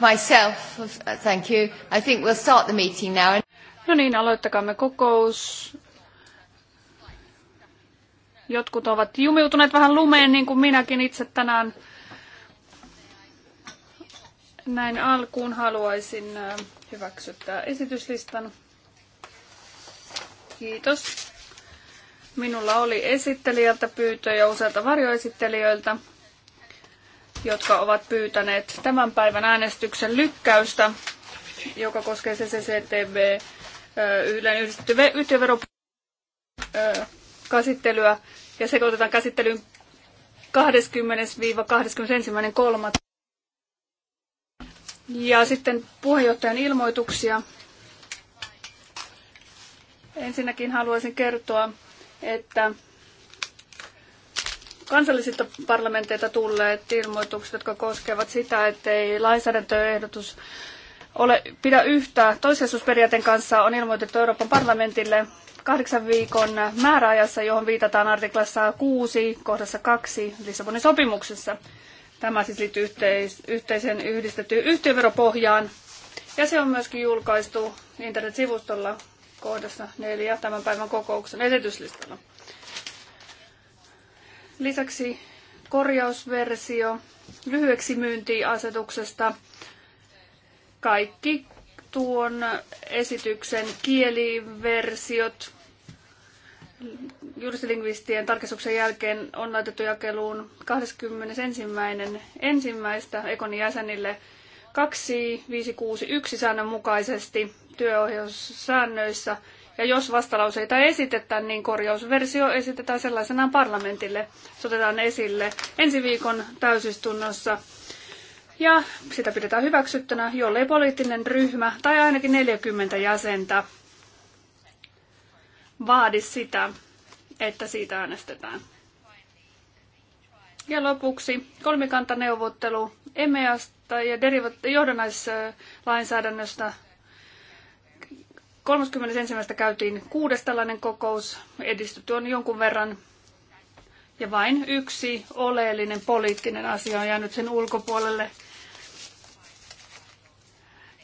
myself, thank you. I think we'll start the meeting now. No niin, aloittakaamme kokous. Jotkut ovat jumiutuneet vähän lumeen, niin kuin minäkin itse tänään. Näin alkuun haluaisin hyväksyttää esityslistan. Kiitos. Minulla oli esittelijältä pyyntö ja useilta varjoesittelijöiltä jotka ovat pyytäneet tämän päivän äänestyksen lykkäystä, joka koskee CCTV yhden yhdistetty yhtiöverokäsittelyä ja se otetaan käsittelyyn 20-21.3. Ja sitten puheenjohtajan ilmoituksia. Ensinnäkin haluaisin kertoa, että kansallisilta parlamenteilta tulleet ilmoitukset, jotka koskevat sitä, ettei lainsäädäntöehdotus ole pidä yhtä toissijaisuusperiaatteen kanssa on ilmoitettu Euroopan parlamentille kahdeksan viikon määräajassa, johon viitataan artiklassa 6 kohdassa 2 Lissabonin sopimuksessa. Tämä siis liittyy yhteis- yhdistettyyn yhtiöveropohjaan. Ja se on myöskin julkaistu internetsivustolla kohdassa 4 tämän päivän kokouksen esityslistalla. Lisäksi korjausversio lyhyeksi myyntiasetuksesta. Kaikki tuon esityksen kieliversiot juristilingvistien tarkistuksen jälkeen on laitettu jakeluun 21.1. Ekon jäsenille 2561 säännön mukaisesti työohjaussäännöissä ja jos vastalauseita esitetään, niin korjausversio esitetään sellaisenaan parlamentille. Se otetaan esille ensi viikon täysistunnossa. Ja sitä pidetään hyväksyttynä, jollei poliittinen ryhmä tai ainakin 40 jäsentä vaadi sitä, että siitä äänestetään. Ja lopuksi kolmikantaneuvottelu EMEAsta ja johdannaislainsäädännöstä 31. käytiin kuudes tällainen kokous, edistytty on jonkun verran. Ja vain yksi oleellinen poliittinen asia on jäänyt sen ulkopuolelle.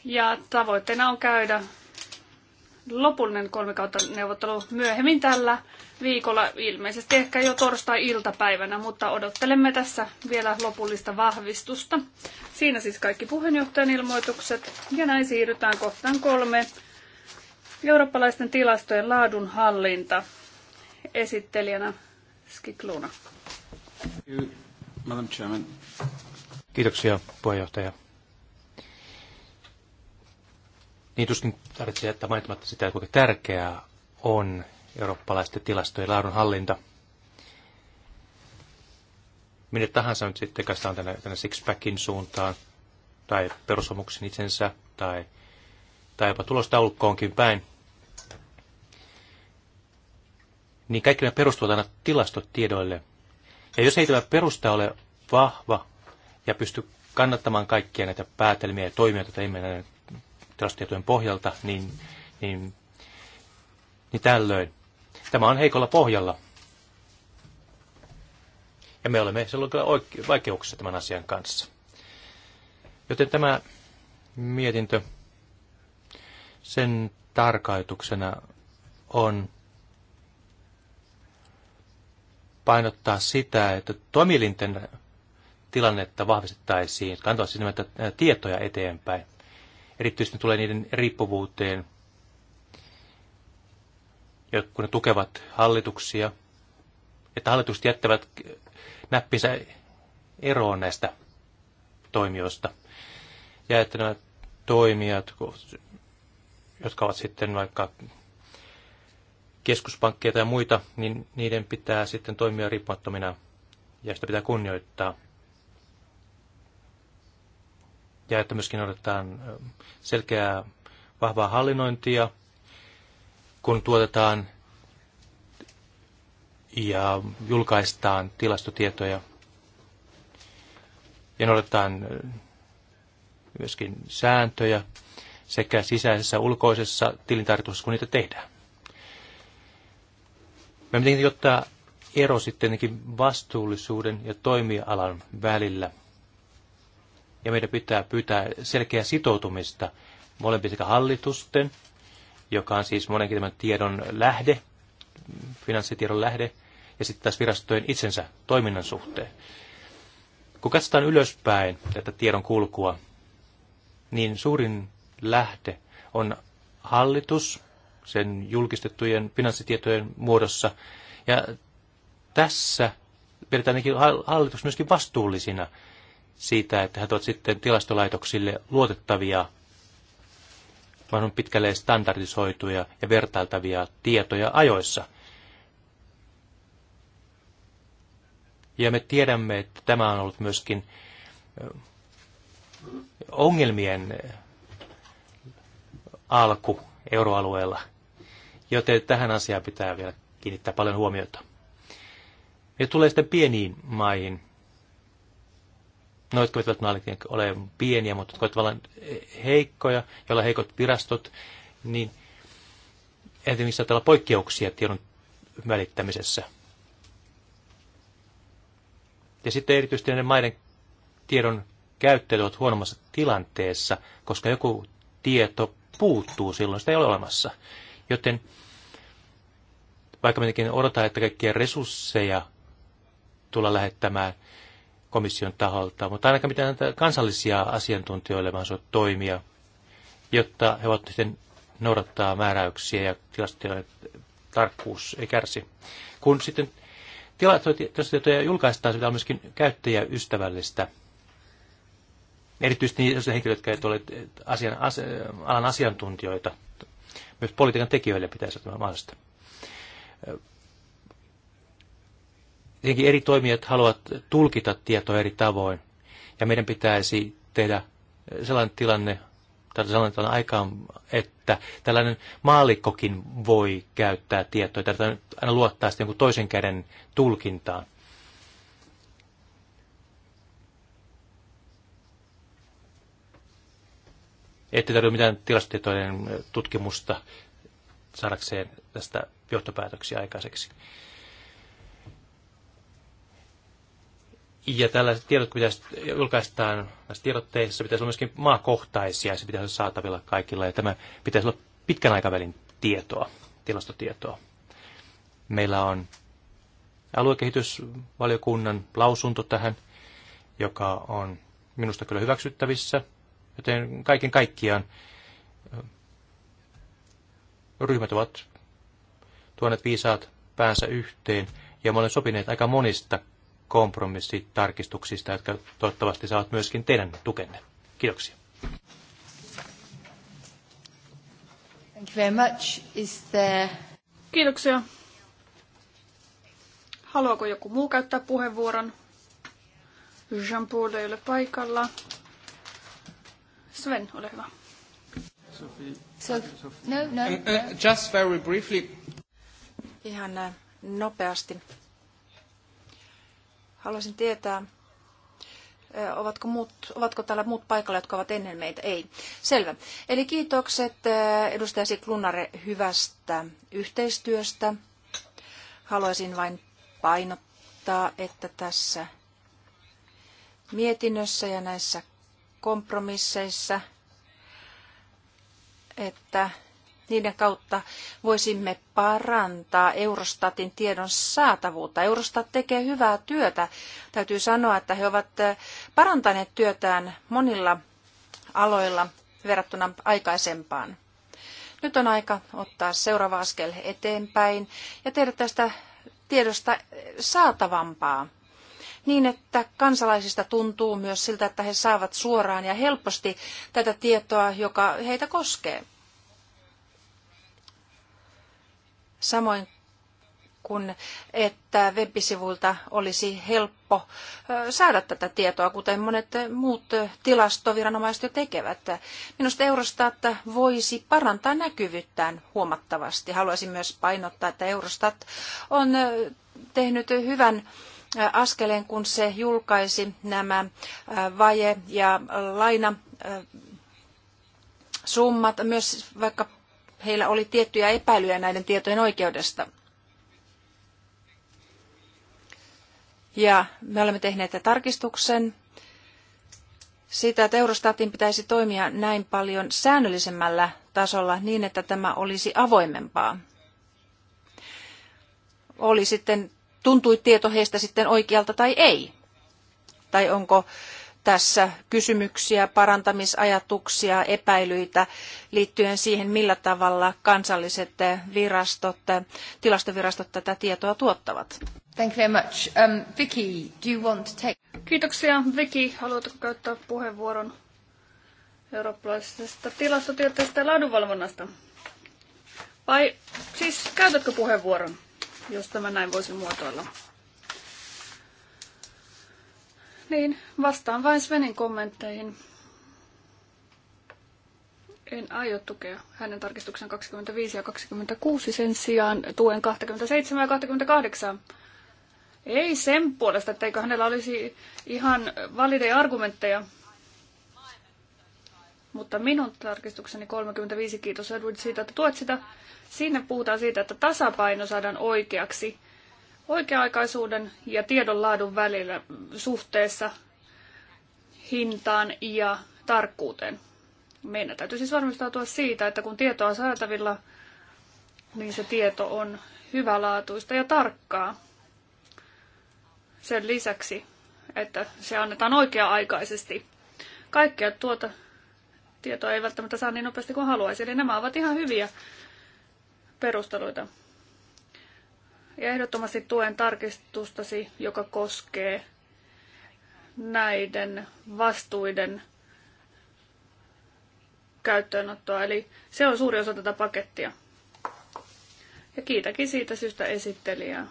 Ja tavoitteena on käydä lopullinen kolmikautta neuvottelu myöhemmin tällä viikolla, ilmeisesti ehkä jo torstai-iltapäivänä, mutta odottelemme tässä vielä lopullista vahvistusta. Siinä siis kaikki puheenjohtajan ilmoitukset, ja näin siirrytään kohtaan kolme Eurooppalaisten tilastojen laadun hallinta esittelijänä Skikluna. Madam Kiitoksia puheenjohtaja. Niin tuskin tarvitsee jättää mainitsematta sitä, kuinka tärkeää on eurooppalaisten tilastojen laadun hallinta. Minne tahansa nyt sitten kastaan tänne, tänne Sixpackin suuntaan, tai perusomuksen itsensä, tai, tai jopa tulostaulukkoonkin päin – niin kaikki nämä perustuvat aina tilastotiedoille. Ja jos ei tämä perusta ole vahva ja pysty kannattamaan kaikkia näitä päätelmiä ja toimia, joita ei mennä tilastotietojen pohjalta, niin, niin, niin tällöin tämä on heikolla pohjalla. Ja me olemme silloin kyllä vaikeuksissa tämän asian kanssa. Joten tämä mietintö, sen tarkoituksena on painottaa sitä, että toimielinten tilannetta vahvistettaisiin, jotka antavat siis tietoja eteenpäin. Erityisesti tulee niiden riippuvuuteen, kun ne tukevat hallituksia, että hallitukset jättävät näppinsä eroon näistä toimijoista. Ja että nämä toimijat, jotka ovat sitten vaikka keskuspankkeja tai muita, niin niiden pitää sitten toimia riippumattomina ja sitä pitää kunnioittaa. Ja että myöskin odotetaan selkeää, vahvaa hallinnointia, kun tuotetaan ja julkaistaan tilastotietoja. Ja noudatetaan myöskin sääntöjä sekä sisäisessä ulkoisessa tilintarkoituksessa, kun niitä tehdään. Mä tietenkin jotta ero sittenkin vastuullisuuden ja toimialan välillä. Ja meidän pitää pyytää selkeää sitoutumista molempien sekä hallitusten, joka on siis monenkin tämän tiedon lähde, finanssitiedon lähde, ja sitten taas virastojen itsensä toiminnan suhteen. Kun katsotaan ylöspäin tätä tiedon kulkua, niin suurin lähde on hallitus sen julkistettujen finanssitietojen muodossa. Ja tässä pidetään hallitus myöskin vastuullisina siitä, että he ovat sitten tilastolaitoksille luotettavia, vaan on pitkälle standardisoituja ja vertailtavia tietoja ajoissa. Ja me tiedämme, että tämä on ollut myöskin ongelmien alku euroalueella – joten tähän asiaan pitää vielä kiinnittää paljon huomiota. Ja tulee sitten pieniin maihin, no jotka eivät ole pieniä, mutta jotka ovat tavallaan heikkoja, joilla on heikot virastot, niin entä missä olla poikkeuksia tiedon välittämisessä. Ja sitten erityisesti näiden maiden tiedon käyttäjät ovat huonommassa tilanteessa, koska joku tieto puuttuu silloin, sitä ei ole olemassa. Joten vaikka mekin odotan, että kaikkia resursseja tulla lähettämään komission taholta, mutta ainakaan mitään kansallisia asiantuntijoille se toimia, jotta he voivat sitten noudattaa määräyksiä ja tilastotietojen tarkkuus ei kärsi. Kun sitten tilastotietoja julkaistaan, se on myöskin käyttäjäystävällistä. Erityisesti niitä henkilöitä, jotka eivät ole asian, as, alan asiantuntijoita myös politiikan tekijöille pitäisi olla mahdollista. Tietenkin eri toimijat haluavat tulkita tietoa eri tavoin, ja meidän pitäisi tehdä sellainen tilanne, tai sellainen tilanne aikaan, että tällainen maalikkokin voi käyttää tietoa, ja aina luottaa sitten jonkun toisen käden tulkintaan. Ette tarvitse mitään tilastotietojen tutkimusta saadakseen tästä johtopäätöksiä aikaiseksi. Ja tällaiset tiedot, kun pitäisi, julkaistaan näissä tiedotteissa, pitäisi olla myöskin maakohtaisia, se pitäisi olla saatavilla kaikilla, ja tämä pitäisi olla pitkän aikavälin tietoa, tilastotietoa. Meillä on aluekehitysvaliokunnan lausunto tähän, joka on minusta kyllä hyväksyttävissä – Joten kaiken kaikkiaan ryhmät ovat tuoneet viisaat päänsä yhteen ja me olemme sopineet aika monista kompromissitarkistuksista, jotka toivottavasti saavat myöskin teidän tukenne. Kiitoksia. Thank you very much. Is there... Kiitoksia. Haluaako joku muu käyttää puheenvuoron? Jean-Paul ei ole paikalla. Sven, ole hyvä. no, no, uh, uh, Just very briefly. Ihan äh, nopeasti. Haluaisin tietää, äh, ovatko, muut, ovatko täällä muut paikalla, jotka ovat ennen meitä? Ei. Selvä. Eli kiitokset äh, edustaja Siklunare hyvästä yhteistyöstä. Haluaisin vain painottaa, että tässä mietinnössä ja näissä kompromisseissa, että niiden kautta voisimme parantaa Eurostatin tiedon saatavuutta. Eurostat tekee hyvää työtä. Täytyy sanoa, että he ovat eh, parantaneet työtään monilla aloilla verrattuna aikaisempaan. Nyt on aika ottaa seuraava askel eteenpäin ja tehdä tästä tiedosta saatavampaa niin, että kansalaisista tuntuu myös siltä, että he saavat suoraan ja helposti tätä tietoa, joka heitä koskee. Samoin kuin että webisivuilta olisi helppo saada tätä tietoa, kuten monet muut tilastoviranomaiset jo tekevät. Minusta Eurostat voisi parantaa näkyvyyttään huomattavasti. Haluaisin myös painottaa, että Eurostat on tehnyt hyvän askeleen, kun se julkaisi nämä vaje- ja lainasummat, myös vaikka heillä oli tiettyjä epäilyjä näiden tietojen oikeudesta. Ja me olemme tehneet tarkistuksen siitä, että Eurostatin pitäisi toimia näin paljon säännöllisemmällä tasolla niin, että tämä olisi avoimempaa. Oli sitten tuntui tieto heistä sitten oikealta tai ei? Tai onko tässä kysymyksiä, parantamisajatuksia, epäilyitä liittyen siihen, millä tavalla kansalliset virastot, tilastovirastot tätä tietoa tuottavat? Thank you very much. Um, Vicky, do you want to take... Kiitoksia. Vicky, haluatko käyttää puheenvuoron eurooppalaisesta tilastotieteestä ja laadunvalvonnasta? Vai siis käytätkö puheenvuoron? Josta mä näin voisin muotoilla. Niin, vastaan vain Svenin kommentteihin. En aio tukea hänen tarkistuksen 25 ja 26 sen sijaan tuen 27 ja 28. Ei sen puolesta, etteikö hänellä olisi ihan valideja argumentteja mutta minun tarkistukseni 35, kiitos Edward siitä, että tuet sitä. Siinä puhutaan siitä, että tasapaino saadaan oikeaksi oikea-aikaisuuden ja tiedon laadun välillä suhteessa hintaan ja tarkkuuteen. Meidän täytyy siis varmistautua siitä, että kun tietoa on saatavilla, niin se tieto on hyvälaatuista ja tarkkaa. Sen lisäksi, että se annetaan oikea-aikaisesti. Kaikkea tuota tietoa ei välttämättä saa niin nopeasti kuin haluaisi. Eli nämä ovat ihan hyviä perusteluita. Ja ehdottomasti tuen tarkistustasi, joka koskee näiden vastuiden käyttöönottoa. Eli se on suuri osa tätä pakettia. Ja kiitäkin siitä syystä esittelijää.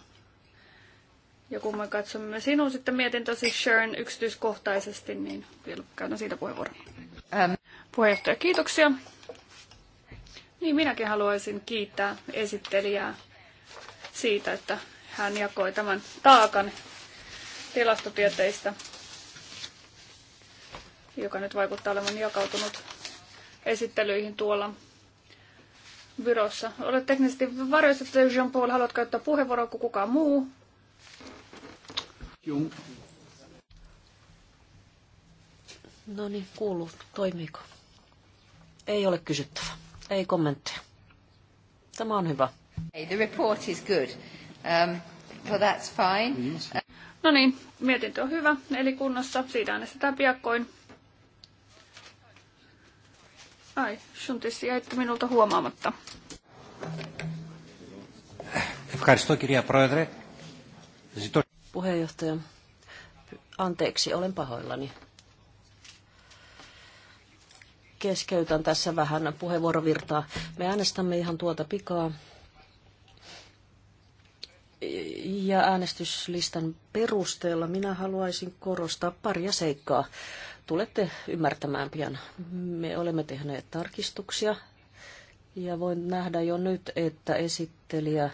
Ja kun me katsomme sinun sitten mietintösi Sharon yksityiskohtaisesti, niin vielä käytän siitä puheenvuoron. Puheenjohtaja, kiitoksia. Niin minäkin haluaisin kiittää esittelijää siitä, että hän jakoi tämän taakan tilastotieteistä, joka nyt vaikuttaa olevan jakautunut esittelyihin tuolla Virossa. Olet teknisesti varjoistettu, Jean-Paul, haluat käyttää puheenvuoroa kuin kukaan muu? Jum. No niin, kuuluu. Toimiiko? Ei ole kysyttävä. Ei kommentteja. Tämä on hyvä. Hey, the report is good. Um, so that's fine. No niin, mietintö on hyvä, eli kunnossa. Siitä äänestetään piakkoin. Ai, Shuntissi jäitte minulta huomaamatta. Puheenjohtaja, anteeksi, olen pahoillani keskeytän tässä vähän puheenvuorovirtaa. Me äänestämme ihan tuota pikaa. Ja äänestyslistan perusteella minä haluaisin korostaa paria seikkaa. Tulette ymmärtämään pian. Me olemme tehneet tarkistuksia ja voin nähdä jo nyt, että esittelijä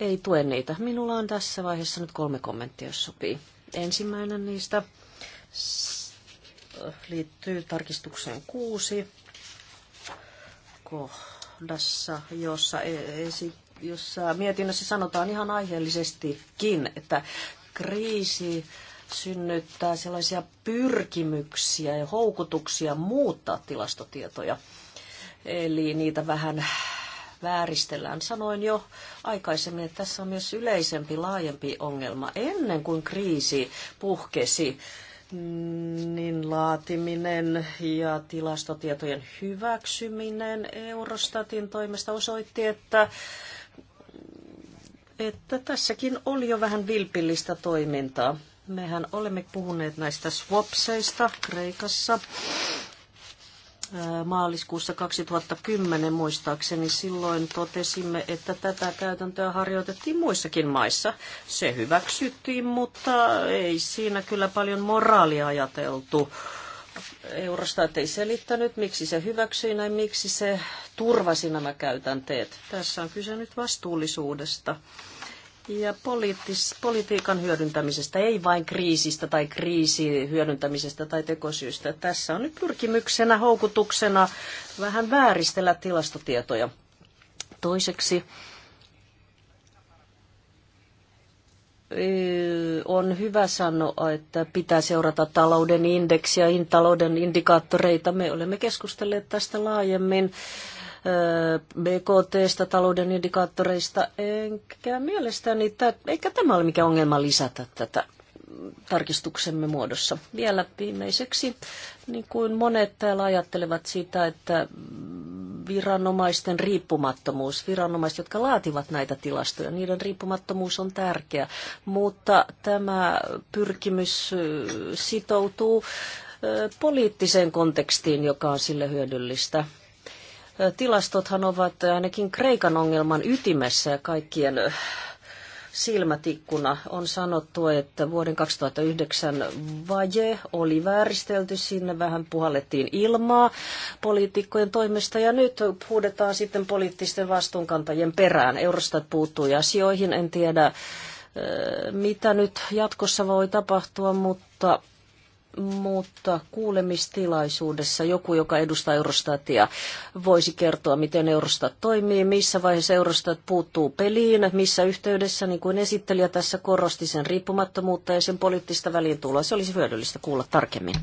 ei tue niitä. Minulla on tässä vaiheessa nyt kolme kommenttia, jos sopii. Ensimmäinen niistä liittyy tarkistukseen kuusi kohdassa, jossa, e- esi, jossa mietinnössä sanotaan ihan aiheellisestikin, että kriisi synnyttää sellaisia pyrkimyksiä ja houkutuksia muuttaa tilastotietoja. Eli niitä vähän vääristellään. Sanoin jo aikaisemmin, että tässä on myös yleisempi, laajempi ongelma. Ennen kuin kriisi puhkesi, niin laatiminen ja tilastotietojen hyväksyminen Eurostatin toimesta osoitti, että, että tässäkin oli jo vähän vilpillistä toimintaa. Mehän olemme puhuneet näistä swapseista Kreikassa maaliskuussa 2010 muistaakseni. Silloin totesimme, että tätä käytäntöä harjoitettiin muissakin maissa. Se hyväksyttiin, mutta ei siinä kyllä paljon moraalia ajateltu. Eurosta ei selittänyt, miksi se hyväksyi näin, miksi se turvasi nämä käytänteet. Tässä on kyse nyt vastuullisuudesta ja poliittis, politiikan hyödyntämisestä, ei vain kriisistä tai kriisi hyödyntämisestä tai tekosyystä. Tässä on nyt pyrkimyksenä, houkutuksena vähän vääristellä tilastotietoja. Toiseksi on hyvä sanoa, että pitää seurata talouden indeksiä, talouden indikaattoreita. Me olemme keskustelleet tästä laajemmin BKTstä, talouden indikaattoreista, enkä mielestäni, tä, eikä tämä ole mikään ongelma lisätä tätä tarkistuksemme muodossa. Vielä viimeiseksi, niin kuin monet täällä ajattelevat sitä, että viranomaisten riippumattomuus, viranomaiset, jotka laativat näitä tilastoja, niiden riippumattomuus on tärkeä, mutta tämä pyrkimys sitoutuu poliittiseen kontekstiin, joka on sille hyödyllistä. Tilastothan ovat ainakin Kreikan ongelman ytimessä ja kaikkien äh, silmätikkuna on sanottu, että vuoden 2009 vaje oli vääristelty, sinne vähän puhallettiin ilmaa poliitikkojen toimesta ja nyt huudetaan sitten poliittisten vastuunkantajien perään. Eurostat puuttui asioihin, en tiedä äh, mitä nyt jatkossa voi tapahtua, mutta mutta kuulemistilaisuudessa joku, joka edustaa Eurostatia, voisi kertoa, miten Eurostat toimii, missä vaiheessa Eurostat puuttuu peliin, missä yhteydessä, niin kuin esittelijä tässä korosti sen riippumattomuutta ja sen poliittista väliintuloa. Se olisi hyödyllistä kuulla tarkemmin.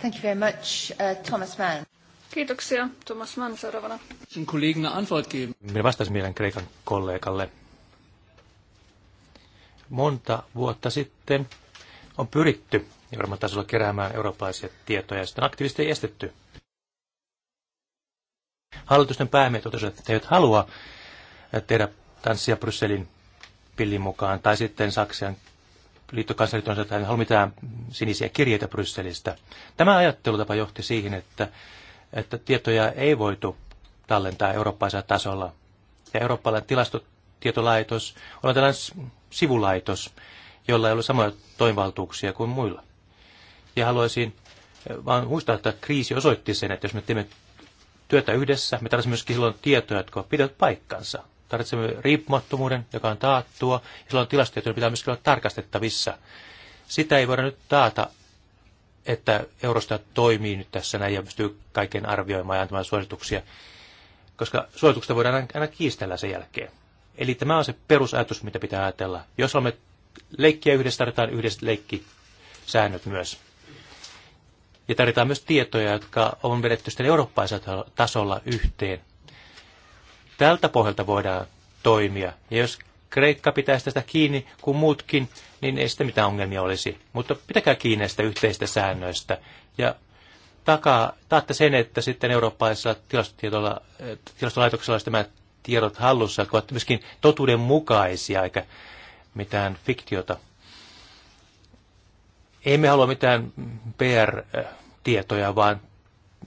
Thank you very much, uh, Thomas Mann. Kiitoksia. Thomas Mann seuraavana. Minä vastasin meidän Kreikan kollegalle. Monta vuotta sitten on pyritty Euroopan olla keräämään eurooppalaisia tietoja, ja sitten aktiivisesti ei estetty. Hallitusten päämiehet totesivat, että he eivät halua tehdä tanssia Brysselin pillin mukaan, tai sitten Saksan liittokansalit on että he halua mitään sinisiä kirjeitä Brysselistä. Tämä ajattelutapa johti siihen, että, että tietoja ei voitu tallentaa eurooppalaisella tasolla. Ja eurooppalainen tilastotietolaitos on tällainen sivulaitos, jolla ei ole samoja toimivaltuuksia kuin muilla. Ja haluaisin eh, vaan muistaa, että kriisi osoitti sen, että jos me teemme työtä yhdessä, me tarvitsemme myöskin silloin tietoja, jotka pitävät paikkansa. Tarvitsemme riippumattomuuden, joka on taattua, ja silloin tilastotietoja pitää myöskin olla tarkastettavissa. Sitä ei voida nyt taata, että Eurostat toimii nyt tässä näin ja pystyy kaiken arvioimaan ja antamaan suosituksia, koska suosituksesta voidaan aina kiistellä sen jälkeen. Eli tämä on se perusajatus, mitä pitää ajatella. Jos olemme leikkiä yhdessä, tarvitaan yhdessä leikkisäännöt myös. Ja tarvitaan myös tietoja, jotka on vedetty sitten eurooppaisella tasolla yhteen. Tältä pohjalta voidaan toimia. Ja jos Kreikka pitäisi tästä kiinni kuin muutkin, niin ei sitä mitään ongelmia olisi. Mutta pitäkää kiinni näistä yhteistä säännöistä. Ja takaa, taatte sen, että sitten eurooppalaisella tilastolaitoksella olisi tämä tiedot hallussa, jotka ovat myöskin totuudenmukaisia, eikä mitään fiktiota. Emme halua mitään PR-tietoja, vaan,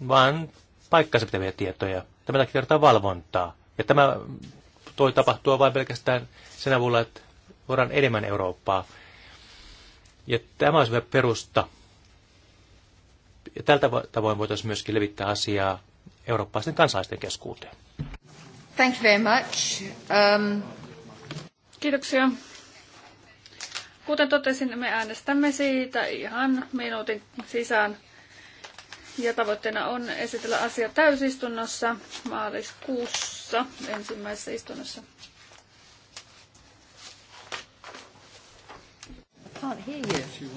vaan paikkansa pitäviä tietoja. Tämä takia tarvitaan valvontaa. Ja tämä toi tapahtua vain pelkästään sen avulla, että voidaan enemmän Eurooppaa. Ja tämä olisi hyvä perusta. Ja tältä tavoin voitaisiin myöskin levittää asiaa eurooppalaisten kansalaisten keskuuteen. Thank you very much. Um... Kiitoksia. Kuten totesin, me äänestämme siitä ihan minuutin sisään. Ja tavoitteena on esitellä asia täysistunnossa maaliskuussa ensimmäisessä istunnossa. you.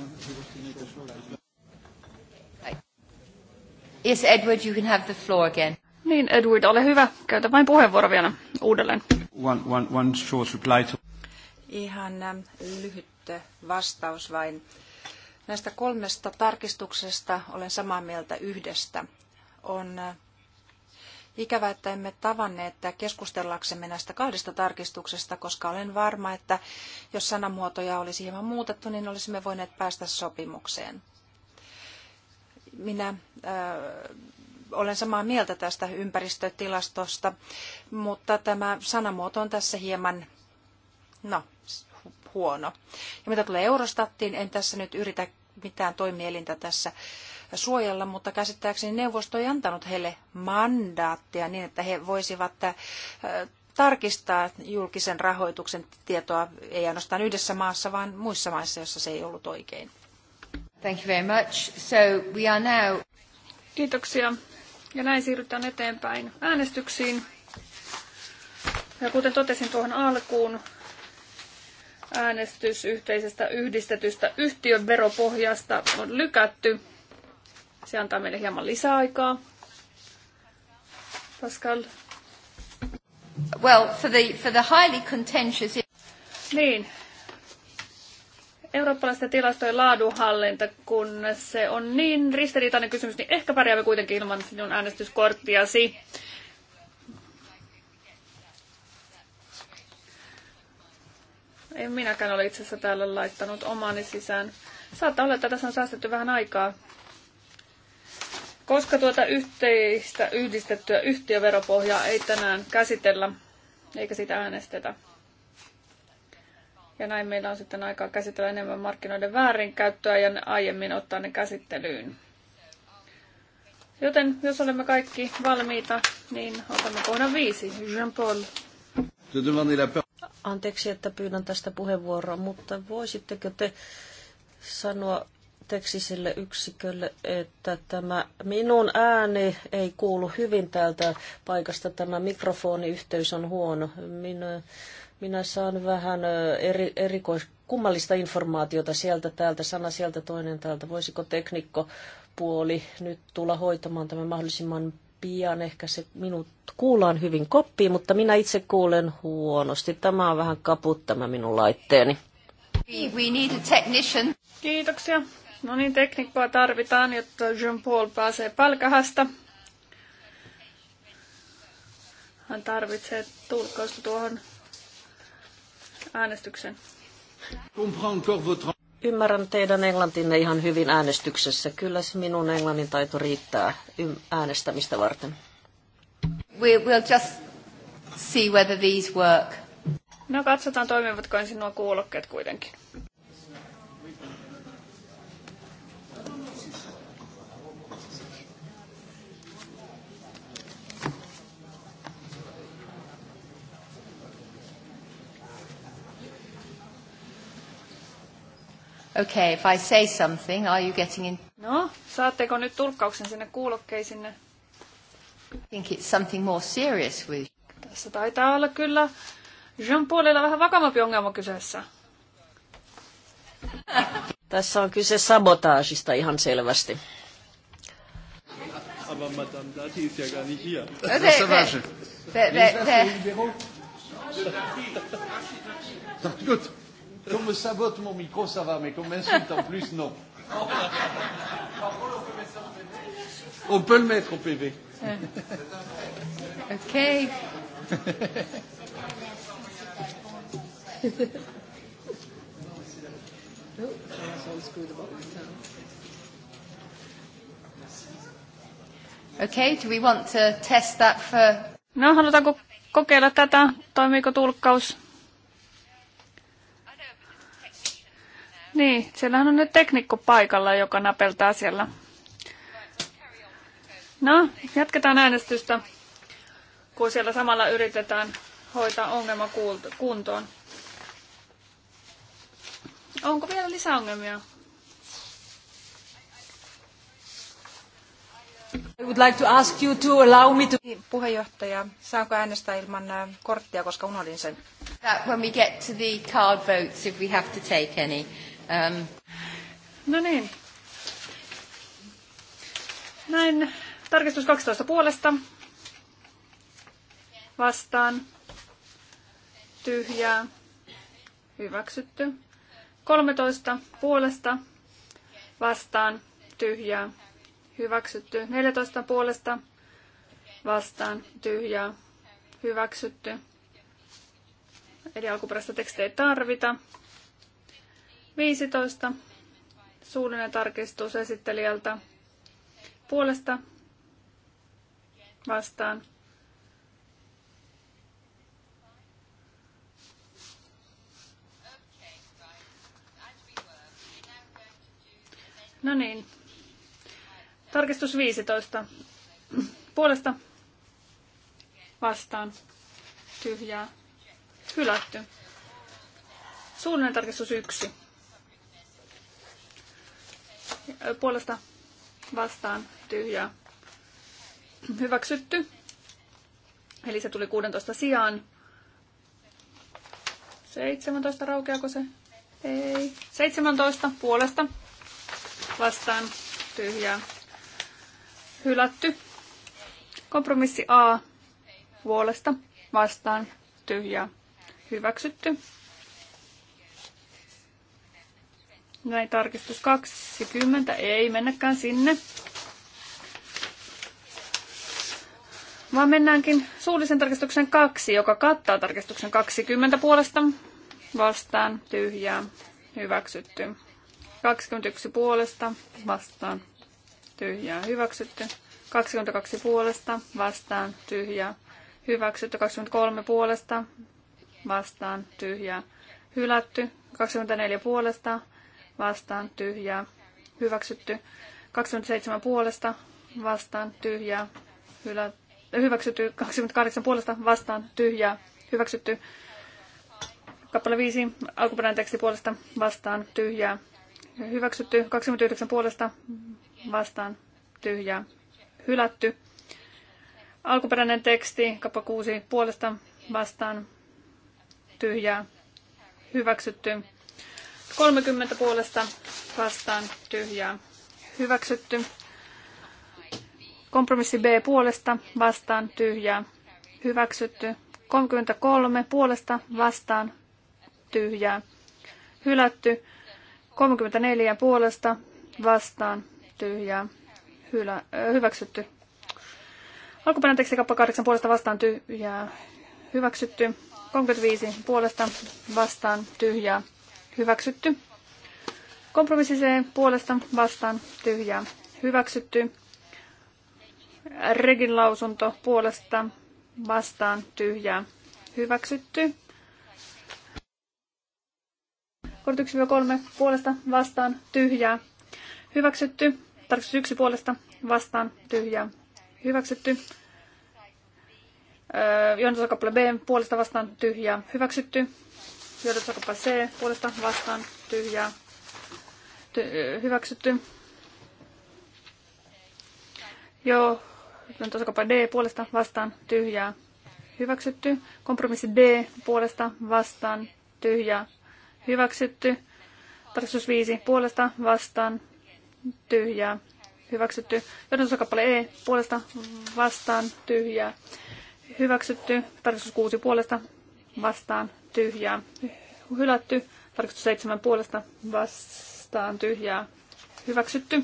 Yes, Edward, you can have the floor again. Niin, Edward, ole hyvä. Käytä vain puheenvuoro vielä uudelleen. One, one, one short reply to... Ihan lyhyt vastaus vain. Näistä kolmesta tarkistuksesta olen samaa mieltä yhdestä. On ikävä, että emme tavanneet keskustellaksemme näistä kahdesta tarkistuksesta, koska olen varma, että jos sanamuotoja olisi hieman muutettu, niin olisimme voineet päästä sopimukseen. Minä äh, olen samaa mieltä tästä ympäristötilastosta, mutta tämä sanamuoto on tässä hieman, no, huono. Ja mitä tulee Eurostattiin, en tässä nyt yritä mitään toimielintä tässä suojella, mutta käsittääkseni neuvosto ei antanut heille mandaattia niin, että he voisivat äh, tarkistaa julkisen rahoituksen tietoa, ei ainoastaan yhdessä maassa, vaan muissa maissa, joissa se ei ollut oikein. Thank you very much. So we are now... Kiitoksia. Ja näin siirrytään eteenpäin äänestyksiin. Ja kuten totesin tuohon alkuun, äänestys yhteisestä yhdistetystä yhtiön veropohjasta on lykätty. Se antaa meille hieman lisäaikaa. Pascal. Well, for the, for the highly contentious... Niin. Eurooppalaisten tilastojen laadunhallinta, kun se on niin ristiriitainen kysymys, niin ehkä pärjäämme kuitenkin ilman sinun äänestyskorttiasi. En minäkään ole itse asiassa täällä laittanut omani sisään. Saattaa olla, että tässä on säästetty vähän aikaa. Koska tuota yhteistä yhdistettyä yhtiöveropohjaa ei tänään käsitellä, eikä sitä äänestetä. Ja näin meillä on sitten aikaa käsitellä enemmän markkinoiden väärinkäyttöä ja aiemmin ottaa ne käsittelyyn. Joten jos olemme kaikki valmiita, niin otamme kohdan viisi. Jean-Paul. Anteeksi, että pyydän tästä puheenvuoroa, mutta voisitteko te sanoa tekniselle yksikölle, että tämä minun ääni ei kuulu hyvin täältä paikasta. Tämä mikrofoniyhteys on huono. Minä, minä saan vähän eri, erikois, kummallista informaatiota sieltä täältä, sana sieltä toinen täältä. Voisiko teknikko puoli nyt tulla hoitamaan tämän mahdollisimman pian ehkä se minut kuullaan hyvin koppi, mutta minä itse kuulen huonosti. Tämä on vähän kaput tämä minun laitteeni. We need a technician. Kiitoksia. No niin, teknikkoa tarvitaan, jotta Jean-Paul pääsee pälkähästä. Hän tarvitsee tulkkausta tuohon äänestykseen. Ymmärrän teidän englantinne ihan hyvin äänestyksessä. Kyllä se minun englannin taito riittää äänestämistä varten. We We'll just see whether these work. No katsotaan toimivatko ensin nuo kuulokkeet kuitenkin. Okay, if I say something, are you getting in? No, saatteko nyt tulkkauksen sinne kuulokkeisiin? I think it's something more serious with... Tässä taitaa olla kyllä Jean-Paulilla vähän vakavampi ongelma kyseessä. Tässä on kyse sabotaasista ihan selvästi. Okay, Madame Dati ist ja gar Qu'on me sabote mon micro, ça va, mais qu'on m'insulte en plus, non. On peut le mettre au PV. Euh, OK. Okay, do we want to test that for... No, halutaanko kokeilla tätä? Toimiiko tulkkaus? Niin, siellähän on nyt teknikko paikalla, joka napeltaa siellä. No, jatketaan äänestystä, kun siellä samalla yritetään hoitaa ongelma kuntoon. Onko vielä lisää ongelmia? I would like to ask you to allow me to... Niin, puheenjohtaja, saanko äänestää ilman äh, korttia, koska unohdin sen? That when we get to the card votes, if we have to take any. Ähm. No niin. Näin. Tarkistus 12 puolesta. Vastaan. Tyhjää. Hyväksytty. 13 puolesta. Vastaan. Tyhjää. Hyväksytty. 14 puolesta. Vastaan. Tyhjää. Hyväksytty. Eli alkuperäistä tekstiä ei tarvita. 15. Suullinen tarkistus esittelijältä puolesta vastaan. No niin. Tarkistus 15. Puolesta vastaan. Tyhjää. Hylätty. Suullinen tarkistus 1 puolesta vastaan tyhjää hyväksytty. Eli se tuli 16 sijaan. 17 raukeako se? Ei. 17 puolesta vastaan tyhjää hylätty. Kompromissi A puolesta vastaan tyhjää hyväksytty. Näin tarkistus 20. Ei mennäkään sinne. Vaan mennäänkin suullisen tarkistuksen 2, joka kattaa tarkistuksen 20 puolesta. Vastaan tyhjää. Hyväksytty. 21 puolesta. Vastaan tyhjää. Hyväksytty. 22 puolesta. Vastaan tyhjää. Hyväksytty. 23 puolesta. Vastaan tyhjää. Hylätty. 24 puolesta vastaan tyhjää hyväksytty. 27 puolesta vastaan tyhjää hylä, hyväksytty. 28 puolesta vastaan tyhjää hyväksytty. Kappale 5 alkuperäinen teksti puolesta vastaan tyhjää hyväksytty. 29 puolesta vastaan tyhjää hylätty. Alkuperäinen teksti, kappale 6, puolesta vastaan, tyhjää, hyväksytty. 30 puolesta vastaan tyhjää hyväksytty. Kompromissi B puolesta vastaan tyhjää hyväksytty. 33 puolesta vastaan tyhjää hylätty. 34 puolesta vastaan tyhjää hylä, hyväksytty. Alkuperäinen teksti kappa 8 puolesta vastaan tyhjää hyväksytty. 35 puolesta vastaan tyhjää Hyväksytty. Kompromissi C puolesta vastaan tyhjää. Hyväksytty. Regin lausunto puolesta vastaan tyhjää. Hyväksytty. Kort 1-3 puolesta vastaan tyhjää. Hyväksytty. Tarkistus 1 puolesta vastaan tyhjää. Hyväksytty. Öö, Johdantosakappale B puolesta vastaan tyhjää. Hyväksytty. Johdatuskapa C puolesta vastaan tyhjää ty- hyväksytty. Joo, johdatuskapa D puolesta vastaan tyhjää hyväksytty. Kompromissi D puolesta vastaan tyhjää hyväksytty. Tarkistus 5 puolesta vastaan tyhjää hyväksytty. Johdatuskappale E puolesta vastaan tyhjää hyväksytty. Tarkistus 6 puolesta vastaan tyhjää hylätty. tarkastus 7 puolesta vastaan tyhjää hyväksytty.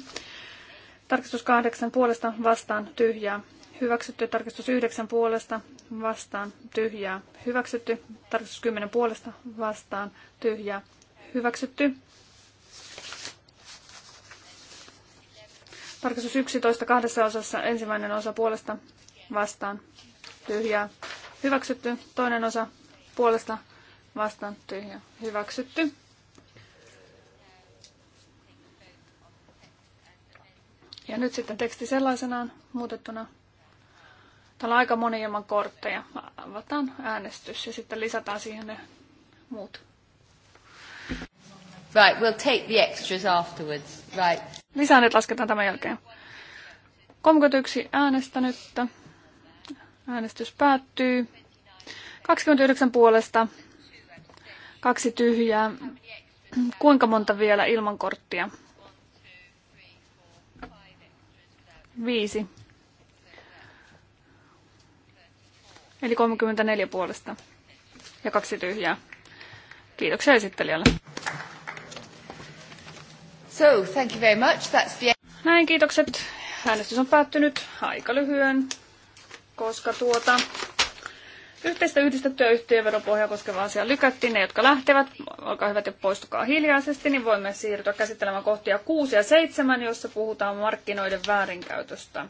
Tarkistus 8 puolesta vastaan tyhjää hyväksytty. Tarkistus 9 puolesta vastaan tyhjää hyväksytty. Tarkistus 10 puolesta vastaan tyhjää hyväksytty. Tarkastus 11 kahdessa osassa. Ensimmäinen osa puolesta vastaan. Tyhjää. Hyväksytty. Toinen osa puolesta vastattu ja hyväksytty. Ja nyt sitten teksti sellaisenaan muutettuna. Täällä on aika moni ilman kortteja. Avataan äänestys ja sitten lisätään siihen ne muut. Right, we'll take the extras afterwards. Right. Lisää nyt lasketaan tämän jälkeen. 31 äänestänyttä. Äänestys päättyy. 29 puolesta, kaksi tyhjää. Kuinka monta vielä ilman korttia? Viisi. Eli 34 puolesta ja kaksi tyhjää. Kiitoksia esittelijälle. So, thank you very much. That's the... Näin, kiitokset. Äänestys on päättynyt aika lyhyen, koska tuota Yhteistä yhdistettyä yhtiöveropohjaa koskeva asia lykättiin. Ne, jotka lähtevät, olkaa hyvät ja poistukaa hiljaisesti, niin voimme siirtyä käsittelemään kohtia 6 ja 7, jossa puhutaan markkinoiden väärinkäytöstä.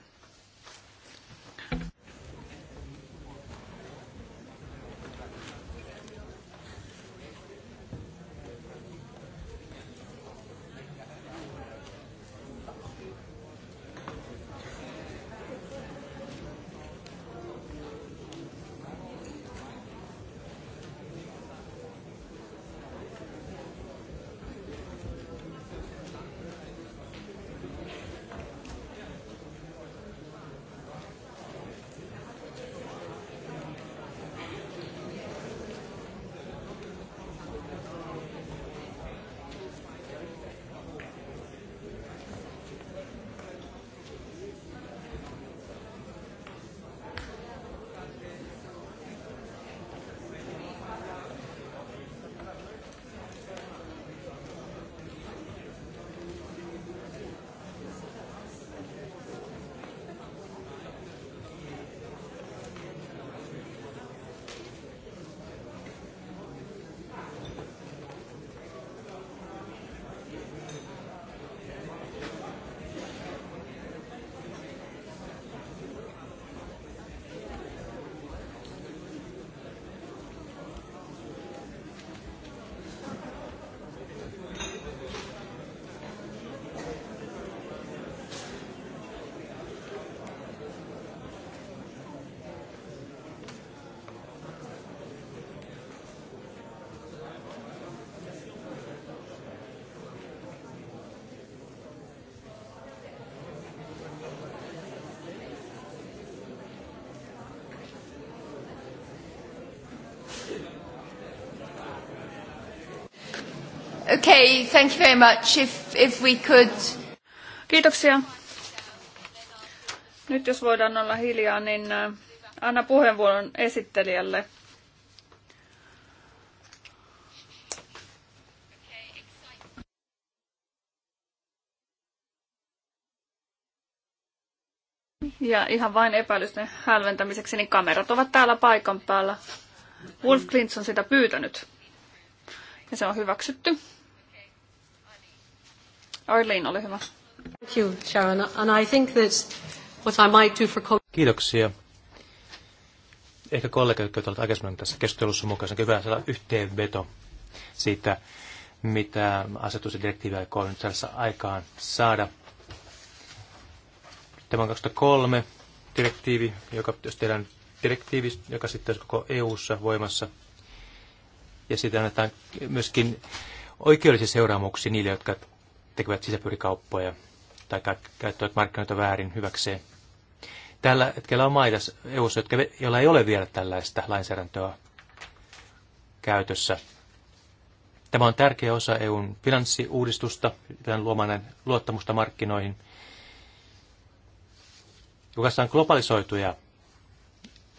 Okay, thank you very much. If, if we could... Kiitoksia. Nyt jos voidaan olla hiljaa, niin äh, anna puheenvuoron esittelijälle. Ja ihan vain epäilysten hälventämiseksi, niin kamerat ovat täällä paikan päällä. Wolf Clint on sitä pyytänyt. Ja se on hyväksytty. Arlene, ole hyvä. Thank you, Sharon. And I think that what I might do for... Kiitoksia. Ehkä kollegat, jotka ovat aikaisemmin tässä keskustelussa mukana, on hyvä saada yhteenveto siitä, mitä asetus ja direktiivi aikoo nyt tässä aikaan saada. Tämä on 2003 direktiivi, joka, jos tehdään direktiivi, joka sitten olisi koko EU-ssa voimassa. Ja siitä annetaan myöskin oikeudellisia seuraamuksia niille, jotka tekevät sisäpyrikauppoja tai käyttävät markkinoita väärin hyväkseen. Tällä hetkellä on maita eu ssa joilla ei ole vielä tällaista lainsäädäntöä käytössä. Tämä on tärkeä osa EUn finanssiuudistusta, tämän luomaan luottamusta markkinoihin. Jokaisessa on globalisoituja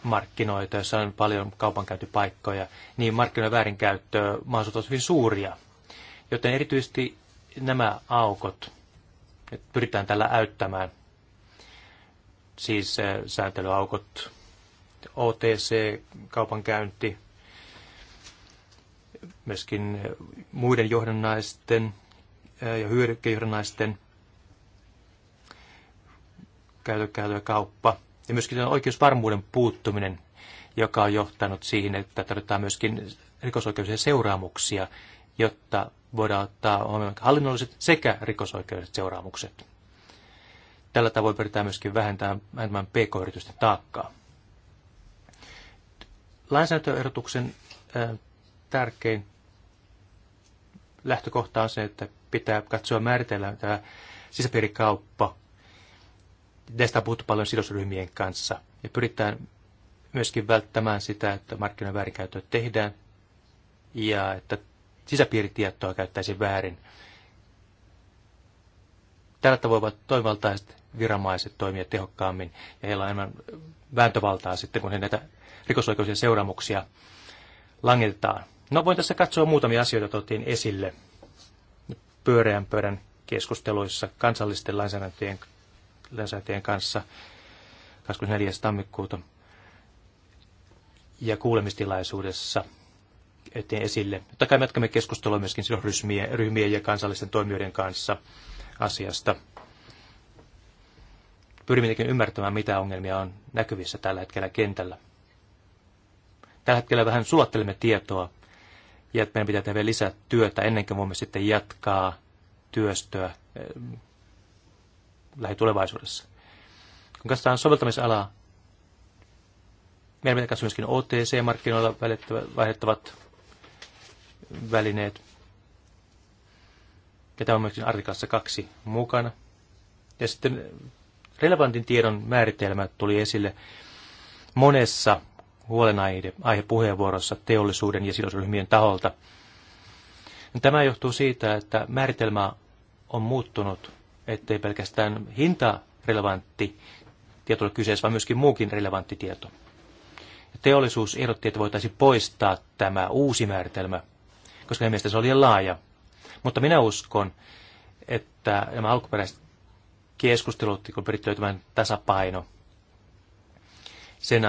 markkinoita, joissa on paljon kaupankäyntipaikkoja, niin markkinoiden väärinkäyttö mahdollisuudet ovat hyvin suuria. Joten erityisesti nämä aukot nyt pyritään tällä äyttämään. Siis eh, sääntelyaukot, OTC-kaupankäynti, myöskin eh, muiden johdannaisten eh, ja hyödykkejohdannaisten käytökäytö kauppa. Ja myöskin oikeusvarmuuden puuttuminen, joka on johtanut siihen, että tarvitaan myöskin rikosoikeudellisia seuraamuksia jotta voidaan ottaa huomioon hallinnolliset sekä rikosoikeudelliset seuraamukset. Tällä tavoin pyritään myöskin vähentämään, vähentämään pk-yritysten taakkaa. Lainsäädäntöehdotuksen tärkein lähtökohta on se, että pitää katsoa määritellä tämä sisäpiirikauppa. Tästä on puhuttu paljon sidosryhmien kanssa. Ja pyritään myöskin välttämään sitä, että markkinoiden väärinkäyttöä tehdään ja että sisäpiiritietoa käyttäisi väärin. Tällä tavoin voivat toimivaltaiset viranomaiset toimia tehokkaammin ja heillä on enemmän vääntövaltaa sitten, kun he näitä rikosoikeudellisia seuraamuksia langetetaan. No voin tässä katsoa muutamia asioita, joita otin esille pyöreän pöydän keskusteluissa kansallisten lainsäädäntöjen, lainsäädäntöjen kanssa 24. tammikuuta ja kuulemistilaisuudessa eteen esille. Totta kai me jatkamme keskustelua myöskin sidosryhmien ryhmien ja kansallisten toimijoiden kanssa asiasta. Pyrimme ymmärtämään, mitä ongelmia on näkyvissä tällä hetkellä kentällä. Tällä hetkellä vähän sulattelemme tietoa ja että meidän pitää tehdä lisää työtä ennen kuin voimme sitten jatkaa työstöä eh, lähitulevaisuudessa. Kun katsotaan soveltamisalaa, meidän pitää katsoa myöskin OTC-markkinoilla vaihdettavat välineet. Ja tämä on myöskin artikassa kaksi mukana. Ja sitten relevantin tiedon määritelmä tuli esille monessa puheenvuorossa teollisuuden ja sidosryhmien taholta. Tämä johtuu siitä, että määritelmä on muuttunut, ettei pelkästään hinta relevantti tieto ole kyseessä, vaan myöskin muukin relevantti tieto. Teollisuus ehdotti, että voitaisiin poistaa tämä uusi määritelmä koska heidän mielestä se on liian laaja. Mutta minä uskon, että nämä alkuperäiset keskustelut, kun pyritty löytämään tasapaino sen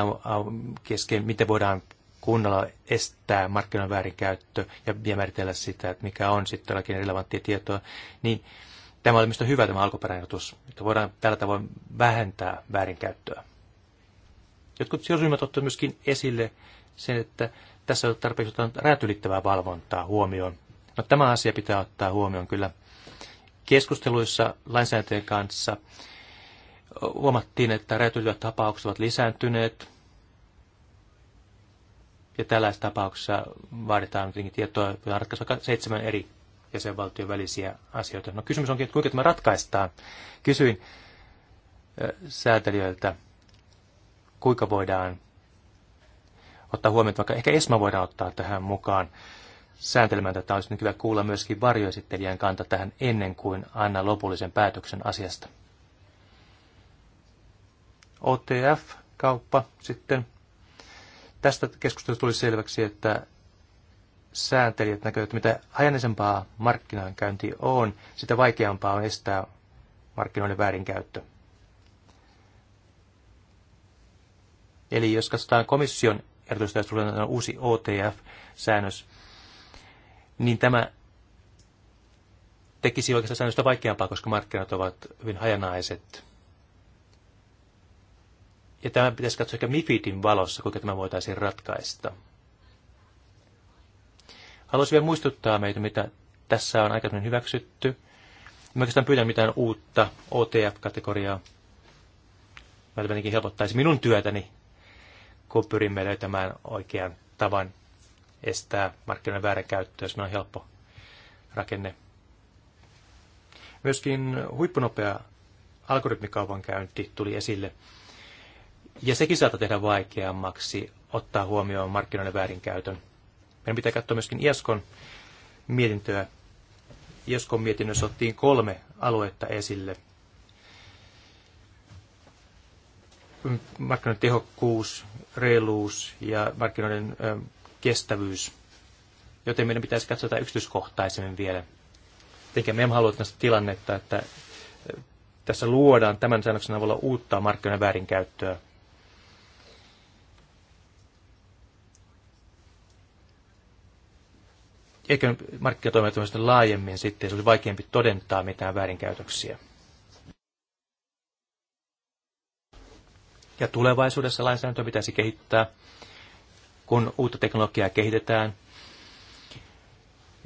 kesken, miten voidaan kunnolla estää markkinoiden väärinkäyttö ja määritellä sitä, että mikä on sitten jollakin relevanttia tietoa, niin tämä oli minusta hyvä tämä alkuperäinen otus, että voidaan tällä tavoin vähentää väärinkäyttöä. Jotkut sijoitusryhmät ottivat myöskin esille sen, että tässä ei ole tarpeeksi ottanut räätylittävää valvontaa huomioon. No, tämä asia pitää ottaa huomioon kyllä. Keskusteluissa lainsäätäjien kanssa huomattiin, että rajat tapaukset ovat lisääntyneet. Ja tällaisissa tapauksissa vaaditaan jotenkin tietoa, voidaan ratkaista seitsemän eri jäsenvaltion välisiä asioita. No kysymys onkin, että kuinka tämä ratkaistaan. Kysyin säätelijöiltä, kuinka voidaan ottaa huomioon, vaikka ehkä ESMA voidaan ottaa tähän mukaan sääntelemään tätä. Olisi nyt hyvä kuulla myöskin varjoesittelijän kanta tähän ennen kuin anna lopullisen päätöksen asiasta. OTF-kauppa sitten. Tästä keskustelusta tuli selväksi, että sääntelijät näkevät, että mitä hajanaisempaa markkinankäynti on, sitä vaikeampaa on estää markkinoiden väärinkäyttö. Eli jos katsotaan komission erityisesti uusi OTF-säännös, niin tämä tekisi oikeastaan säännöstä vaikeampaa, koska markkinat ovat hyvin hajanaiset. Ja tämä pitäisi katsoa ehkä MIFIDin valossa, kuinka tämä voitaisiin ratkaista. Haluaisin vielä muistuttaa meitä, mitä tässä on aikaisemmin hyväksytty. Mä oikeastaan pyydän mitään uutta OTF-kategoriaa. Mä helpottaisi minun työtäni kun pyrimme löytämään oikean tavan estää markkinoiden väärinkäyttöä, jos meillä on helppo rakenne. Myöskin huippunopea algoritmikaupankäynti tuli esille. Ja sekin saattaa tehdä vaikeammaksi ottaa huomioon markkinoiden väärinkäytön. Meidän pitää katsoa myöskin IASKon mietintöä. IASKon mietinnössä ottiin kolme aluetta esille – markkinoiden tehokkuus, reiluus ja markkinoiden kestävyys. Joten meidän pitäisi katsoa tätä yksityiskohtaisemmin vielä. Tietenkin me emme halua tästä tilannetta, että tässä luodaan tämän säännöksen avulla uutta markkinoiden väärinkäyttöä. Eikö markkinatoimijat laajemmin sitten, se olisi vaikeampi todentaa mitään väärinkäytöksiä. Ja tulevaisuudessa lainsäädäntöä pitäisi kehittää, kun uutta teknologiaa kehitetään.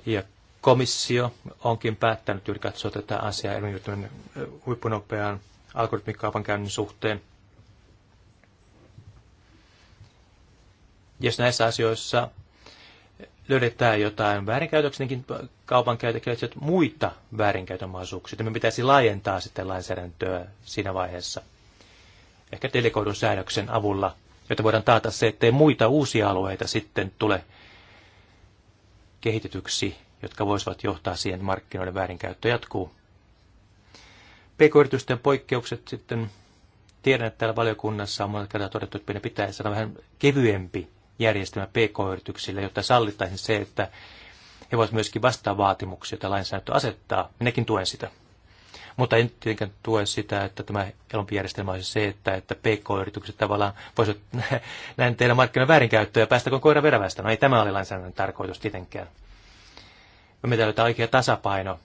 Ja komissio onkin päättänyt juuri katsoa tätä asiaa erityisen huippunopean algoritmikaupankäynnin suhteen. Jos näissä asioissa löydetään jotain väärinkäytöksenkin kaupankäytöksiä, muita väärinkäytön mahdollisuuksia, me pitäisi laajentaa sitten lainsäädäntöä siinä vaiheessa – ehkä delegoidun säädöksen avulla, jotta voidaan taata se, ettei muita uusia alueita sitten tule kehitetyksi, jotka voisivat johtaa siihen, että markkinoiden väärinkäyttö jatkuu. PK-yritysten poikkeukset sitten, tiedän, että täällä valiokunnassa on monet kertaa todettu, että meidän pitää saada vähän kevyempi järjestelmä PK-yrityksille, jotta sallittaisiin se, että he voivat myöskin vastaa vaatimuksia, joita lainsäädäntö asettaa. Minäkin tuen sitä. Mutta en tietenkään tue sitä, että tämä helpompi järjestelmä olisi se, että, että PK-yritykset tavallaan voisivat näin tehdä markkinoiden väärinkäyttöä ja kuin koira verävästä. No ei tämä ole lainsäädännön tarkoitus tietenkään. Me löytää oikea tasapaino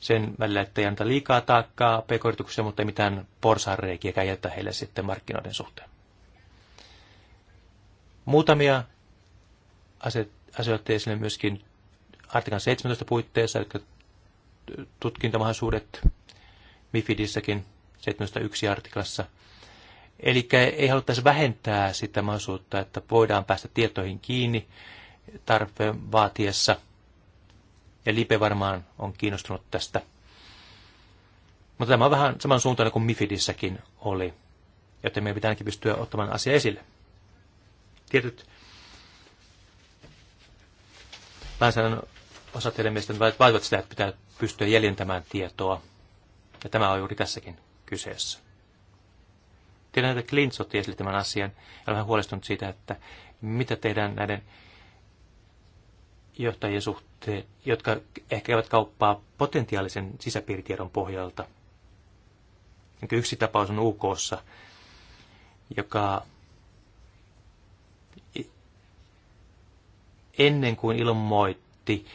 sen välillä, että ei anta liikaa taakkaa pk mutta ei mitään porsaanreikiä käyttää heille sitten markkinoiden suhteen. Muutamia asioita esille myöskin artikan 17 puitteissa, jotka tutkintamahdollisuudet MIFIDissäkin 701 artiklassa. Eli ei haluttaisi vähentää sitä mahdollisuutta, että voidaan päästä tietoihin kiinni tarpeen vaatiessa. Ja Lipe varmaan on kiinnostunut tästä. Mutta tämä on vähän samansuuntainen kuin Mifidissäkin oli, joten meidän pitääkin pystyä ottamaan asia esille. Tietyt lainsäädännön osat meistä vaativat sitä, että pitää pystyä jäljentämään tietoa. Ja tämä on juuri tässäkin kyseessä. Tiedän, että Clint otti esille tämän asian ja olen huolestunut siitä, että mitä tehdään näiden johtajien suhteen, jotka ehkä eivät kauppaa potentiaalisen sisäpiiritiedon pohjalta. Yksi tapaus on UKssa, joka ennen kuin ilmoitti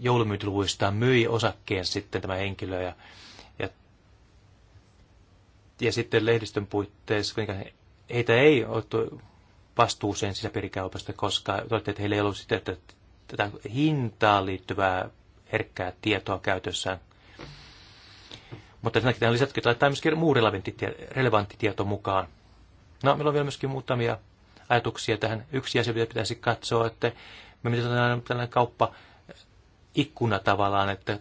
joulumyyntiluvuistaan myi osakkeen sitten tämä henkilö ja, ja, ja sitten lehdistön puitteissa, kuinka heitä ei otettu vastuuseen sisäpiirikaupasta, koska toivottavasti, että heillä ei ollut sitä, että tätä hintaan liittyvää herkkää tietoa käytössään. Mutta sen takia on lisätty, että laittaa myöskin muu relevantti, tieto mukaan. No, meillä on vielä myöskin muutamia ajatuksia tähän. Yksi asia, mitä pitäisi katsoa, että me mitä tällainen kauppa ikkuna tavallaan, että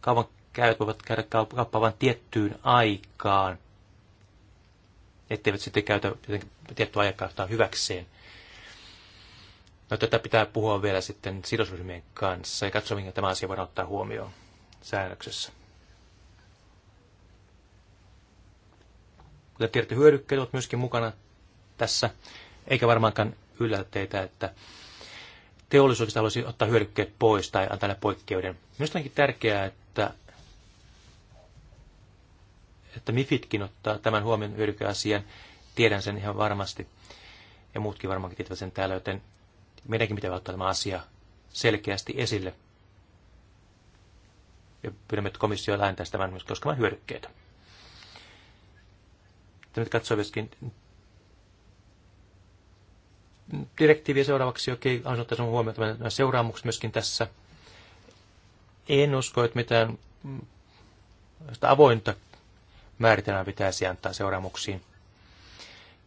kaupan käyt voivat käydä kauppaa vain tiettyyn aikaan, etteivät sitten käytä tiettyä ajankohtaa hyväkseen. No tätä pitää puhua vielä sitten sidosryhmien kanssa ja katsoa, minkä tämä asia voidaan ottaa huomioon säännöksessä. Kuten tiedätte, hyödykkeet ovat myöskin mukana tässä, eikä varmaankaan yllätä teitä, että teollisuudesta haluaisi ottaa hyödykkeet pois tai antaa ne poikkeuden. Minusta onkin tärkeää, että, että Mifitkin ottaa tämän huomioon hyödykeasian. Tiedän sen ihan varmasti. Ja muutkin varmaankin tietävät sen täällä, joten meidänkin pitää ottaa tämä asia selkeästi esille. Ja pyydämme, että komissio lähentäisi tämän myös koskemaan hyödykkeitä. Nyt katsoo myöskin direktiiviä seuraavaksi, okei, annoittaisi on huomioon nämä seuraamukset myöskin tässä. En usko, että mitään mm, sitä avointa määritelmää pitäisi antaa seuraamuksiin.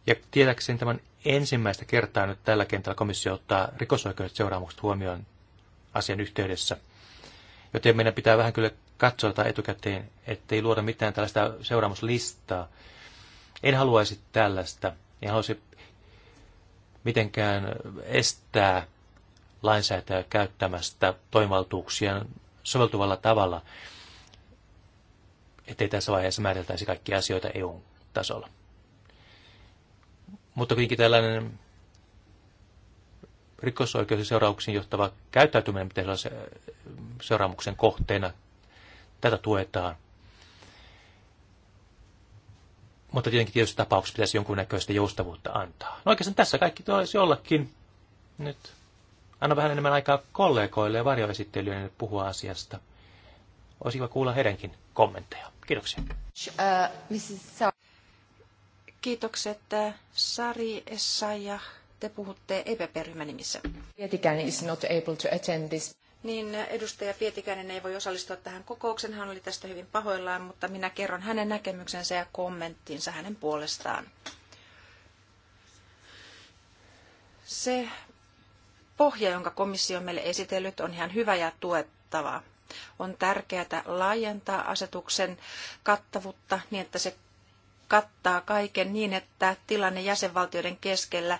Ja tietääkseni tämän ensimmäistä kertaa nyt tällä kentällä komissio ottaa rikosoikeudet seuraamukset huomioon asian yhteydessä. Joten meidän pitää vähän kyllä katsoa tätä etukäteen, ettei luoda mitään tällaista seuraamuslistaa. En haluaisi tällaista. En haluaisi mitenkään estää lainsäätäjä käyttämästä toimivaltuuksia soveltuvalla tavalla, ettei tässä vaiheessa määriteltäisi kaikkia asioita eu tasolla. Mutta kuitenkin tällainen ja seurauksiin johtava käyttäytyminen pitäisi olla seuraamuksen kohteena. Tätä tuetaan mutta tietenkin tietysti tapauksessa pitäisi jonkunnäköistä joustavuutta antaa. No oikeastaan tässä kaikki olisi ollakin nyt. Anna vähän enemmän aikaa kollegoille ja varjoesittelijöille puhua asiasta. Olisi hyvä kuulla heidänkin kommentteja. Kiitoksia. Äh, Kiitokset äh, Sari Essayah te puhutte EPP-ryhmän nimissä. Pietikäinen is not able to attend this niin edustaja Pietikäinen ei voi osallistua tähän kokoukseen. Hän oli tästä hyvin pahoillaan, mutta minä kerron hänen näkemyksensä ja kommenttinsa hänen puolestaan. Se pohja, jonka komissio on meille esitellyt, on ihan hyvä ja tuettava. On tärkeää laajentaa asetuksen kattavuutta niin, että se kattaa kaiken niin, että tilanne jäsenvaltioiden keskellä,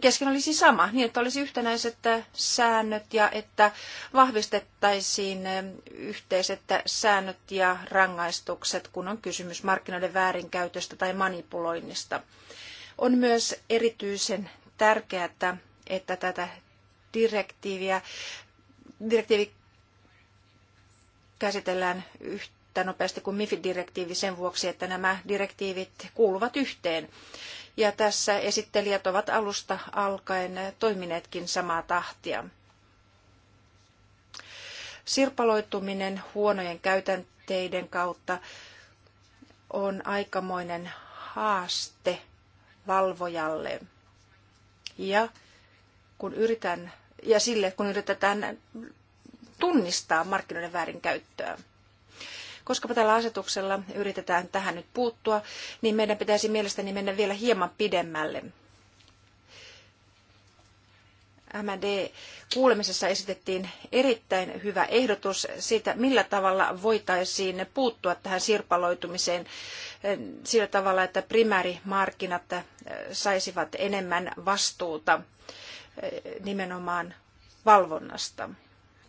kesken olisi sama, niin että olisi yhtenäiset säännöt ja että vahvistettaisiin yhteiset säännöt ja rangaistukset, kun on kysymys markkinoiden väärinkäytöstä tai manipuloinnista. On myös erityisen tärkeää, että tätä direktiiviä, direktiivi käsitellään yhteen yhtä nopeasti kuin MIFID-direktiivi sen vuoksi, että nämä direktiivit kuuluvat yhteen. Ja tässä esittelijät ovat alusta alkaen toimineetkin samaa tahtia. Sirpaloituminen huonojen käytänteiden kautta on aikamoinen haaste valvojalle. Ja kun yritän ja sille, kun yritetään tunnistaa markkinoiden väärinkäyttöä. Koska tällä asetuksella yritetään tähän nyt puuttua, niin meidän pitäisi mielestäni mennä vielä hieman pidemmälle. MD-kuulemisessa esitettiin erittäin hyvä ehdotus siitä, millä tavalla voitaisiin puuttua tähän sirpaloitumiseen eh, sillä tavalla, että primäärimarkkinat eh, saisivat enemmän vastuuta eh, nimenomaan valvonnasta.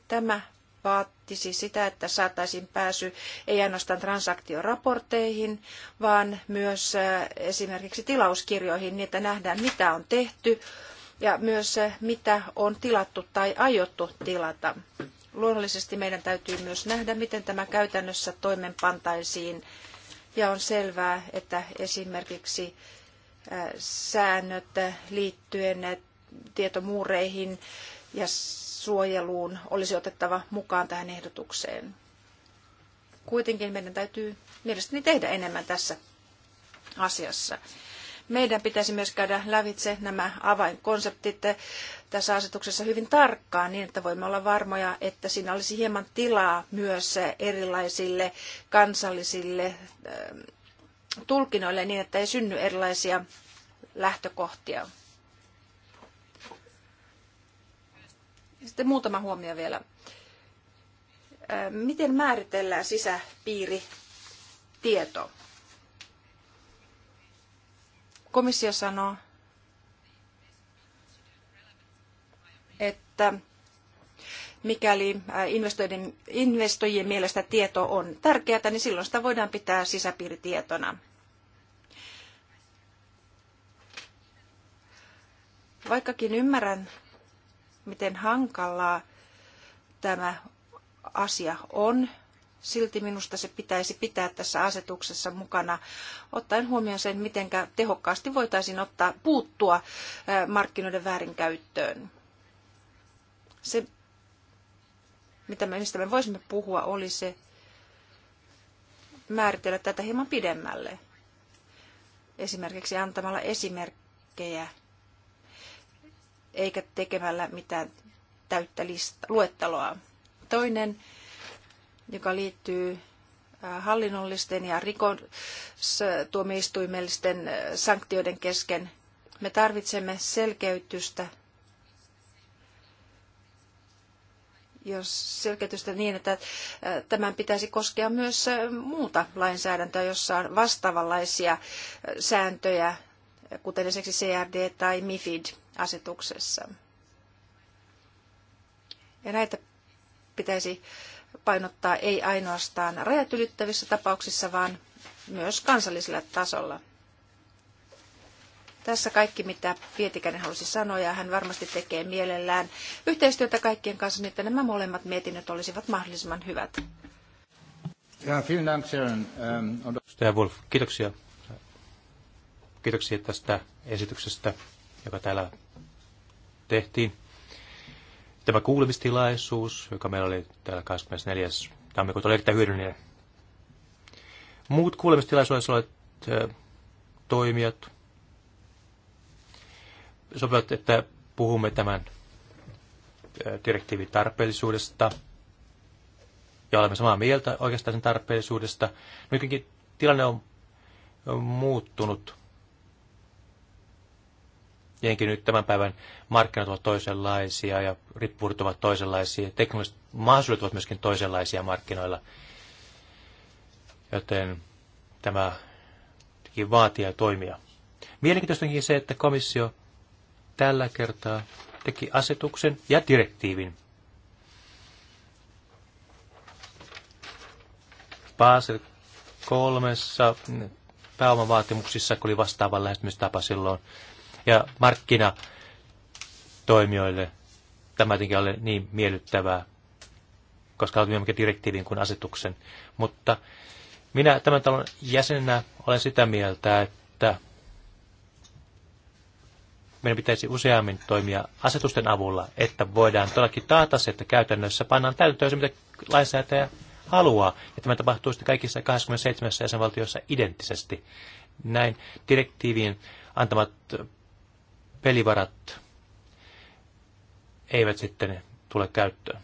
Tämä vaatisi sitä, että saataisiin pääsy ei ainoastaan transaktioraportteihin, vaan myös äh, esimerkiksi tilauskirjoihin, niin että nähdään mitä on tehty ja myös äh, mitä on tilattu tai aiottu tilata. Luonnollisesti meidän täytyy myös nähdä, miten tämä käytännössä toimenpantaisiin. Ja on selvää, että esimerkiksi äh, säännöt liittyen tietomuureihin ja suojeluun olisi otettava mukaan tähän ehdotukseen. Kuitenkin meidän täytyy mielestäni tehdä enemmän tässä asiassa. Meidän pitäisi myös käydä lävitse nämä avainkonseptit tässä asetuksessa hyvin tarkkaan niin, että voimme olla varmoja, että siinä olisi hieman tilaa myös erilaisille kansallisille ähm, tulkinnoille niin, että ei synny erilaisia lähtökohtia. Sitten muutama huomio vielä. Miten määritellään sisäpiiri tieto? Komissio sanoo, että mikäli investoijien mielestä tieto on tärkeää, niin silloin sitä voidaan pitää sisäpiiritietona. Vaikkakin ymmärrän miten hankalaa tämä asia on. Silti minusta se pitäisi pitää tässä asetuksessa mukana, ottaen huomioon sen, miten tehokkaasti voitaisiin ottaa puuttua markkinoiden väärinkäyttöön. Se, mitä me, mistä me voisimme puhua, oli se määritellä tätä hieman pidemmälle. Esimerkiksi antamalla esimerkkejä eikä tekemällä mitään täyttä lista, luetteloa. Toinen, joka liittyy hallinnollisten ja rikostuomioistuimellisten sanktioiden kesken. Me tarvitsemme selkeytystä, jos selkeytystä niin, että tämän pitäisi koskea myös muuta lainsäädäntöä, jossa on vastaavanlaisia sääntöjä, kuten esimerkiksi CRD tai MIFID – asetuksessa. Ja näitä pitäisi painottaa ei ainoastaan rajat ylittävissä tapauksissa, vaan myös kansallisella tasolla. Tässä kaikki, mitä Pietikäinen halusi sanoa, ja hän varmasti tekee mielellään yhteistyötä kaikkien kanssa, niin että nämä molemmat mietinnöt olisivat mahdollisimman hyvät. Ja, Dank, Sharon. Ähm, Wolf, kiitoksia. Kiitoksia tästä esityksestä joka täällä tehtiin. Tämä kuulemistilaisuus, joka meillä oli täällä 24. tammikuuta, oli erittäin hyödyllinen. Muut kuulemistilaisuudessa olet toimijat sopivat, että puhumme tämän direktiivin tarpeellisuudesta ja olemme samaa mieltä oikeastaan sen tarpeellisuudesta. Nytkin tilanne on muuttunut Tietenkin nyt tämän päivän markkinat ovat toisenlaisia ja rippuudet ovat toisenlaisia. Teknologiset mahdollisuudet ovat myöskin toisenlaisia markkinoilla. Joten tämä vaatii ja toimia. Mielenkiintoista onkin se, että komissio tällä kertaa teki asetuksen ja direktiivin. Basel kolmessa pääomavaatimuksissa, kun oli vastaava lähestymistapa silloin, ja markkinatoimijoille tämä jotenkin ole niin miellyttävää, koska on mikä direktiivin kuin asetuksen. Mutta minä tämän talon jäsenenä olen sitä mieltä, että meidän pitäisi useammin toimia asetusten avulla, että voidaan todellakin taata se, että käytännössä pannaan täytäntöön se, mitä lainsäätäjä haluaa. Ja tämä tapahtuu sitten kaikissa 27 jäsenvaltioissa identtisesti. Näin direktiivin antamat pelivarat eivät sitten tule käyttöön.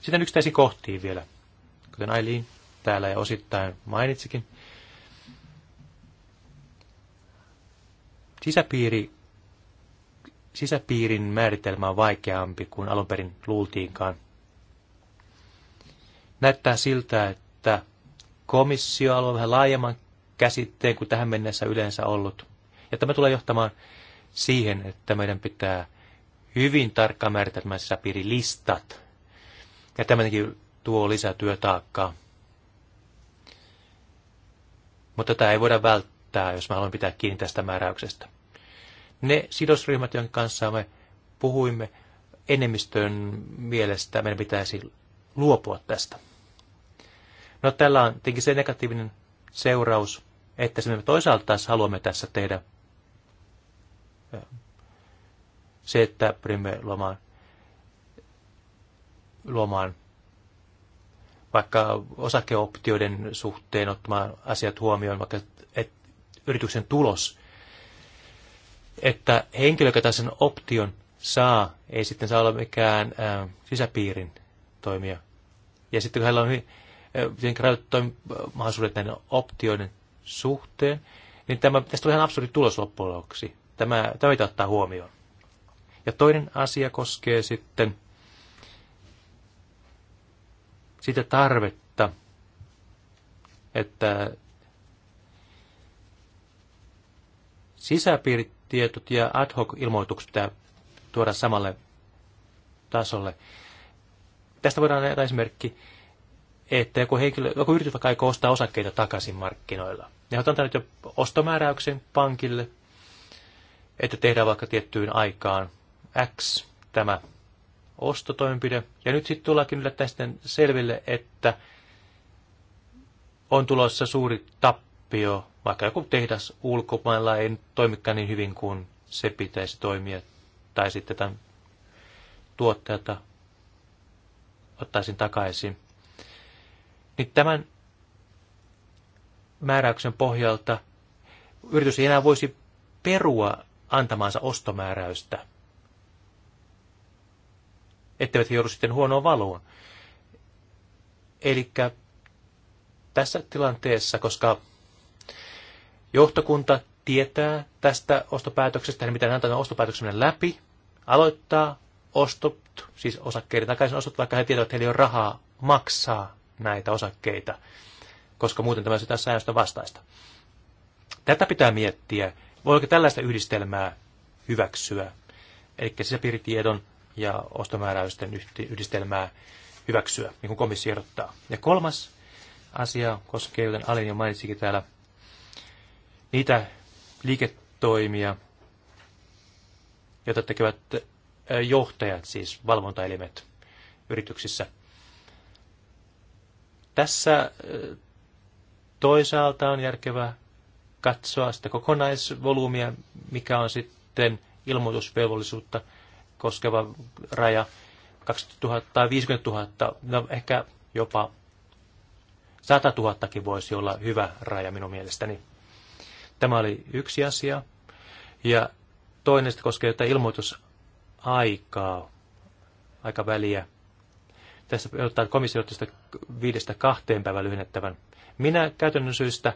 Sitten yksittäisiin kohtiin vielä, kuten Aileen täällä ja osittain mainitsikin. Sisäpiiri, sisäpiirin määritelmä on vaikeampi kuin alun perin luultiinkaan. Näyttää siltä, että komissio on vähän laajemman käsitteen kuin tähän mennessä yleensä ollut. Ja tämä tulee johtamaan siihen, että meidän pitää hyvin tarkkaan määritelmässä piirilistat. Ja tämäkin tuo lisää työtaakkaa. Mutta tämä ei voida välttää, jos mä haluan pitää kiinni tästä määräyksestä. Ne sidosryhmät, joiden kanssa me puhuimme, enemmistön mielestä meidän pitäisi luopua tästä. No tällä on tietenkin se negatiivinen seuraus, että me toisaalta taas haluamme tässä tehdä se, että pyrimme luomaan, luomaan vaikka osakeoptioiden suhteen ottamaan asiat huomioon, vaikka et, yrityksen tulos, että henkilö, joka sen option saa, ei sitten saa olla mikään ä, äh, sisäpiirin toimija. Ja sitten kun hänellä on hyvin, äh, mahdollisuudet näiden optioiden suhteen, niin tämä, tästä tulee ihan absurdi tulos loppujen lopuksi. Tämä, tämä pitää ottaa huomioon. Ja toinen asia koskee sitten sitä tarvetta, että sisäpiiritietot ja ad hoc ilmoitukset pitää tuoda samalle tasolle. Tästä voidaan näyttää esimerkki, että joku, henkilö, joku yritys vaikka aikoo ostaa osakkeita takaisin markkinoilla. Ne on antanut jo ostomääräyksen pankille, että tehdään vaikka tiettyyn aikaan X tämä ostotoimenpide. Ja nyt sitten tullaankin yllättäen sitten selville, että on tulossa suuri tappio, vaikka joku tehdas ulkomailla ei toimikaan niin hyvin kuin se pitäisi toimia, tai sitten tämän tuotteelta ottaisin takaisin. Niin tämän määräyksen pohjalta yritys ei enää voisi perua antamaansa ostomääräystä, etteivät he joudu sitten huonoon valuun. Eli tässä tilanteessa, koska johtokunta tietää tästä ostopäätöksestä, niin mitä antaa ostopäätöksen läpi, aloittaa ostot, siis osakkeiden takaisin ostot, vaikka he tietävät, että heillä ei ole rahaa maksaa näitä osakkeita, koska muuten tämä on sitä säännöstä vastaista. Tätä pitää miettiä Voiko tällaista yhdistelmää hyväksyä? Eli sisäpiiritiedon ja ostomääräysten yhdistelmää hyväksyä, niin kuin komissio ehdottaa. Ja kolmas asia koskee, kuten Alin jo mainitsikin täällä, niitä liiketoimia, joita tekevät johtajat, siis valvontaelimet yrityksissä. Tässä toisaalta on järkevää katsoa sitä kokonaisvolyymia, mikä on sitten ilmoitusvelvollisuutta koskeva raja 20 000 tai 50 000, no ehkä jopa 100 000 voisi olla hyvä raja minun mielestäni. Tämä oli yksi asia. Ja toinen sitten koskee jotain ilmoitusaikaa, väliä. Tässä ottaa komissio tästä viidestä kahteen päivän lyhennettävän. Minä käytännön syystä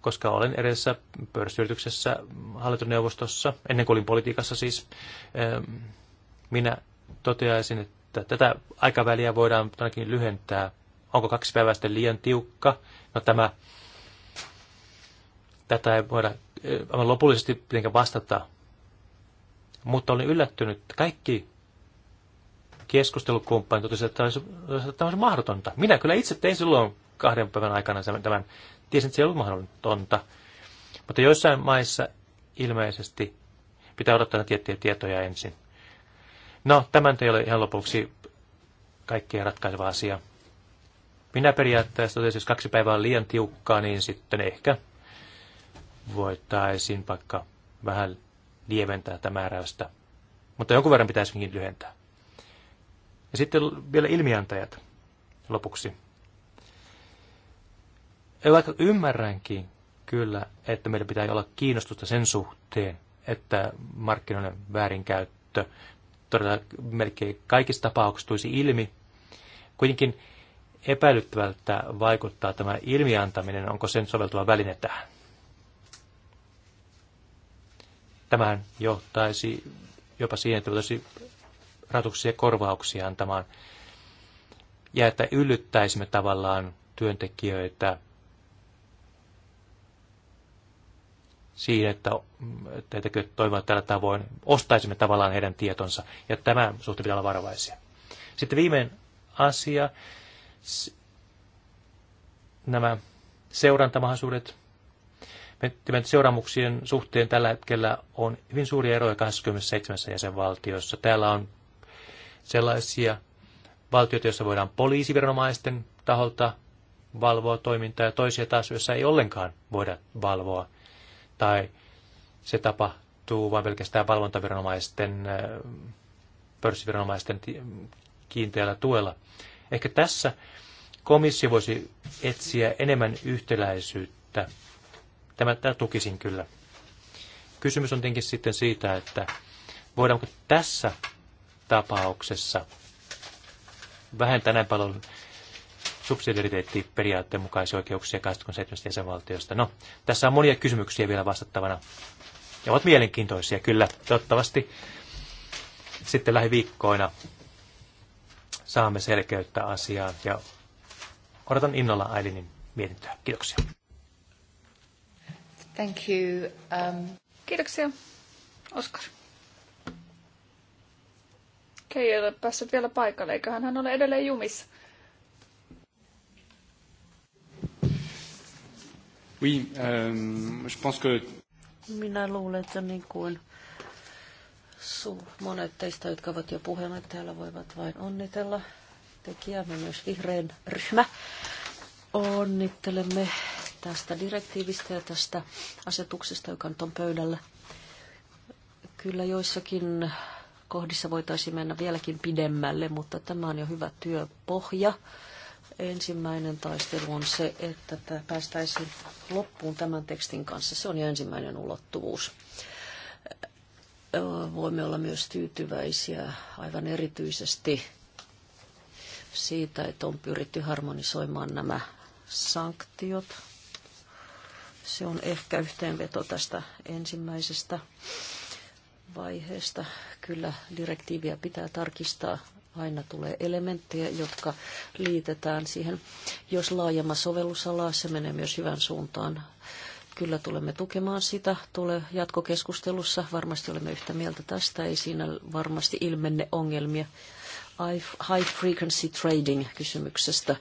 koska olen edessä pörssiyrityksessä hallintoneuvostossa, ennen kuin olin politiikassa siis, ähm, minä toteaisin, että tätä aikaväliä voidaan ainakin lyhentää. Onko kaksi päivää sitten liian tiukka? No tämä, tätä ei voida äh, aivan lopullisesti mitenkään vastata. Mutta olin yllättynyt, että kaikki keskustelukumppanit totesivat, että tämä olisi, olisi mahdotonta. Minä kyllä itse tein silloin kahden päivän aikana tämän. Tiesin, että se ei ollut mahdollista. Mutta joissain maissa ilmeisesti pitää odottaa tiettyjä tietoja ensin. No, tämän ei ole ihan lopuksi kaikkea ratkaiseva asia. Minä periaatteessa totesin, jos kaksi päivää on liian tiukkaa, niin sitten ehkä voitaisiin vaikka vähän lieventää tätä määräystä. Mutta jonkun verran pitäisikin lyhentää. Ja sitten vielä ilmiantajat lopuksi. Ja vaikka ymmärränkin kyllä, että meillä pitää olla kiinnostusta sen suhteen, että markkinoiden väärinkäyttö todella melkein kaikissa tapauksissa tulisi ilmi. Kuitenkin epäilyttävältä vaikuttaa tämä ilmiantaminen, onko sen soveltuva väline tähän. Tämähän johtaisi jopa siihen, että voitaisiin ratuksia korvauksia antamaan ja että yllyttäisimme tavallaan työntekijöitä siihen, että, että tekö toimivat tällä tavoin, ostaisimme tavallaan heidän tietonsa, ja tämä suhteen pitää olla varovaisia. Sitten viimeinen asia, nämä seurantamahdollisuudet. Seuraamuksien suhteen tällä hetkellä on hyvin suuria eroja 27 jäsenvaltiossa. Täällä on sellaisia valtioita, joissa voidaan poliisiviranomaisten taholta valvoa toimintaa ja toisia taas, joissa ei ollenkaan voida valvoa tai se tapahtuu vain pelkästään valvontaviranomaisten, pörssiviranomaisten kiinteällä tuella. Ehkä tässä komissio voisi etsiä enemmän yhtäläisyyttä. Tämä, tämä tukisin kyllä. Kysymys on tietenkin sitten siitä, että voidaanko tässä tapauksessa vähentää näin paljon periaatteen mukaisia oikeuksia 27 jäsenvaltiosta. No, tässä on monia kysymyksiä vielä vastattavana. Ja ovat mielenkiintoisia kyllä. Toivottavasti sitten lähiviikkoina saamme selkeyttää asiaan ja odotan innolla Ailinin mietintöä. Kiitoksia. Thank you. Um, kiitoksia, Oskar. Kei ei ole päässyt vielä paikalle, eiköhän hän ole edelleen jumissa. Oui, euh, je pense que... Minä luulen, että niin kuin monet teistä, jotka ovat jo puhuneet täällä, voivat vain onnitella tekijämme, myös vihreän ryhmä. Onnittelemme tästä direktiivistä ja tästä asetuksesta, joka nyt on pöydällä. Kyllä joissakin kohdissa voitaisiin mennä vieläkin pidemmälle, mutta tämä on jo hyvä työpohja. Ensimmäinen taistelu on se, että päästäisiin loppuun tämän tekstin kanssa. Se on jo ensimmäinen ulottuvuus. Voimme olla myös tyytyväisiä aivan erityisesti siitä, että on pyritty harmonisoimaan nämä sanktiot. Se on ehkä yhteenveto tästä ensimmäisestä vaiheesta. Kyllä direktiiviä pitää tarkistaa Aina tulee elementtejä, jotka liitetään siihen. Jos laajemma sovellusala, se menee myös hyvän suuntaan. Kyllä tulemme tukemaan sitä. Tulee jatkokeskustelussa. Varmasti olemme yhtä mieltä tästä. Ei siinä varmasti ilmenne ongelmia. High frequency trading kysymyksestä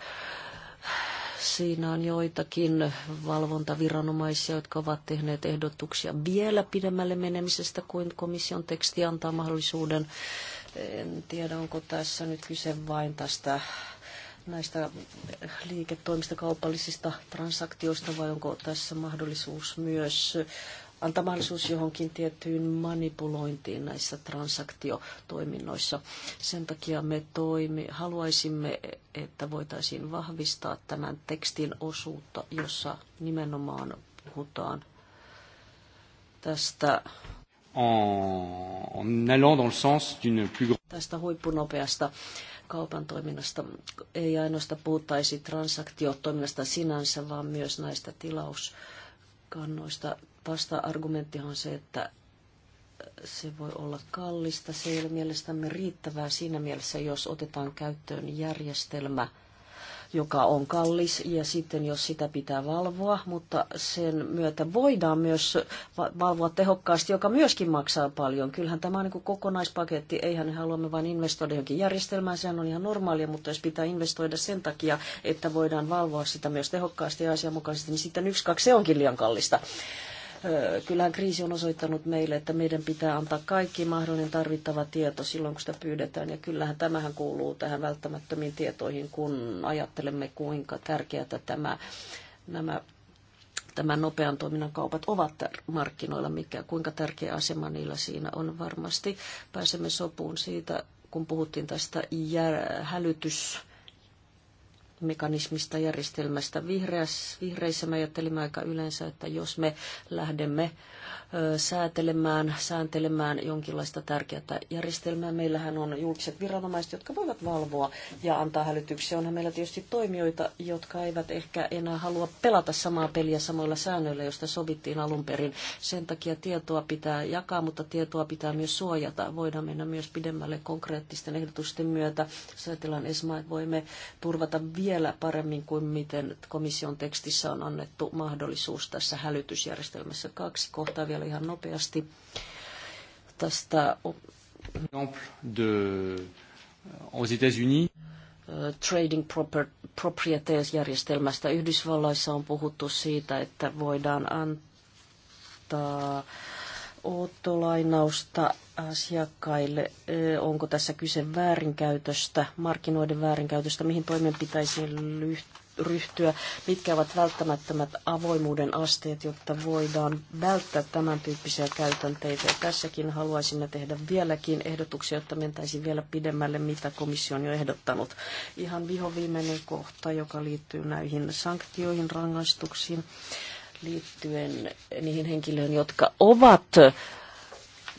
siinä on joitakin valvontaviranomaisia, jotka ovat tehneet ehdotuksia vielä pidemmälle menemisestä kuin komission teksti antaa mahdollisuuden en tiedä, onko tässä nyt kyse vain tästä näistä liiketoimista, kaupallisista transaktioista, vai onko tässä mahdollisuus myös antaa mahdollisuus johonkin tiettyyn manipulointiin näissä transaktiotoiminnoissa. Sen takia me toimi, haluaisimme, että voitaisiin vahvistaa tämän tekstin osuutta, jossa nimenomaan puhutaan tästä en allant dans le sens d'une plus grande... Tästä huippunopeasta kaupan toiminnasta ei ainoastaan puhuttaisi transaktiotoiminnasta sinänsä, vaan myös näistä tilauskannoista. Vasta-argumenttihan on se, että se voi olla kallista. Se ei ole mielestämme riittävää siinä mielessä, jos otetaan käyttöön järjestelmä – joka on kallis, ja sitten jos sitä pitää valvoa, mutta sen myötä voidaan myös valvoa tehokkaasti, joka myöskin maksaa paljon. Kyllähän tämä on niin kokonaispaketti, eihän haluamme vain investoida johonkin järjestelmään, sehän on ihan normaalia, mutta jos pitää investoida sen takia, että voidaan valvoa sitä myös tehokkaasti ja asianmukaisesti, niin sitten yksi, kaksi, se onkin liian kallista. Kyllähän kriisi on osoittanut meille, että meidän pitää antaa kaikki mahdollinen tarvittava tieto silloin, kun sitä pyydetään. Ja kyllähän tämähän kuuluu tähän välttämättömiin tietoihin, kun ajattelemme, kuinka tärkeätä tämä, nämä tämä nopean toiminnan kaupat ovat markkinoilla, mikä, kuinka tärkeä asema niillä siinä on varmasti. Pääsemme sopuun siitä, kun puhuttiin tästä jär, hälytys mekanismista, järjestelmästä. Vihreäs, vihreissä me ajattelimme aika yleensä, että jos me lähdemme säätelemään, sääntelemään jonkinlaista tärkeää järjestelmää. Meillähän on julkiset viranomaiset, jotka voivat valvoa ja antaa hälytyksiä. Onhan meillä tietysti toimijoita, jotka eivät ehkä enää halua pelata samaa peliä samoilla säännöillä, josta sovittiin alun perin. Sen takia tietoa pitää jakaa, mutta tietoa pitää myös suojata. Voidaan mennä myös pidemmälle konkreettisten ehdotusten myötä. Säätellään esimerkiksi, että voimme turvata vi- vielä paremmin kuin miten komission tekstissä on annettu mahdollisuus tässä hälytysjärjestelmässä. Kaksi kohtaa vielä ihan nopeasti tästä. De, euh, aux États-Unis. Trading proper, Proprietaries-järjestelmästä. Yhdysvalloissa on puhuttu siitä, että voidaan antaa Ottolainausta asiakkaille. Onko tässä kyse väärinkäytöstä, markkinoiden väärinkäytöstä, mihin toimenpiteisiin ryhtyä, mitkä ovat välttämättömät avoimuuden asteet, jotta voidaan välttää tämän tyyppisiä käytänteitä. Ja tässäkin haluaisimme tehdä vieläkin ehdotuksia, jotta mentäisiin vielä pidemmälle, mitä komissio on jo ehdottanut. Ihan vihoviimeinen kohta, joka liittyy näihin sanktioihin, rangaistuksiin liittyen niihin henkilöihin, jotka ovat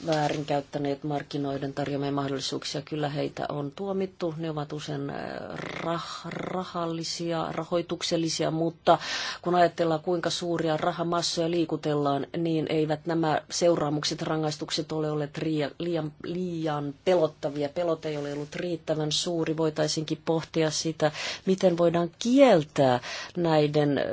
väärinkäyttäneet markkinoiden tarjoamia mahdollisuuksia. Kyllä heitä on tuomittu. Ne ovat usein äh, rah- rahallisia, rahoituksellisia, mutta kun ajatellaan kuinka suuria rahamassoja liikutellaan, niin eivät nämä seuraamukset, rangaistukset ole olleet liian, liian pelottavia. Pelot ei ole ollut riittävän suuri. Voitaisinkin pohtia sitä, miten voidaan kieltää näiden äh,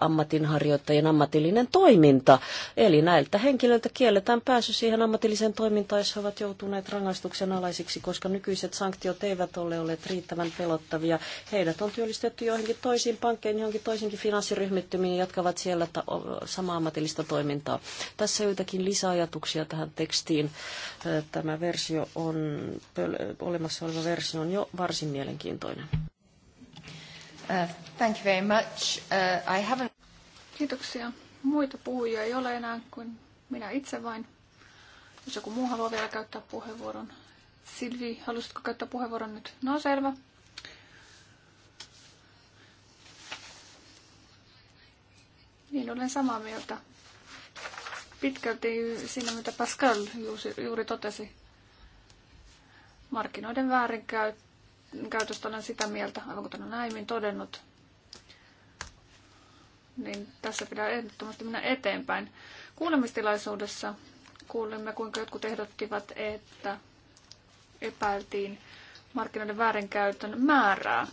ammatinharjoittajien ammatillinen toiminta. Eli näiltä henkilöiltä kielletään pääsy siihen ammatilliseen toimintaan, jos he ovat joutuneet rangaistuksen alaisiksi, koska nykyiset sanktiot eivät ole olleet riittävän pelottavia. Heidät on työllistetty joihinkin toisiin pankkeihin, johonkin toisinkin finanssiryhmittymiin, ja jatkavat siellä ta- samaa ammatillista toimintaa. Tässä joitakin lisäajatuksia tähän tekstiin. Tämä versio on, olemassa oleva versio on jo varsin mielenkiintoinen. Uh, thank you very much. Uh, I haven't... Kiitoksia. Muita puhujia ei ole enää kuin minä itse vain. Jos joku muu haluaa vielä käyttää puheenvuoron. Silvi, halusitko käyttää puheenvuoron nyt? No selvä. Niin, olen samaa mieltä. Pitkälti siinä, mitä Pascal juuri totesi. Markkinoiden väärinkäytöstä olen sitä mieltä, aivan kuten on aiemmin todennut. Niin tässä pitää ehdottomasti mennä eteenpäin. Kuulemistilaisuudessa kuulimme, kuinka jotkut ehdottivat, että epäiltiin markkinoiden väärinkäytön määrää.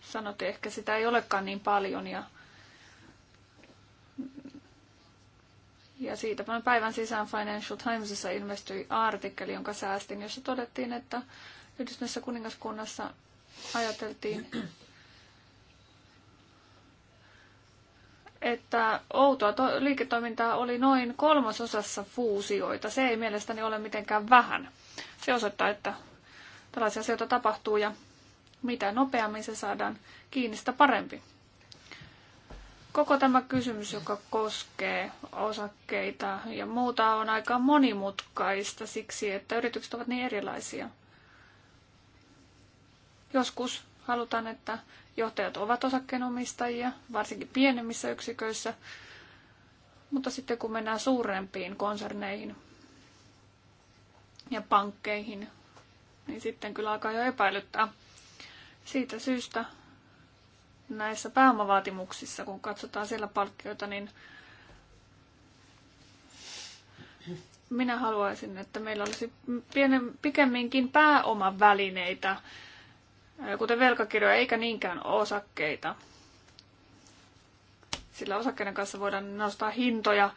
Sanottiin, ehkä sitä ei olekaan niin paljon ja, ja siitä päivän sisään Financial Timesissa ilmestyi artikkeli, jonka säästin, jossa todettiin, että Yhdistyneessä kuningaskunnassa ajateltiin, että outoa to- liiketoimintaa oli noin kolmasosassa fuusioita. Se ei mielestäni ole mitenkään vähän. Se osoittaa, että tällaisia asioita tapahtuu ja mitä nopeammin se saadaan kiinni, sitä parempi. Koko tämä kysymys, joka koskee osakkeita ja muuta, on aika monimutkaista siksi, että yritykset ovat niin erilaisia. Joskus Halutaan, että johtajat ovat osakkeenomistajia, varsinkin pienemmissä yksiköissä, mutta sitten kun mennään suurempiin konserneihin ja pankkeihin, niin sitten kyllä alkaa jo epäilyttää. Siitä syystä näissä pääomavaatimuksissa, kun katsotaan siellä palkkioita, niin minä haluaisin, että meillä olisi pienen, pikemminkin pääomavälineitä kuten velkakirjoja, eikä niinkään osakkeita. Sillä osakkeiden kanssa voidaan nostaa hintoja.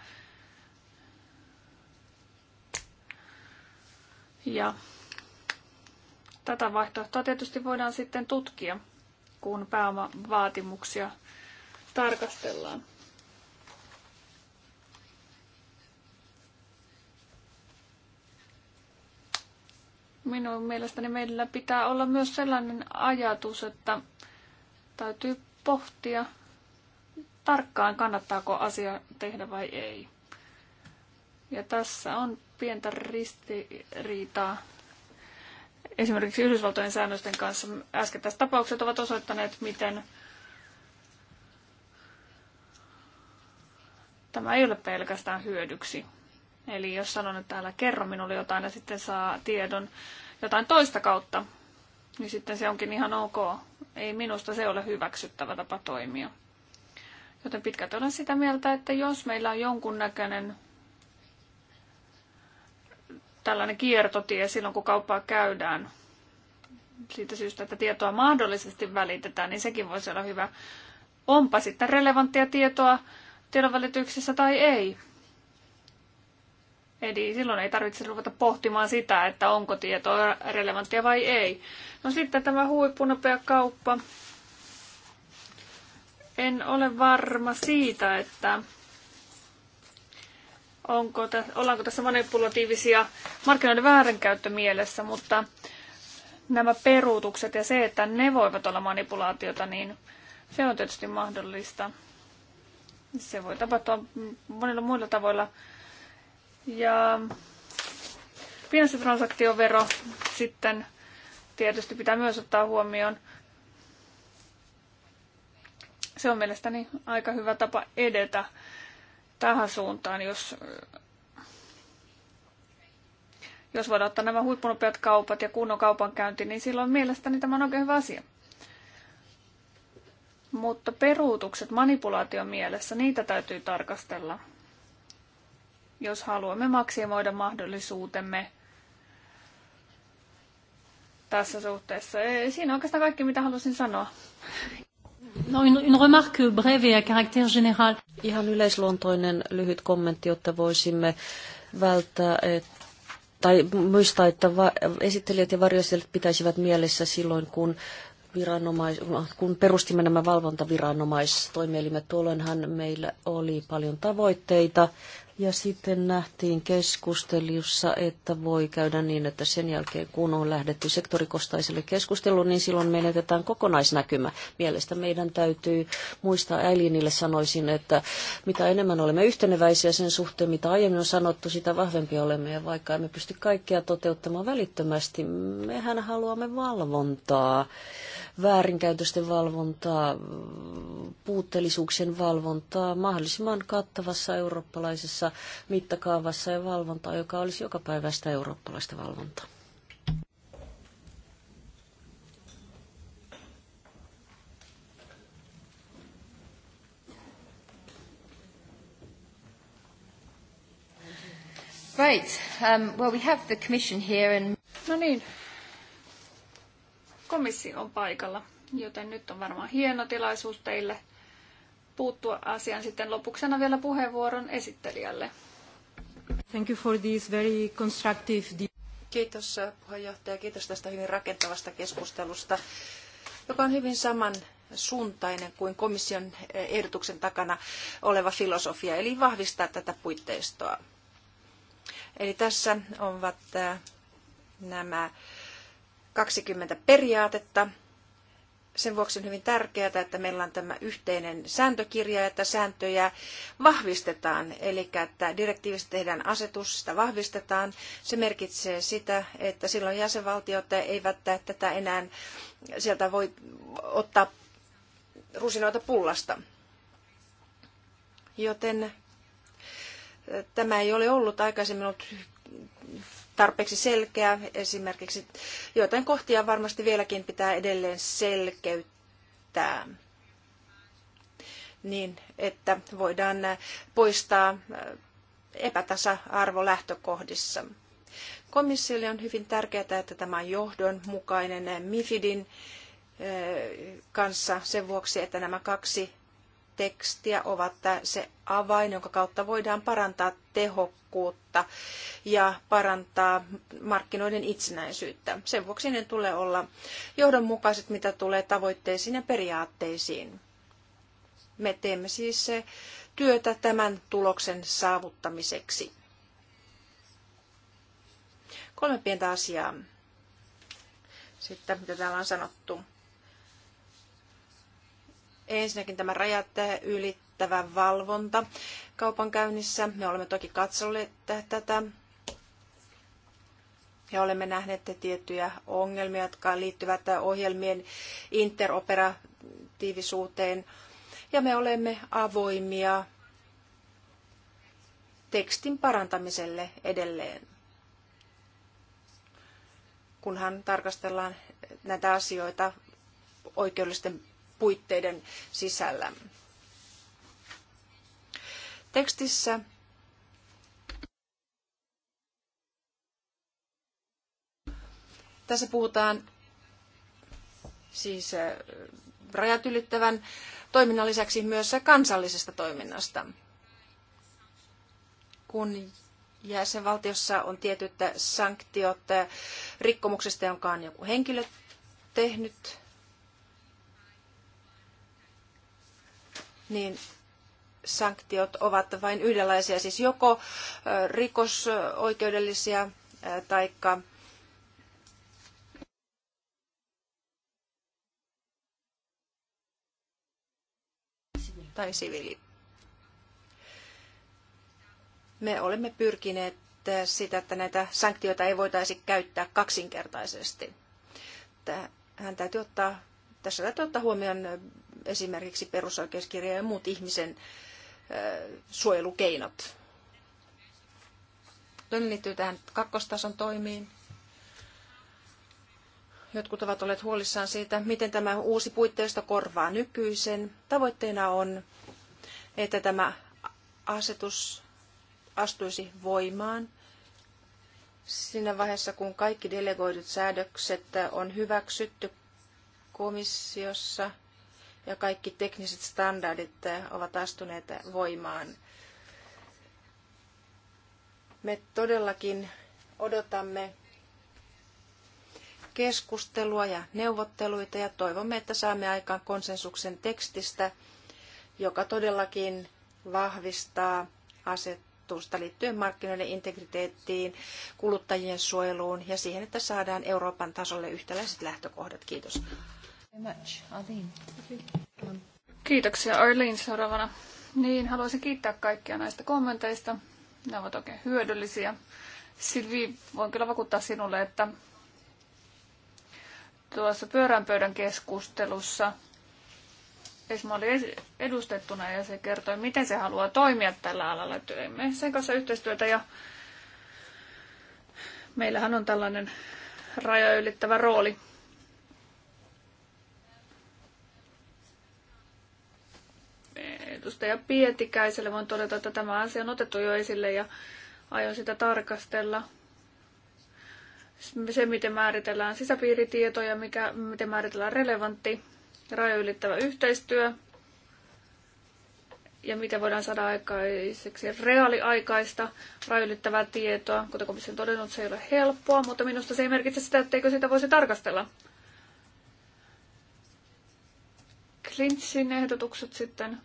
Ja tätä vaihtoehtoa tietysti voidaan sitten tutkia, kun pääomavaatimuksia tarkastellaan. minun mielestäni meillä pitää olla myös sellainen ajatus, että täytyy pohtia tarkkaan, kannattaako asia tehdä vai ei. Ja tässä on pientä ristiriitaa esimerkiksi Yhdysvaltojen säännösten kanssa. Äskettäiset tapaukset ovat osoittaneet, miten tämä ei ole pelkästään hyödyksi Eli jos sanon, että älä kerro minulle jotain ja sitten saa tiedon jotain toista kautta, niin sitten se onkin ihan ok. Ei minusta se ole hyväksyttävä tapa toimia. Joten pitkät olen sitä mieltä, että jos meillä on jonkunnäköinen tällainen kiertotie silloin, kun kauppaa käydään, siitä syystä, että tietoa mahdollisesti välitetään, niin sekin voisi olla hyvä. Onpa sitten relevanttia tietoa tiedonvälityksessä tai ei. Eli silloin ei tarvitse ruveta pohtimaan sitä, että onko tieto relevanttia vai ei. No sitten tämä huippunopea kauppa. En ole varma siitä, että onko tä, ollaanko tässä manipulatiivisia markkinoiden väärinkäyttö mielessä, mutta nämä peruutukset ja se, että ne voivat olla manipulaatiota, niin se on tietysti mahdollista. Se voi tapahtua monilla muilla tavoilla ja finanssitransaktiovero sitten tietysti pitää myös ottaa huomioon. Se on mielestäni aika hyvä tapa edetä tähän suuntaan, jos, jos voidaan ottaa nämä huippunopeat kaupat ja kunnon kaupankäynti, niin silloin mielestäni tämä on oikein hyvä asia. Mutta peruutukset manipulaation mielessä, niitä täytyy tarkastella jos haluamme maksimoida mahdollisuutemme tässä suhteessa. Siinä on oikeastaan kaikki, mitä halusin sanoa. No, une, une remarque brève et à caractère général. Ihan yleisluontoinen lyhyt kommentti, jotta voisimme välttää, et, tai muistaa, että va, esittelijät ja varjoiset pitäisivät mielessä silloin, kun viranomais, kun perustimme nämä valvontaviranomaistoimielimet, tuolloinhan meillä oli paljon tavoitteita ja sitten nähtiin keskustelussa, että voi käydä niin, että sen jälkeen kun on lähdetty sektorikostaiselle keskusteluun, niin silloin menetetään kokonaisnäkymä. Mielestä meidän täytyy muistaa äilinille sanoisin, että mitä enemmän olemme yhteneväisiä sen suhteen, mitä aiemmin on sanottu, sitä vahvempia olemme. Ja vaikka emme pysty kaikkea toteuttamaan välittömästi, mehän haluamme valvontaa väärinkäytösten valvontaa, puutteellisuuksien valvontaa mahdollisimman kattavassa eurooppalaisessa mittakaavassa ja valvontaa, joka olisi joka päivästä eurooppalaista valvontaa. Right. Um, well, we have the commission here and... No niin, komissio on paikalla, joten nyt on varmaan hieno tilaisuus teille puuttua asiaan sitten lopuksena vielä puheenvuoron esittelijälle. Thank you for this very constructive... Kiitos äh, puheenjohtaja, kiitos tästä hyvin rakentavasta keskustelusta, joka on hyvin saman suuntainen kuin komission äh, ehdotuksen takana oleva filosofia, eli vahvistaa tätä puitteistoa. Eli tässä ovat äh, nämä 20 periaatetta. Sen vuoksi on hyvin tärkeää, että meillä on tämä yhteinen sääntökirja ja että sääntöjä vahvistetaan, eli että direktiivistä tehdään asetus, sitä vahvistetaan. Se merkitsee sitä, että silloin jäsenvaltiot eivät tätä enää sieltä voi ottaa rusinoita pullasta. Joten tämä ei ole ollut aikaisemmin ollut tarpeeksi selkeä. Esimerkiksi joitain kohtia varmasti vieläkin pitää edelleen selkeyttää niin, että voidaan poistaa epätasa-arvo lähtökohdissa. Komissiolle on hyvin tärkeää, että tämä on johdonmukainen MIFIDin eh, kanssa sen vuoksi, että nämä kaksi tekstiä ovat se avain, jonka kautta voidaan parantaa tehokkuutta ja parantaa markkinoiden itsenäisyyttä. Sen vuoksi ne tulee olla johdonmukaiset, mitä tulee tavoitteisiin ja periaatteisiin. Me teemme siis se työtä tämän tuloksen saavuttamiseksi. Kolme pientä asiaa sitten, mitä täällä on sanottu. Ensinnäkin tämä rajat ylittävä valvonta kaupankäynnissä. Me olemme toki katsolleet tätä ja olemme nähneet tiettyjä ongelmia, jotka liittyvät ohjelmien interoperatiivisuuteen. Ja me olemme avoimia tekstin parantamiselle edelleen, kunhan tarkastellaan näitä asioita oikeudellisten puitteiden sisällä. Tekstissä tässä puhutaan siis äh, rajat ylittävän toiminnan lisäksi myös kansallisesta toiminnasta. Kun jäsenvaltiossa on tietyt sanktiot äh, rikkomuksesta, jonka on joku henkilö tehnyt, niin sanktiot ovat vain yhdenlaisia, siis joko rikosoikeudellisia tai tai siviili. Me olemme pyrkineet sitä, että näitä sanktioita ei voitaisi käyttää kaksinkertaisesti. Hän täytyy ottaa, tässä täytyy ottaa huomioon esimerkiksi perusoikeuskirja ja muut ihmisen suojelukeinot. Toinen liittyy tähän kakkostason toimiin. Jotkut ovat olleet huolissaan siitä, miten tämä uusi puitteisto korvaa nykyisen. Tavoitteena on, että tämä asetus astuisi voimaan siinä vaiheessa, kun kaikki delegoidut säädökset on hyväksytty komissiossa – ja kaikki tekniset standardit eh, ovat astuneet voimaan. Me todellakin odotamme keskustelua ja neuvotteluita ja toivomme, että saamme aikaan konsensuksen tekstistä, joka todellakin vahvistaa asetusta liittyen markkinoiden integriteettiin, kuluttajien suojeluun ja siihen, että saadaan Euroopan tasolle yhtäläiset lähtökohdat. Kiitos. Kiitoksia Arlene seuraavana. Niin, haluaisin kiittää kaikkia näistä kommenteista. Ne ovat oikein hyödyllisiä. Silvi, voin kyllä vakuuttaa sinulle, että tuossa pyörän pöydän keskustelussa Esma oli edustettuna ja se kertoi, miten se haluaa toimia tällä alalla. Teimme sen kanssa yhteistyötä ja meillähän on tällainen raja ylittävä rooli edustaja Pietikäiselle voin todeta, että tämä asia on otettu jo esille ja aion sitä tarkastella. Se, miten määritellään sisäpiiritietoja, mikä, miten määritellään relevantti ylittävä yhteistyö ja miten voidaan saada aikaiseksi reaaliaikaista rajoittavaa tietoa. Kuten komissio on todennut, se ei ole helppoa, mutta minusta se ei merkitse sitä, etteikö sitä voisi tarkastella. Klintsin ehdotukset sitten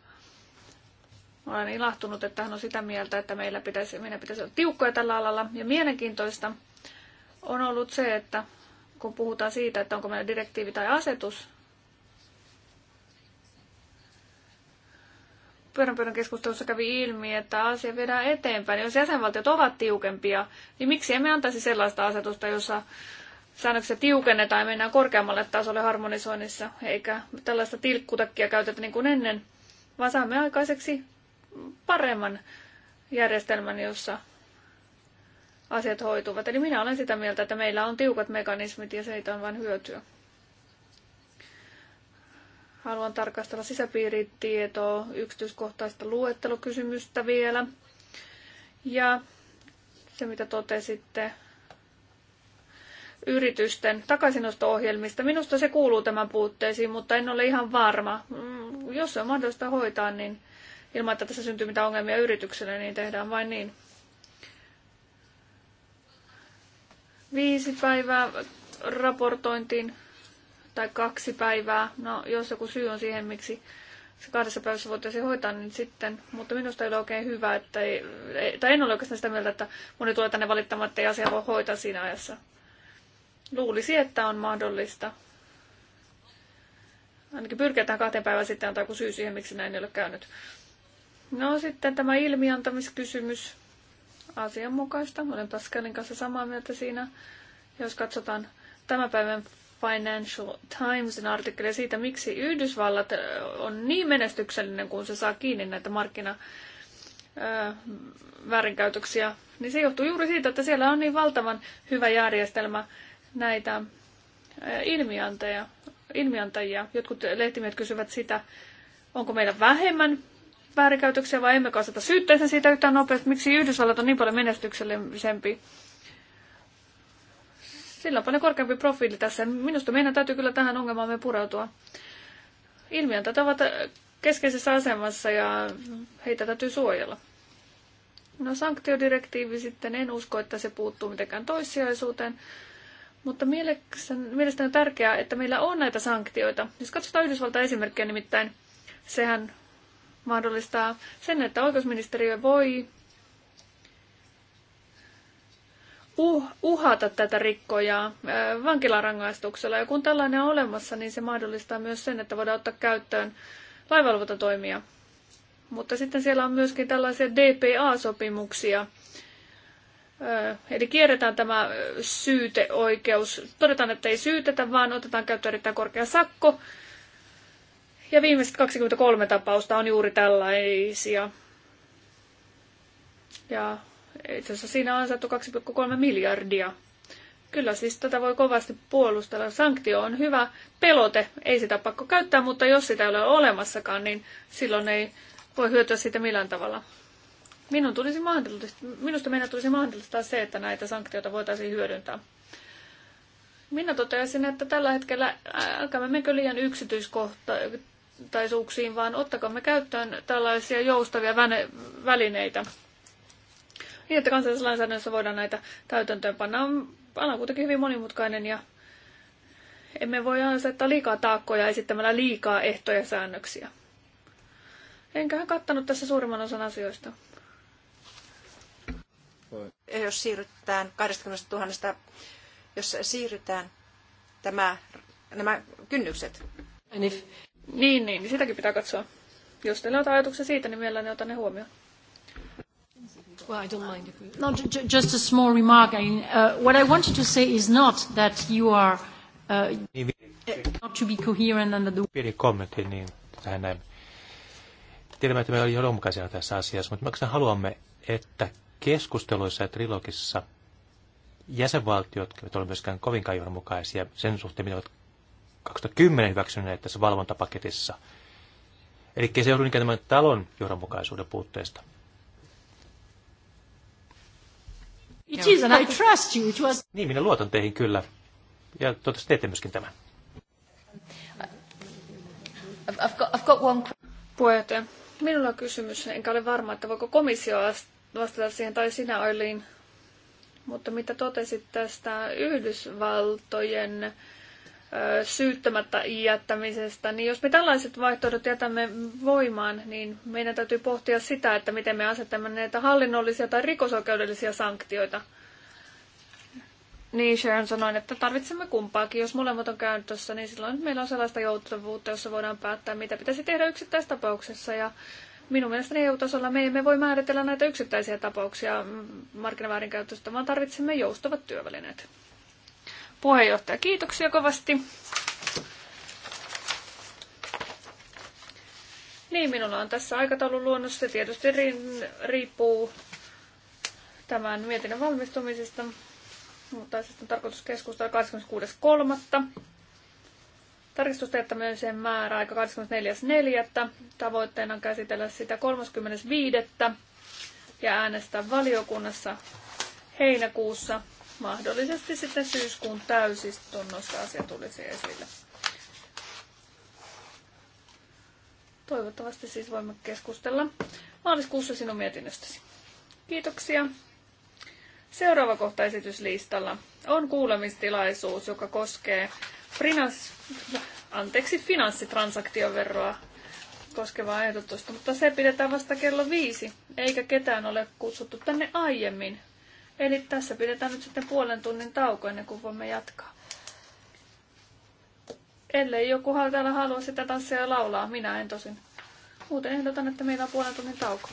olen ilahtunut, että hän on sitä mieltä, että meillä pitäisi, meidän pitäisi olla tiukkoja tällä alalla. Ja mielenkiintoista on ollut se, että kun puhutaan siitä, että onko meillä direktiivi tai asetus, pyöränpöydän keskustelussa kävi ilmi, että asia viedään eteenpäin. Jos jäsenvaltiot ovat tiukempia, niin miksi emme antaisi sellaista asetusta, jossa säännöksiä tiukennetaan ja mennään korkeammalle tasolle harmonisoinnissa, eikä tällaista tilkkutakkia käytetä niin kuin ennen, vaan saamme aikaiseksi paremman järjestelmän, jossa asiat hoituvat. Eli minä olen sitä mieltä, että meillä on tiukat mekanismit ja seitä on vain hyötyä. Haluan tarkastella sisäpiiritietoa, yksityiskohtaista luettelukysymystä vielä. Ja se, mitä totesitte yritysten takaisinosto-ohjelmista. Minusta se kuuluu tämän puutteisiin, mutta en ole ihan varma. Mm, jos se on mahdollista hoitaa, niin ilman, että tässä syntyy mitään ongelmia yritykselle, niin tehdään vain niin. Viisi päivää raportointiin tai kaksi päivää. No, jos joku syy on siihen, miksi se kahdessa päivässä voitaisiin hoitaa, niin sitten, mutta minusta ei ole oikein hyvä, että ei, tai en ole oikeastaan sitä mieltä, että moni tulee tänne valittamaan, että ei asia voi hoitaa siinä ajassa. Luulisi, että on mahdollista. Ainakin pyrkiä tähän kahteen päivään sitten antaa joku syy siihen, miksi näin ei ole käynyt. No sitten tämä ilmiantamiskysymys. Asianmukaista. Olen Pascalin kanssa samaa mieltä siinä. Jos katsotaan tämän päivän Financial Timesin artikkeli siitä, miksi Yhdysvallat on niin menestyksellinen, kun se saa kiinni näitä markkina väärinkäytöksiä, niin se johtuu juuri siitä, että siellä on niin valtavan hyvä järjestelmä näitä ilmiantajia. ilmiantajia. Jotkut lehtimiet kysyvät sitä, onko meillä vähemmän väärinkäytöksiä vai emmekö aseta syytteeseen siitä yhtään nopeasti? Miksi Yhdysvallat on niin paljon menestyksellisempi? Sillä on paljon korkeampi profiili tässä. Minusta meidän täytyy kyllä tähän ongelmaan pureutua. Ilmiön tätä ovat keskeisessä asemassa ja heitä täytyy suojella. No sanktiodirektiivi sitten, en usko, että se puuttuu mitenkään toissijaisuuteen. Mutta mielestäni on tärkeää, että meillä on näitä sanktioita. Jos katsotaan Yhdysvaltain esimerkkiä nimittäin, sehän mahdollistaa sen, että oikeusministeriö voi uh-, uhata tätä rikkojaa vankilarangaistuksella. Ja kun tällainen on olemassa, niin se mahdollistaa myös sen, että voidaan ottaa käyttöön laivalvontatoimia. Mutta sitten siellä on myöskin tällaisia DPA-sopimuksia, Eli kierretään tämä syyteoikeus. Todetaan, että ei syytetä, vaan otetaan käyttöön erittäin korkea sakko. Ja viimeiset 23 tapausta on juuri tällaisia. Ja itse asiassa siinä on saatu 2,3 miljardia. Kyllä siis tätä voi kovasti puolustella. Sanktio on hyvä pelote, ei sitä pakko käyttää, mutta jos sitä ei ole olemassakaan, niin silloin ei voi hyötyä siitä millään tavalla. Minun tulisi minusta meidän tulisi mahdollistaa se, että näitä sanktioita voitaisiin hyödyntää. Minä toteaisin, että tällä hetkellä älkää menkö liian yksityiskohta, vastaisuuksiin, vaan me käyttöön tällaisia joustavia välineitä. Niin, että kansallisessa lainsäädännössä voidaan näitä panna. Ala on kuitenkin hyvin monimutkainen ja emme voi asettaa liikaa taakkoja esittämällä liikaa ehtoja säännöksiä. Enköhän kattanut tässä suurimman osan asioista. Jos siirrytään 20 000, jos siirrytään tämä, nämä kynnykset. Niin, niin, niin, sitäkin pitää katsoa. Jos teillä on ajatuksia siitä, niin mielelläni otan ne huomioon. Well, I don't mind No, just a small remark. I mean, uh, what I wanted to say is not that you are uh, niin, uh not to be coherent under the... Pieni kommentti, niin tähän näin. Tiedämme, että me oli johdonmukaisia tässä asiassa, mutta me haluamme, että keskusteluissa ja trilogissa jäsenvaltiot eivät ole myöskään kovinkaan johdonmukaisia sen suhteen, mitä ovat 2010 hyväksyneet tässä valvontapaketissa. Eli se on niinkään tämän talon johdonmukaisuuden puutteesta. It is, and I trust you. It was... Niin, minä luotan teihin kyllä. Ja toivottavasti teette myöskin tämän. I've got, I've got one... Puheenjohtaja, minulla on kysymys, enkä ole varma, että voiko komissio vastata siihen, tai sinä Oilin. Mutta mitä totesit tästä Yhdysvaltojen syyttämättä jättämisestä, niin jos me tällaiset vaihtoehdot jätämme voimaan, niin meidän täytyy pohtia sitä, että miten me asetamme näitä hallinnollisia tai rikosoikeudellisia sanktioita. Niin, Sharon sanoi, että tarvitsemme kumpaakin. Jos molemmat on käytössä, niin silloin meillä on sellaista joutuvuutta, jossa voidaan päättää, mitä pitäisi tehdä yksittäistapauksessa. Ja minun mielestäni EU-tasolla me emme voi määritellä näitä yksittäisiä tapauksia markkinaväärinkäytöstä, vaan tarvitsemme joustavat työvälineet. Puheenjohtaja, kiitoksia kovasti. Niin, minulla on tässä aikataulun luonnos. Se tietysti riippuu tämän mietinnön valmistumisesta. Mutta sitten on tarkoitus keskustella 26.3. määrä aika 24.4. Tavoitteena on käsitellä sitä 35. ja äänestää valiokunnassa heinäkuussa mahdollisesti sitten syyskuun täysistunnossa asia tulisi esille. Toivottavasti siis voimme keskustella maaliskuussa sinun mietinnöstäsi. Kiitoksia. Seuraava kohta esityslistalla on kuulemistilaisuus, joka koskee finans, anteeksi, finanssitransaktioveroa koskevaa ehdotusta, mutta se pidetään vasta kello viisi, eikä ketään ole kutsuttu tänne aiemmin. Eli tässä pidetään nyt sitten puolen tunnin tauko ennen kuin voimme jatkaa. Ellei joku täällä halua sitä tanssia laulaa, minä en tosin. Muuten ehdotan, että meillä on puolen tunnin tauko.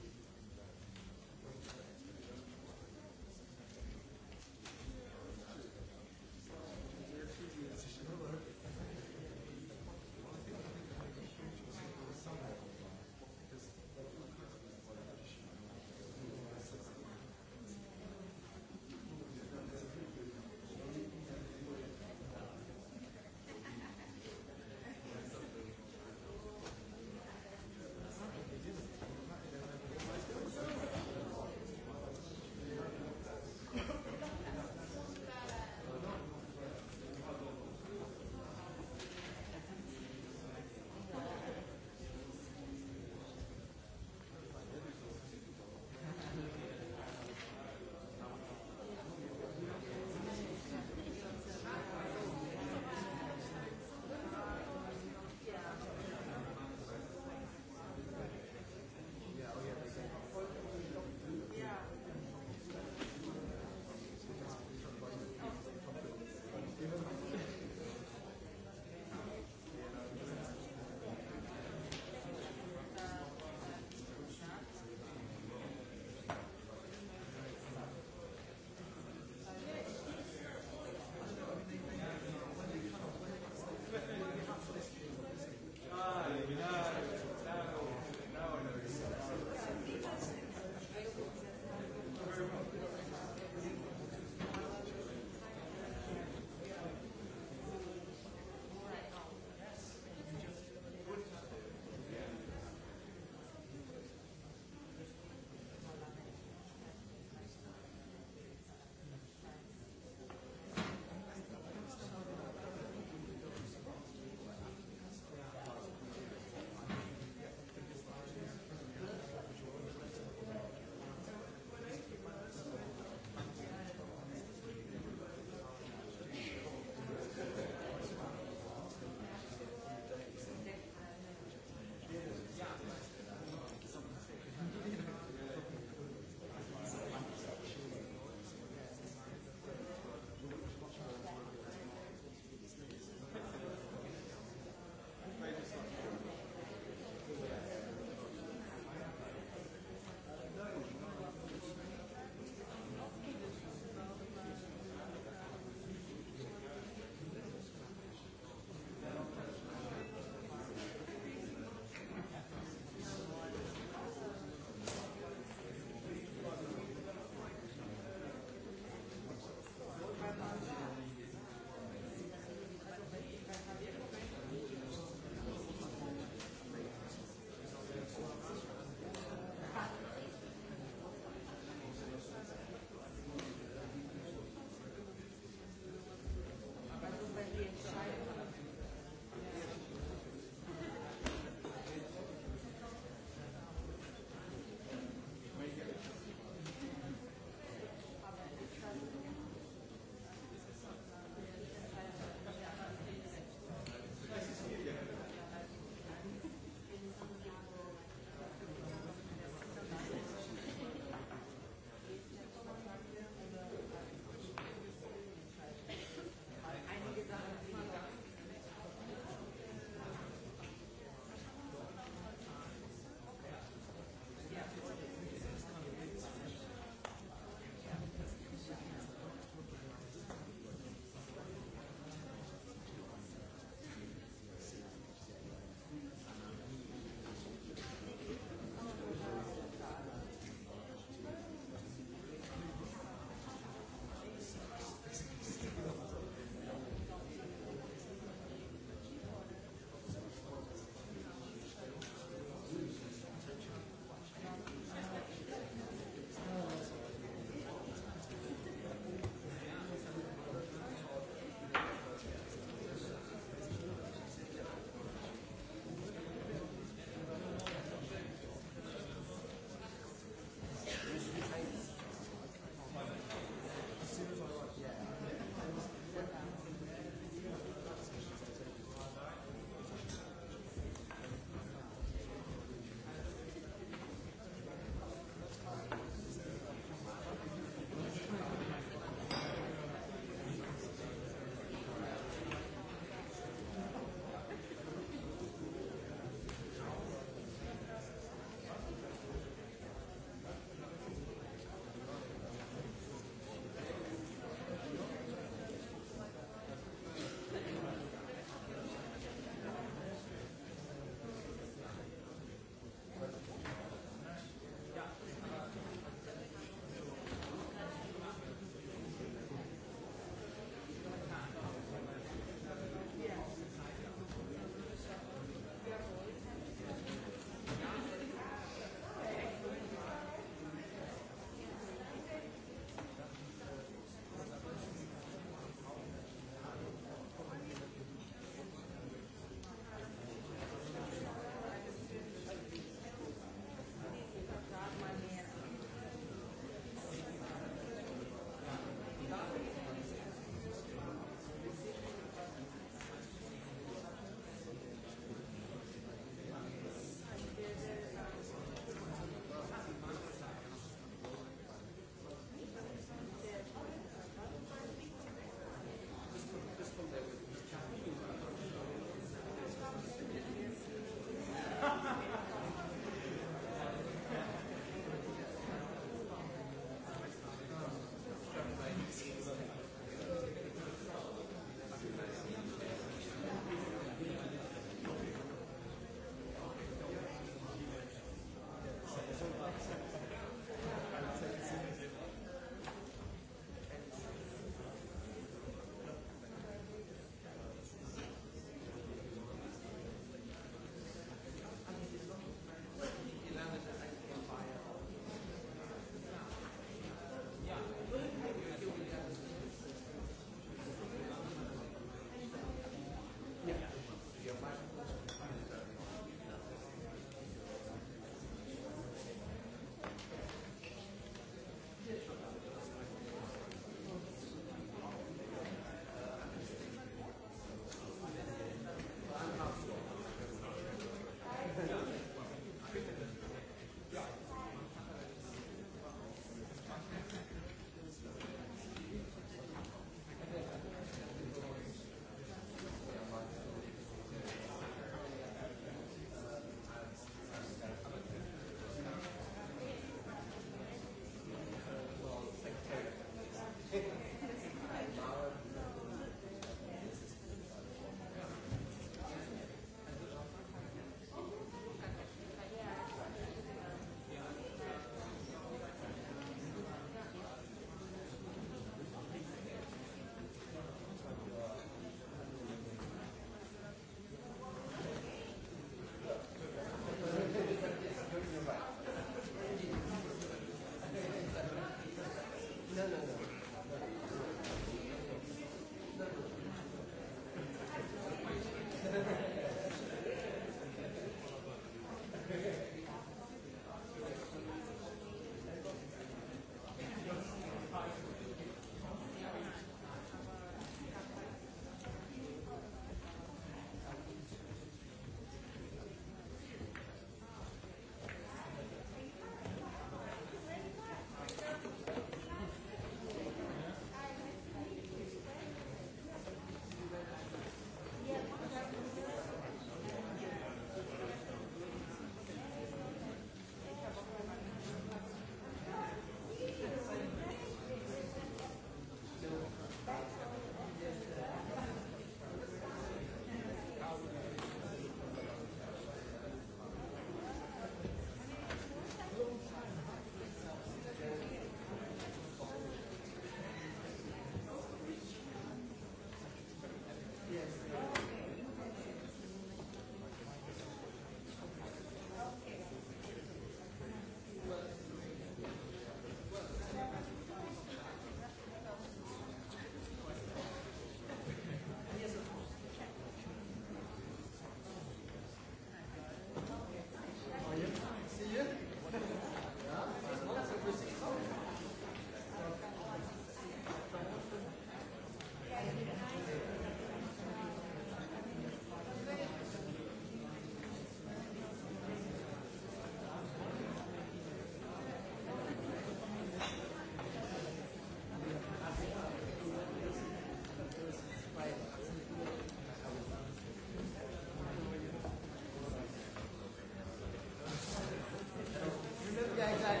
Exactly.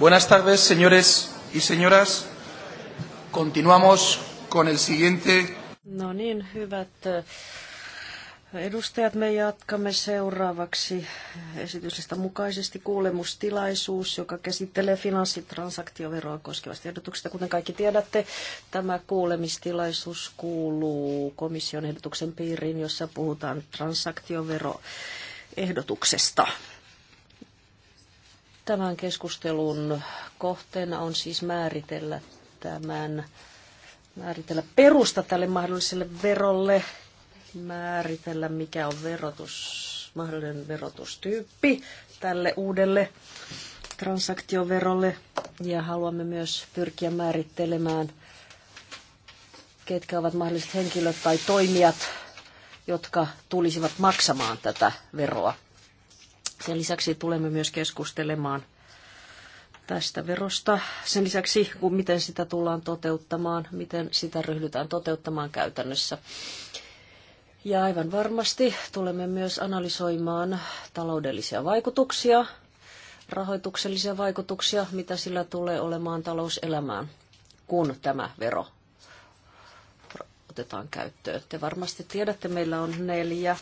Buenas tardes, señores y señoras. Continuamos con el siguiente. No niin, hyvät eh, edustajat, me jatkamme seuraavaksi esityksestä mukaisesti kuulemustilaisuus, joka käsittelee finanssitransaktioveroa koskevasta ehdotuksesta. Kuten kaikki tiedätte, tämä kuulemistilaisuus kuuluu komission ehdotuksen piiriin, jossa puhutaan transaktioveroehdotuksesta. ehdotuksesta. Tämän keskustelun kohteena on siis määritellä tämän määritellä perusta tälle mahdolliselle verolle, määritellä mikä on verotus, mahdollinen verotustyyppi tälle uudelle transaktioverolle ja haluamme myös pyrkiä määrittelemään, ketkä ovat mahdolliset henkilöt tai toimijat, jotka tulisivat maksamaan tätä veroa. Sen lisäksi tulemme myös keskustelemaan tästä verosta. Sen lisäksi, kun miten sitä tullaan toteuttamaan, miten sitä ryhdytään toteuttamaan käytännössä. Ja aivan varmasti tulemme myös analysoimaan taloudellisia vaikutuksia, rahoituksellisia vaikutuksia, mitä sillä tulee olemaan talouselämään, kun tämä vero otetaan käyttöön. Te varmasti tiedätte, meillä on neljä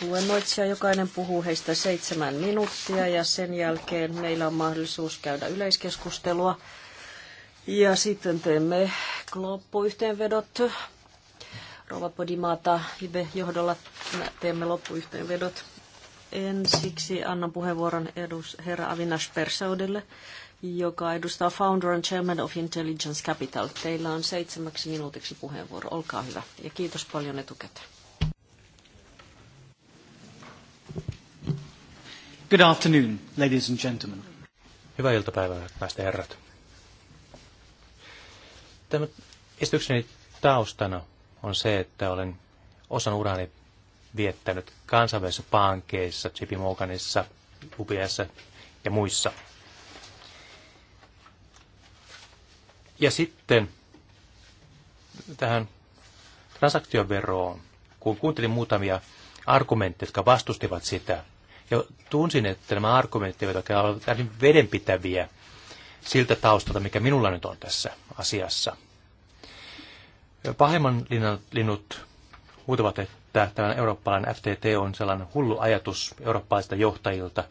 luennoitsija. Jokainen puhuu heistä seitsemän minuuttia ja sen jälkeen meillä on mahdollisuus käydä yleiskeskustelua. Ja sitten teemme loppuyhteenvedot. Rova Podimaata Ibe johdolla teemme loppuyhteenvedot. Ensiksi annan puheenvuoron edus herra Avinash Persaudelle, joka edustaa Founder and Chairman of Intelligence Capital. Teillä on seitsemäksi minuutiksi puheenvuoro. Olkaa hyvä ja kiitos paljon etukäteen. Good afternoon, ladies and gentlemen. Hyvää iltapäivää, naiset ja herrat. Tämä esitykseni taustana on se, että olen osan urani viettänyt kansainvälisissä pankeissa, JP Morganissa, UBS ja muissa. Ja sitten tähän transaktioveroon, kun kuuntelin muutamia argumentteja, jotka vastustivat sitä, ja tunsin, että nämä argumentit eivät ovat täysin vedenpitäviä siltä taustalta, mikä minulla nyt on tässä asiassa. Pahimman linnut huutavat, että tämä eurooppalainen FTT on sellainen hullu ajatus eurooppalaisilta johtajilta,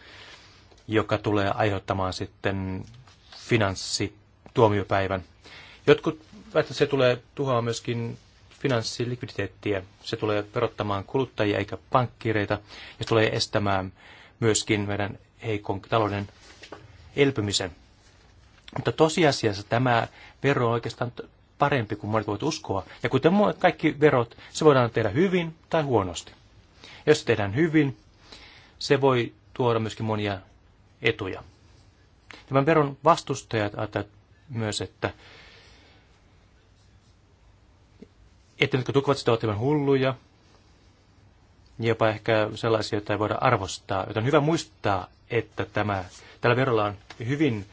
joka tulee aiheuttamaan sitten finanssituomiopäivän. Jotkut väittävät, että se tulee tuhoamaan myöskin finanssilikviditeettiä. Se tulee verottamaan kuluttajia eikä pankkireita ja tulee estämään myöskin meidän heikon talouden elpymisen. Mutta tosiasiassa tämä vero on oikeastaan parempi kuin monet voivat uskoa. Ja kuten kaikki verot, se voidaan tehdä hyvin tai huonosti. Jos se tehdään hyvin, se voi tuoda myöskin monia etuja. Tämän veron vastustajat ajattelevat myös, että että nyt kun tukvatsit sitä hieman hulluja, jopa ehkä sellaisia, joita ei voida arvostaa. Joten on hyvä muistaa, että tämä, tällä verolla on hyvin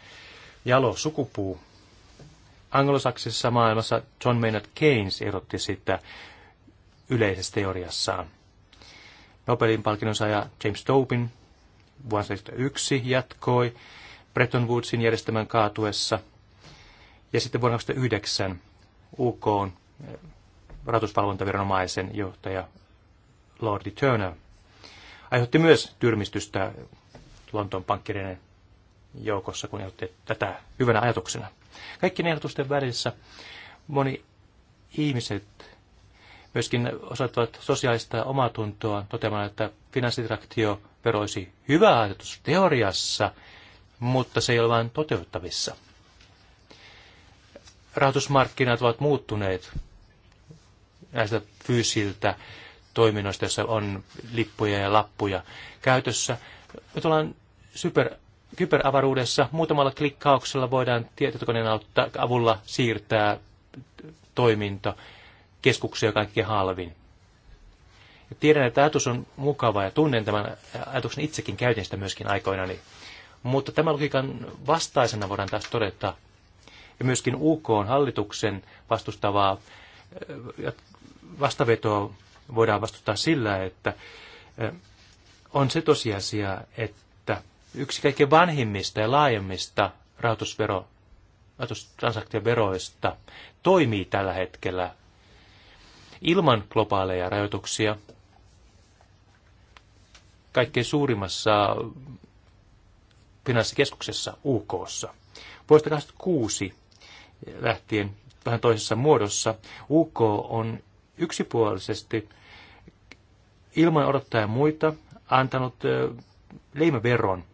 jalo sukupuu. Anglosaksisessa maailmassa John Maynard Keynes erotti sitä yleisessä teoriassaan. Nobelin palkinnon saaja James Tobin vuonna 1971 jatkoi Bretton Woodsin järjestelmän kaatuessa. Ja sitten vuonna 2009 UK on rahoitusvalvontaviranomaisen johtaja Lordi Turner aiheutti myös tyrmistystä Lontoon pankkireiden joukossa, kun otti tätä hyvänä ajatuksena. Kaikki ehdotusten välissä moni ihmiset myöskin osoittavat sosiaalista omatuntoa toteamalla, että finanssitraktio veroisi hyvä ajatus teoriassa, mutta se ei ole vain toteuttavissa. Rahoitusmarkkinat ovat muuttuneet näistä fyysiltä toiminnoista, joissa on lippuja ja lappuja käytössä. Nyt ollaan super, kyberavaruudessa. Muutamalla klikkauksella voidaan tietokoneen avulla siirtää toiminto keskuksia kaikkein halvin. Ja tiedän, että ajatus on mukava ja tunnen tämän ajatuksen itsekin, käytin sitä myöskin aikoinani. Mutta tämän logiikan vastaisena voidaan taas todeta, ja myöskin UK on hallituksen vastustavaa vastavetoa voidaan vastustaa sillä, että eh, on se tosiasia, että yksi kaikkein vanhimmista ja laajemmista rahoitusvero, rahoitustransaktioveroista toimii tällä hetkellä ilman globaaleja rajoituksia kaikkein suurimmassa finanssikeskuksessa UKssa. Vuodesta 1986 lähtien vähän toisessa muodossa UK on yksipuolisesti ilman odottaa muita antanut leimaveron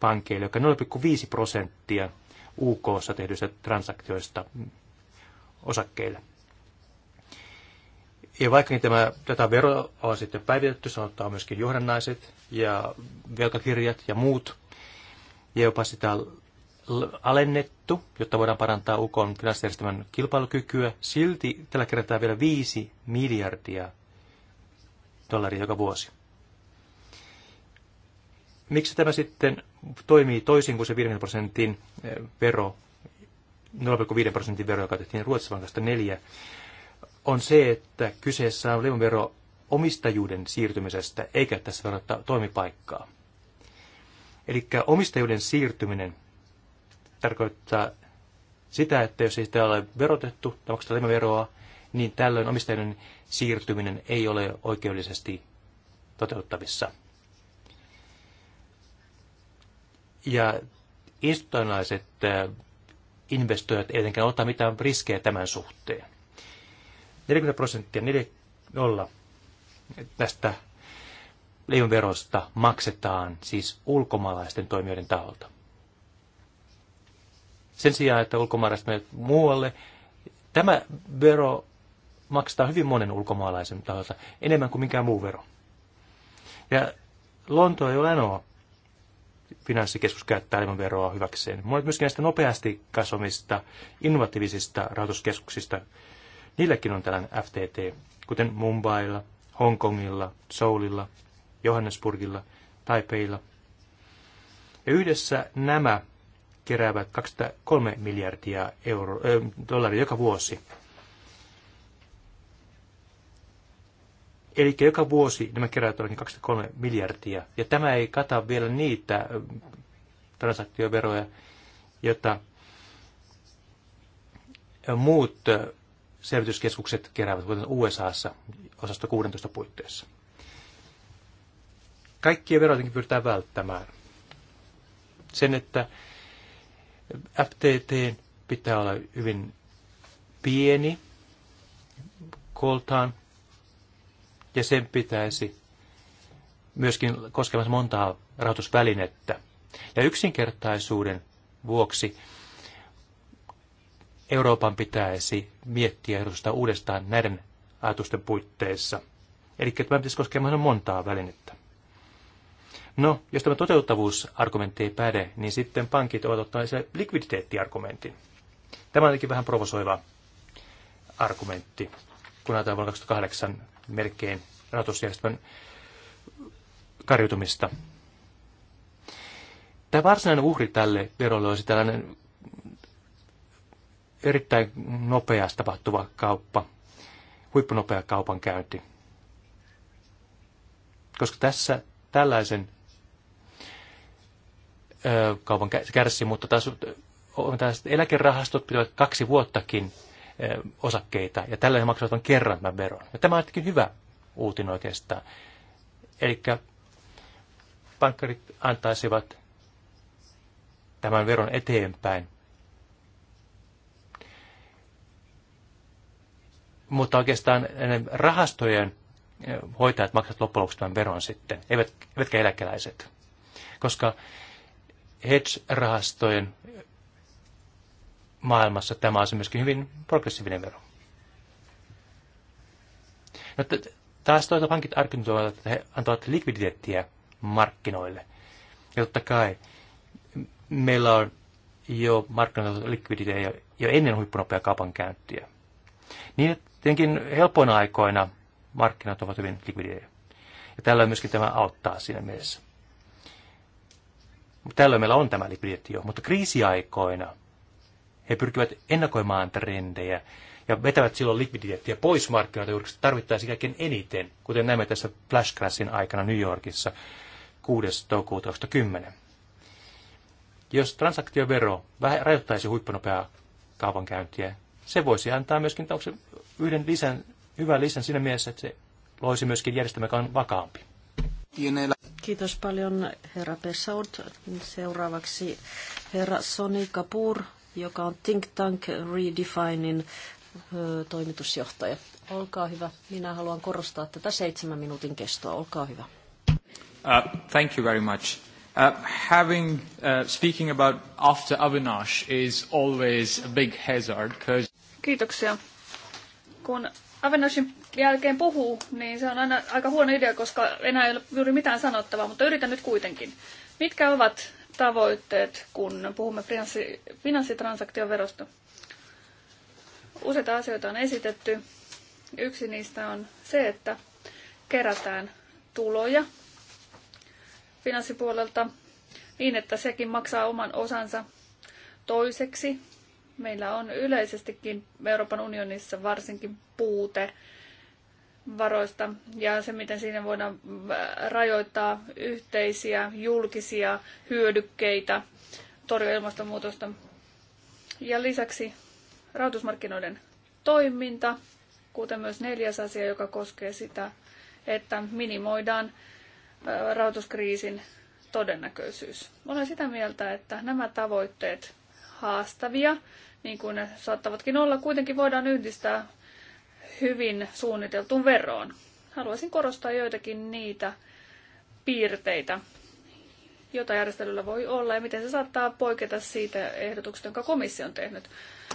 pankeille, joka 0,5 prosenttia UKssa tehdyistä transaktioista osakkeille. Ja vaikka niin tämä, tätä veroa on sitten päivitetty, sanotaan myöskin johdannaiset ja velkakirjat ja muut, ja jopa sitä alennettu, jotta voidaan parantaa UKon finanssijärjestelmän kilpailukykyä. Silti tällä kertaa vielä 5 miljardia dollaria joka vuosi. Miksi tämä sitten toimii toisin kuin se 5 prosentin eh, vero, 0,5 prosentin vero, joka Ruotsin vankasta neljä? on se, että kyseessä on leivonvero omistajuuden siirtymisestä, eikä tässä verottaa toimipaikkaa. Eli omistajuuden siirtyminen tarkoittaa sitä, että jos ei sitä ole verotettu tai makseta veroa, niin tällöin omistajien siirtyminen ei ole oikeudellisesti toteuttavissa. Ja institutionaaliset investoijat eivät tietenkään ota mitään riskejä tämän suhteen. 40 prosenttia, 40 tästä leivonverosta maksetaan siis ulkomaalaisten toimijoiden taholta sen sijaan, että ulkomaalaiset menevät muualle. Tämä vero maksetaan hyvin monen ulkomaalaisen taholta, enemmän kuin mikään muu vero. Ja Lonto ei ole ainoa finanssikeskus käyttää ilman veroa hyväkseen. Monet myöskin näistä nopeasti kasvamista, innovatiivisista rahoituskeskuksista, niilläkin on tällainen FTT, kuten Mumbailla, Hongkongilla, Soulilla, Johannesburgilla, Taipeilla. Ja yhdessä nämä keräävät 23 miljardia euro, ö, dollaria joka vuosi. Eli joka vuosi nämä keräävät 23 miljardia. Ja tämä ei kata vielä niitä transaktioveroja, joita muut selvityskeskukset keräävät, kuten USAssa osasta 16 puitteissa. Kaikkia veroja pyritään välttämään. Sen, että FTT pitää olla hyvin pieni koltaan ja sen pitäisi myöskin koskemassa montaa rahoitusvälinettä. Ja yksinkertaisuuden vuoksi Euroopan pitäisi miettiä ja uudestaan näiden ajatusten puitteissa. Eli tämä pitäisi koskemaan montaa välinettä. No, jos tämä toteuttavuusargumentti ei päde, niin sitten pankit ovat ottaneet se likviditeettiargumentin. Tämä on jotenkin vähän provosoiva argumentti, kun ajatellaan vuonna 2008 melkein rahoitusjärjestelmän karjutumista. Tämä varsinainen uhri tälle verolle olisi tällainen erittäin nopeasti tapahtuva kauppa, huippunopea kaupankäynti. Koska tässä tällaisen kaupan kärsi, mutta taas taas eläkerahastot pitävät kaksi vuottakin osakkeita, ja tällä he maksavat vain kerran tämän veron. Ja tämä on hyvä uutinen oikeastaan. Eli pankkarit antaisivat tämän veron eteenpäin. Mutta oikeastaan rahastojen hoitajat maksavat loppujen lopuksi tämän veron sitten, eivätkä eläkeläiset. Koska hedge-rahastojen maailmassa tämä on myöskin hyvin progressiivinen vero. No, taas toisaalta pankit argumentoivat, että he antavat likviditeettiä markkinoille. Ja totta kai meillä on jo markkinoilla likviditeettiä jo ennen huippunopea kaupankäyntiä. Niin, että tietenkin helpoina aikoina markkinat ovat hyvin likvidejä. Ja tällöin myöskin tämä auttaa siinä mielessä. Tällöin meillä on tämä likviditeetti jo, mutta kriisiaikoina he pyrkivät ennakoimaan trendejä ja vetävät silloin likviditeettiä pois markkinoilta juuri tarvittaisiin kaikkein eniten, kuten näemme tässä flash crashin aikana New Yorkissa 6. toukokuuta 2010. Jos transaktiovero vähän rajoittaisi huippunopeaa kaupankäyntiä, se voisi antaa myöskin onko se yhden lisän, hyvän lisän siinä mielessä, että se loisi myöskin järjestelmä, joka on vakaampi. Kiitos paljon herra Pesaut. Seuraavaksi herra Soni Kapoor, joka on Think Tank Redefining toimitusjohtaja. Olkaa hyvä. Minä haluan korostaa tätä seitsemän minuutin kestoa. Olkaa hyvä. Uh, thank you very much. Uh, having, uh, speaking about after Avinash is always a big hazard. Cause... Kiitoksia. Kun Avenoshin jälkeen puhuu, niin se on aina aika huono idea, koska enää ei ole juuri mitään sanottavaa, mutta yritän nyt kuitenkin. Mitkä ovat tavoitteet, kun puhumme finanssitransaktioverosta? Useita asioita on esitetty. Yksi niistä on se, että kerätään tuloja finanssipuolelta niin, että sekin maksaa oman osansa. Toiseksi Meillä on yleisestikin Euroopan unionissa varsinkin puute varoista ja se, miten siinä voidaan äh, rajoittaa yhteisiä julkisia hyödykkeitä torjua ilmastonmuutosta. Ja lisäksi rahoitusmarkkinoiden toiminta, kuten myös neljäs asia, joka koskee sitä, että minimoidaan äh, rahoituskriisin todennäköisyys. Olen sitä mieltä, että nämä tavoitteet haastavia, niin kuin ne saattavatkin olla, kuitenkin voidaan yhdistää hyvin suunniteltuun veroon. Haluaisin korostaa joitakin niitä piirteitä, jota järjestelyllä voi olla ja miten se saattaa poiketa siitä ehdotuksesta, jonka komissio on tehnyt.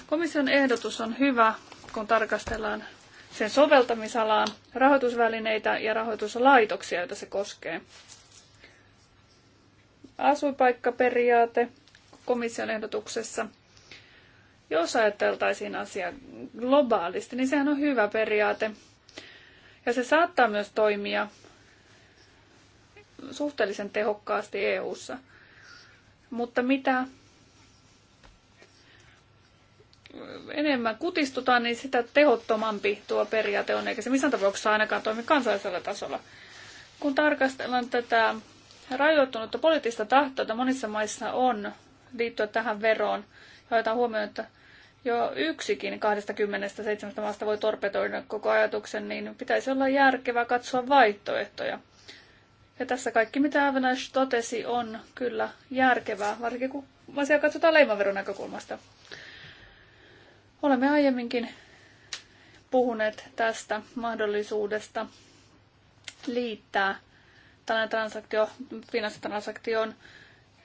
Komission ehdotus on hyvä, kun tarkastellaan sen soveltamisalaa, rahoitusvälineitä ja rahoituslaitoksia, joita se koskee. Asuinpaikkaperiaate komission ehdotuksessa. Jos ajateltaisiin asiaa globaalisti, niin sehän on hyvä periaate. Ja se saattaa myös toimia suhteellisen tehokkaasti EU:ssa. Mutta mitä enemmän kutistutaan, niin sitä tehottomampi tuo periaate on, eikä se missään tapauksessa ainakaan toimi kansallisella tasolla. Kun tarkastellaan tätä rajoittunutta poliittista tahtoa, jota monissa maissa on liittyä tähän veroon. Ja huomioon, että jo yksikin 27 maasta voi torpetoida koko ajatuksen, niin pitäisi olla järkevää katsoa vaihtoehtoja. Ja tässä kaikki, mitä Avanash totesi, on kyllä järkevää, varsinkin kun asia katsotaan leimaveron näkökulmasta. Olemme aiemminkin puhuneet tästä mahdollisuudesta liittää tällainen transaktio finanssitransaktioon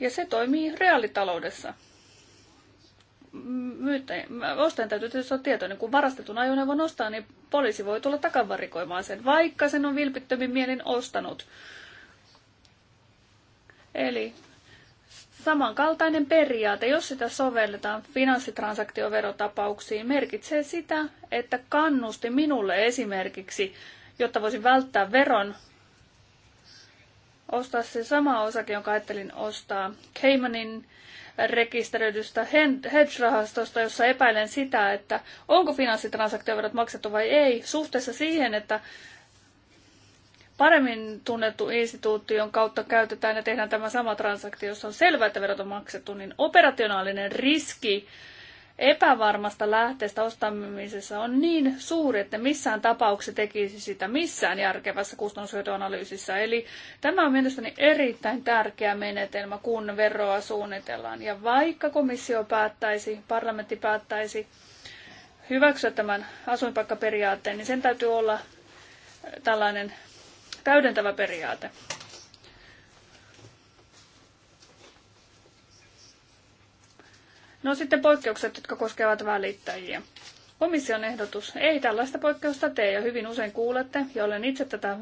ja se toimii reaalitaloudessa. ostajan täytyy tietysti olla tietoinen. Kun varastetun ajoneuvon ostaa, niin poliisi voi tulla takavarikoimaan sen, vaikka sen on vilpittömin mielin ostanut. Eli samankaltainen periaate, jos sitä sovelletaan finanssitransaktioverotapauksiin, merkitsee sitä, että kannusti minulle esimerkiksi, jotta voisin välttää veron, ostaa se sama osake, jonka ajattelin ostaa Caymanin rekisteröidystä hedge-rahastosta, jossa epäilen sitä, että onko finanssitransaktioverot maksettu vai ei, suhteessa siihen, että paremmin tunnettu instituution kautta käytetään ja tehdään tämä sama transaktio, jossa on selvää, että verot on maksettu, niin operationaalinen riski epävarmasta lähteestä ostamisessa on niin suuri, että missään tapauksessa tekisi sitä missään järkevässä kustannushyötyanalyysissä. Eli tämä on mielestäni erittäin tärkeä menetelmä, kun veroa suunnitellaan. Ja vaikka komissio päättäisi, parlamentti päättäisi hyväksyä tämän asuinpaikkaperiaatteen, niin sen täytyy olla tällainen täydentävä periaate. No sitten poikkeukset, jotka koskevat välittäjiä. Komission ehdotus. Ei tällaista poikkeusta tee ja hyvin usein kuulette, ja olen itse tätä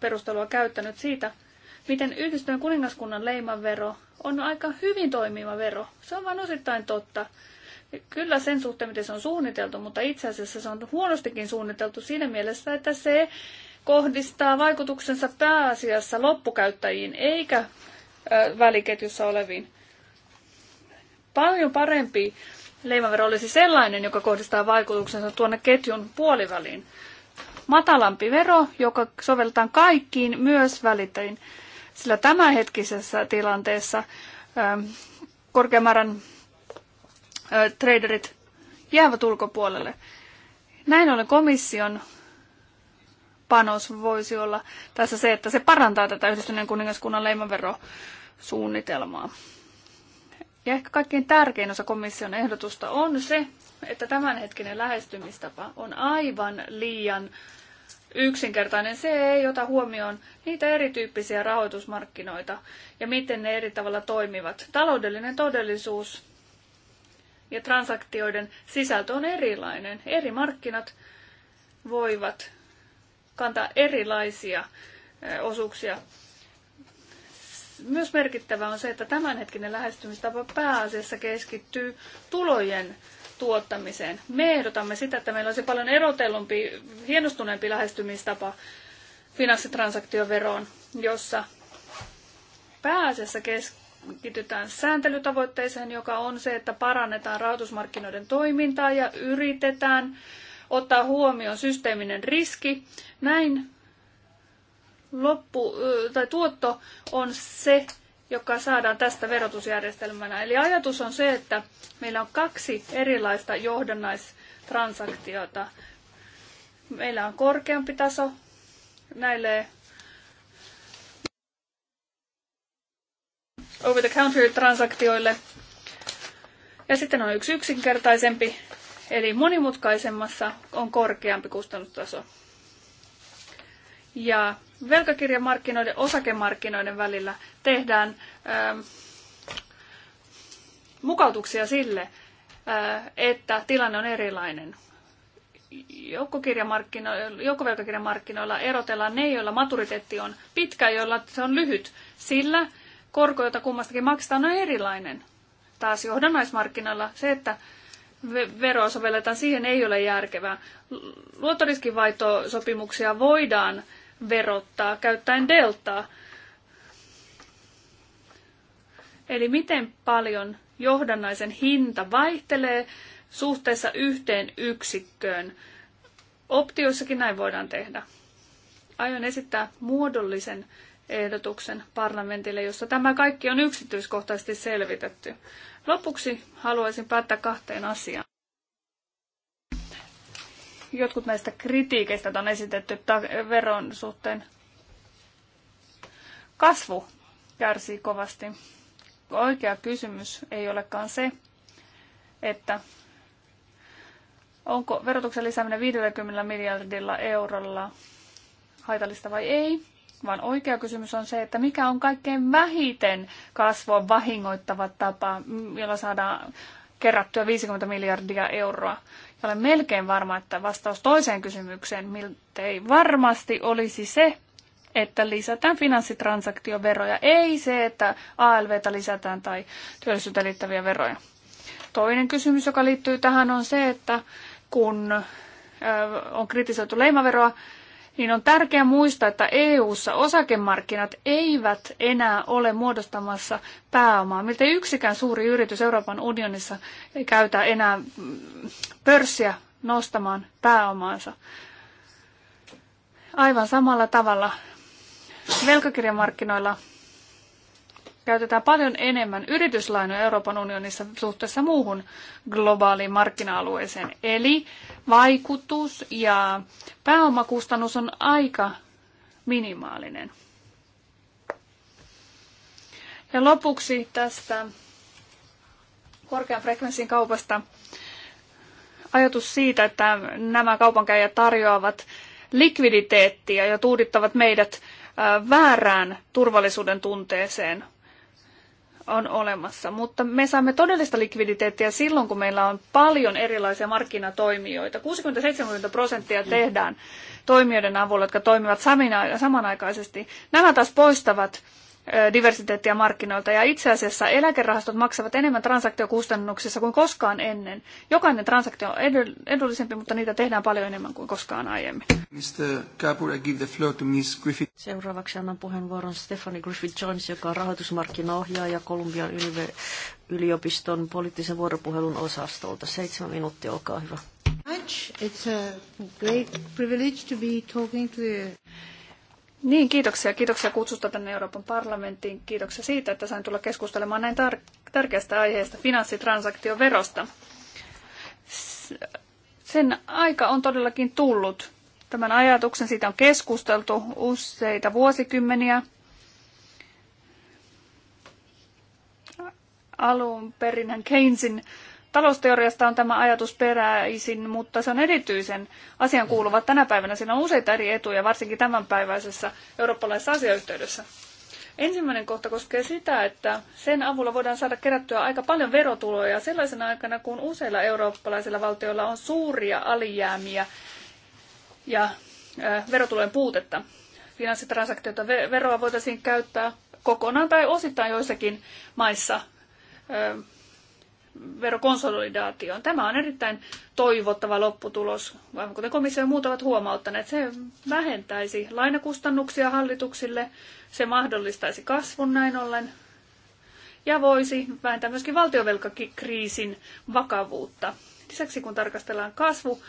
perustelua käyttänyt siitä, miten yhdistyneen kuningaskunnan leimanvero on aika hyvin toimiva vero. Se on vain osittain totta. Kyllä sen suhteen, miten se on suunniteltu, mutta itse asiassa se on huonostikin suunniteltu siinä mielessä, että se kohdistaa vaikutuksensa pääasiassa loppukäyttäjiin eikä väliketjussa oleviin. Paljon parempi leimavero olisi sellainen, joka kohdistaa vaikutuksensa tuonne ketjun puoliväliin. Matalampi vero, joka sovelletaan kaikkiin, myös välittäjiin, sillä tämänhetkisessä tilanteessa ähm, korkeamäärän äh, traderit jäävät ulkopuolelle. Näin ollen komission panos voisi olla tässä se, että se parantaa tätä yhdistyneen kuningaskunnan leimaverosuunnitelmaa. Ja ehkä kaikkein tärkein osa komission ehdotusta on se, että tämänhetkinen lähestymistapa on aivan liian yksinkertainen. Se ei ota huomioon niitä erityyppisiä rahoitusmarkkinoita ja miten ne eri tavalla toimivat. Taloudellinen todellisuus ja transaktioiden sisältö on erilainen. Eri markkinat voivat kantaa erilaisia osuuksia myös merkittävää on se, että tämänhetkinen lähestymistapa pääasiassa keskittyy tulojen tuottamiseen. Me ehdotamme sitä, että meillä olisi paljon erotellumpi, hienostuneempi lähestymistapa finanssitransaktioveroon, jossa pääasiassa keskitytään sääntelytavoitteeseen, joka on se, että parannetaan rahoitusmarkkinoiden toimintaa ja yritetään ottaa huomioon systeeminen riski. Näin loppu, tai tuotto on se, joka saadaan tästä verotusjärjestelmänä. Eli ajatus on se, että meillä on kaksi erilaista johdannaistransaktiota. Meillä on korkeampi taso näille over the counter transaktioille. Ja sitten on yksi yksinkertaisempi, eli monimutkaisemmassa on korkeampi kustannustaso. Ja velkakirjamarkkinoiden osakemarkkinoiden välillä tehdään ää, ähm, mukautuksia sille, ää, äh, että tilanne on erilainen. Joukkovelkakirjamarkkinoilla erotellaan ne, joilla maturiteetti on pitkä, joilla se on lyhyt. Sillä korko, jota kummastakin maksetaan, on erilainen. Taas johdannaismarkkinoilla se, että veroa sovelletaan, siihen ei ole järkevää. Luottoriskinvaihtosopimuksia voidaan verottaa käyttäen deltaa. Eli miten paljon johdannaisen hinta vaihtelee suhteessa yhteen yksikköön. Optioissakin näin voidaan tehdä. Aion esittää muodollisen ehdotuksen parlamentille, jossa tämä kaikki on yksityiskohtaisesti selvitetty. Lopuksi haluaisin päättää kahteen asiaan jotkut näistä kritiikeistä, joita on esitetty veron suhteen. Kasvu kärsii kovasti. Oikea kysymys ei olekaan se, että onko verotuksen lisääminen 50 miljardilla eurolla haitallista vai ei, vaan oikea kysymys on se, että mikä on kaikkein vähiten kasvua vahingoittava tapa, jolla saadaan kerättyä 50 miljardia euroa. Ja olen melkein varma, että vastaus toiseen kysymykseen miltei varmasti olisi se, että lisätään finanssitransaktioveroja, ei se, että ALVtä lisätään tai työllisyyttä liittäviä veroja. Toinen kysymys, joka liittyy tähän, on se, että kun on kritisoitu leimaveroa, niin on tärkeää muistaa, että EU-ssa osakemarkkinat eivät enää ole muodostamassa pääomaa. Miltä yksikään suuri yritys Euroopan unionissa ei käytä enää mm, pörssiä nostamaan pääomaansa. Aivan samalla tavalla velkakirjamarkkinoilla käytetään paljon enemmän yrityslainoja Euroopan unionissa suhteessa muuhun globaaliin markkina-alueeseen. Eli vaikutus ja pääomakustannus on aika minimaalinen. Ja lopuksi tästä korkean frekvenssin kaupasta ajatus siitä, että nämä kaupankäijät tarjoavat likviditeettiä ja tuudittavat meidät väärään turvallisuuden tunteeseen on olemassa, mutta me saamme todellista likviditeettiä silloin, kun meillä on paljon erilaisia markkinatoimijoita. 60-70 prosenttia tehdään toimijoiden avulla, jotka toimivat samanaikaisesti. Nämä taas poistavat diversiteettiä markkinoilta. Ja itse asiassa eläkerahastot maksavat enemmän transaktiokustannuksissa kuin koskaan ennen. Jokainen transaktio on edullisempi, mutta niitä tehdään paljon enemmän kuin koskaan aiemmin. Mr. Kapur, I give the floor to Ms. Griffith. Seuraavaksi annan puheenvuoron Stephanie Griffith-Jones, joka on rahoitusmarkkinaohjaaja Kolumbian yliopiston poliittisen vuoropuhelun osastolta. Seitsemän minuuttia, olkaa hyvä. It's a great privilege to be talking to you. Niin, kiitoksia. Kiitoksia kutsusta tänne Euroopan parlamenttiin. Kiitoksia siitä, että sain tulla keskustelemaan näin tar- tärkeästä aiheesta, finanssitransaktioverosta. Sen aika on todellakin tullut. Tämän ajatuksen siitä on keskusteltu useita vuosikymmeniä. Alun perinhän Keynesin Talousteoriasta on tämä ajatus peräisin, mutta se on erityisen asian kuuluva tänä päivänä. Siinä on useita eri etuja, varsinkin tämänpäiväisessä eurooppalaisessa asiayhteydessä. Ensimmäinen kohta koskee sitä, että sen avulla voidaan saada kerättyä aika paljon verotuloja sellaisena aikana, kun useilla eurooppalaisilla valtioilla on suuria alijäämiä ja verotulojen puutetta. Finanssitransaktioita veroa voitaisiin käyttää kokonaan tai osittain joissakin maissa verokonsolidaatioon. Tämä on erittäin toivottava lopputulos, vaikka kuten komissio ja muut ovat huomauttaneet, se vähentäisi lainakustannuksia hallituksille, se mahdollistaisi kasvun näin ollen ja voisi vähentää myöskin valtiovelkakriisin vakavuutta. Lisäksi kun tarkastellaan kasvu,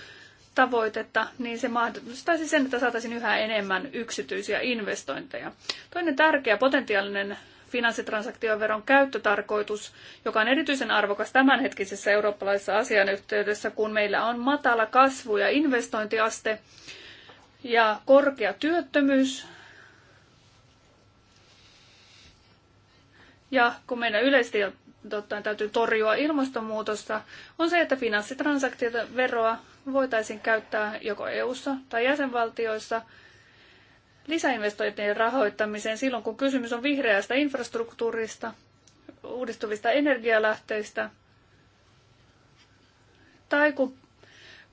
tavoitetta, niin se mahdollistaisi sen, että saataisiin yhä enemmän yksityisiä investointeja. Toinen tärkeä potentiaalinen finanssitransaktioveron käyttötarkoitus, joka on erityisen arvokas tämänhetkisessä eurooppalaisessa asian yhteydessä, kun meillä on matala kasvu- ja investointiaste ja korkea työttömyys. Ja kun meidän yleisesti ottaen täytyy torjua ilmastonmuutosta, on se, että finanssitransaktioveroa voitaisiin käyttää joko EU-ssa tai jäsenvaltioissa – lisäinvestointien rahoittamiseen silloin, kun kysymys on vihreästä infrastruktuurista, uudistuvista energialähteistä, tai kun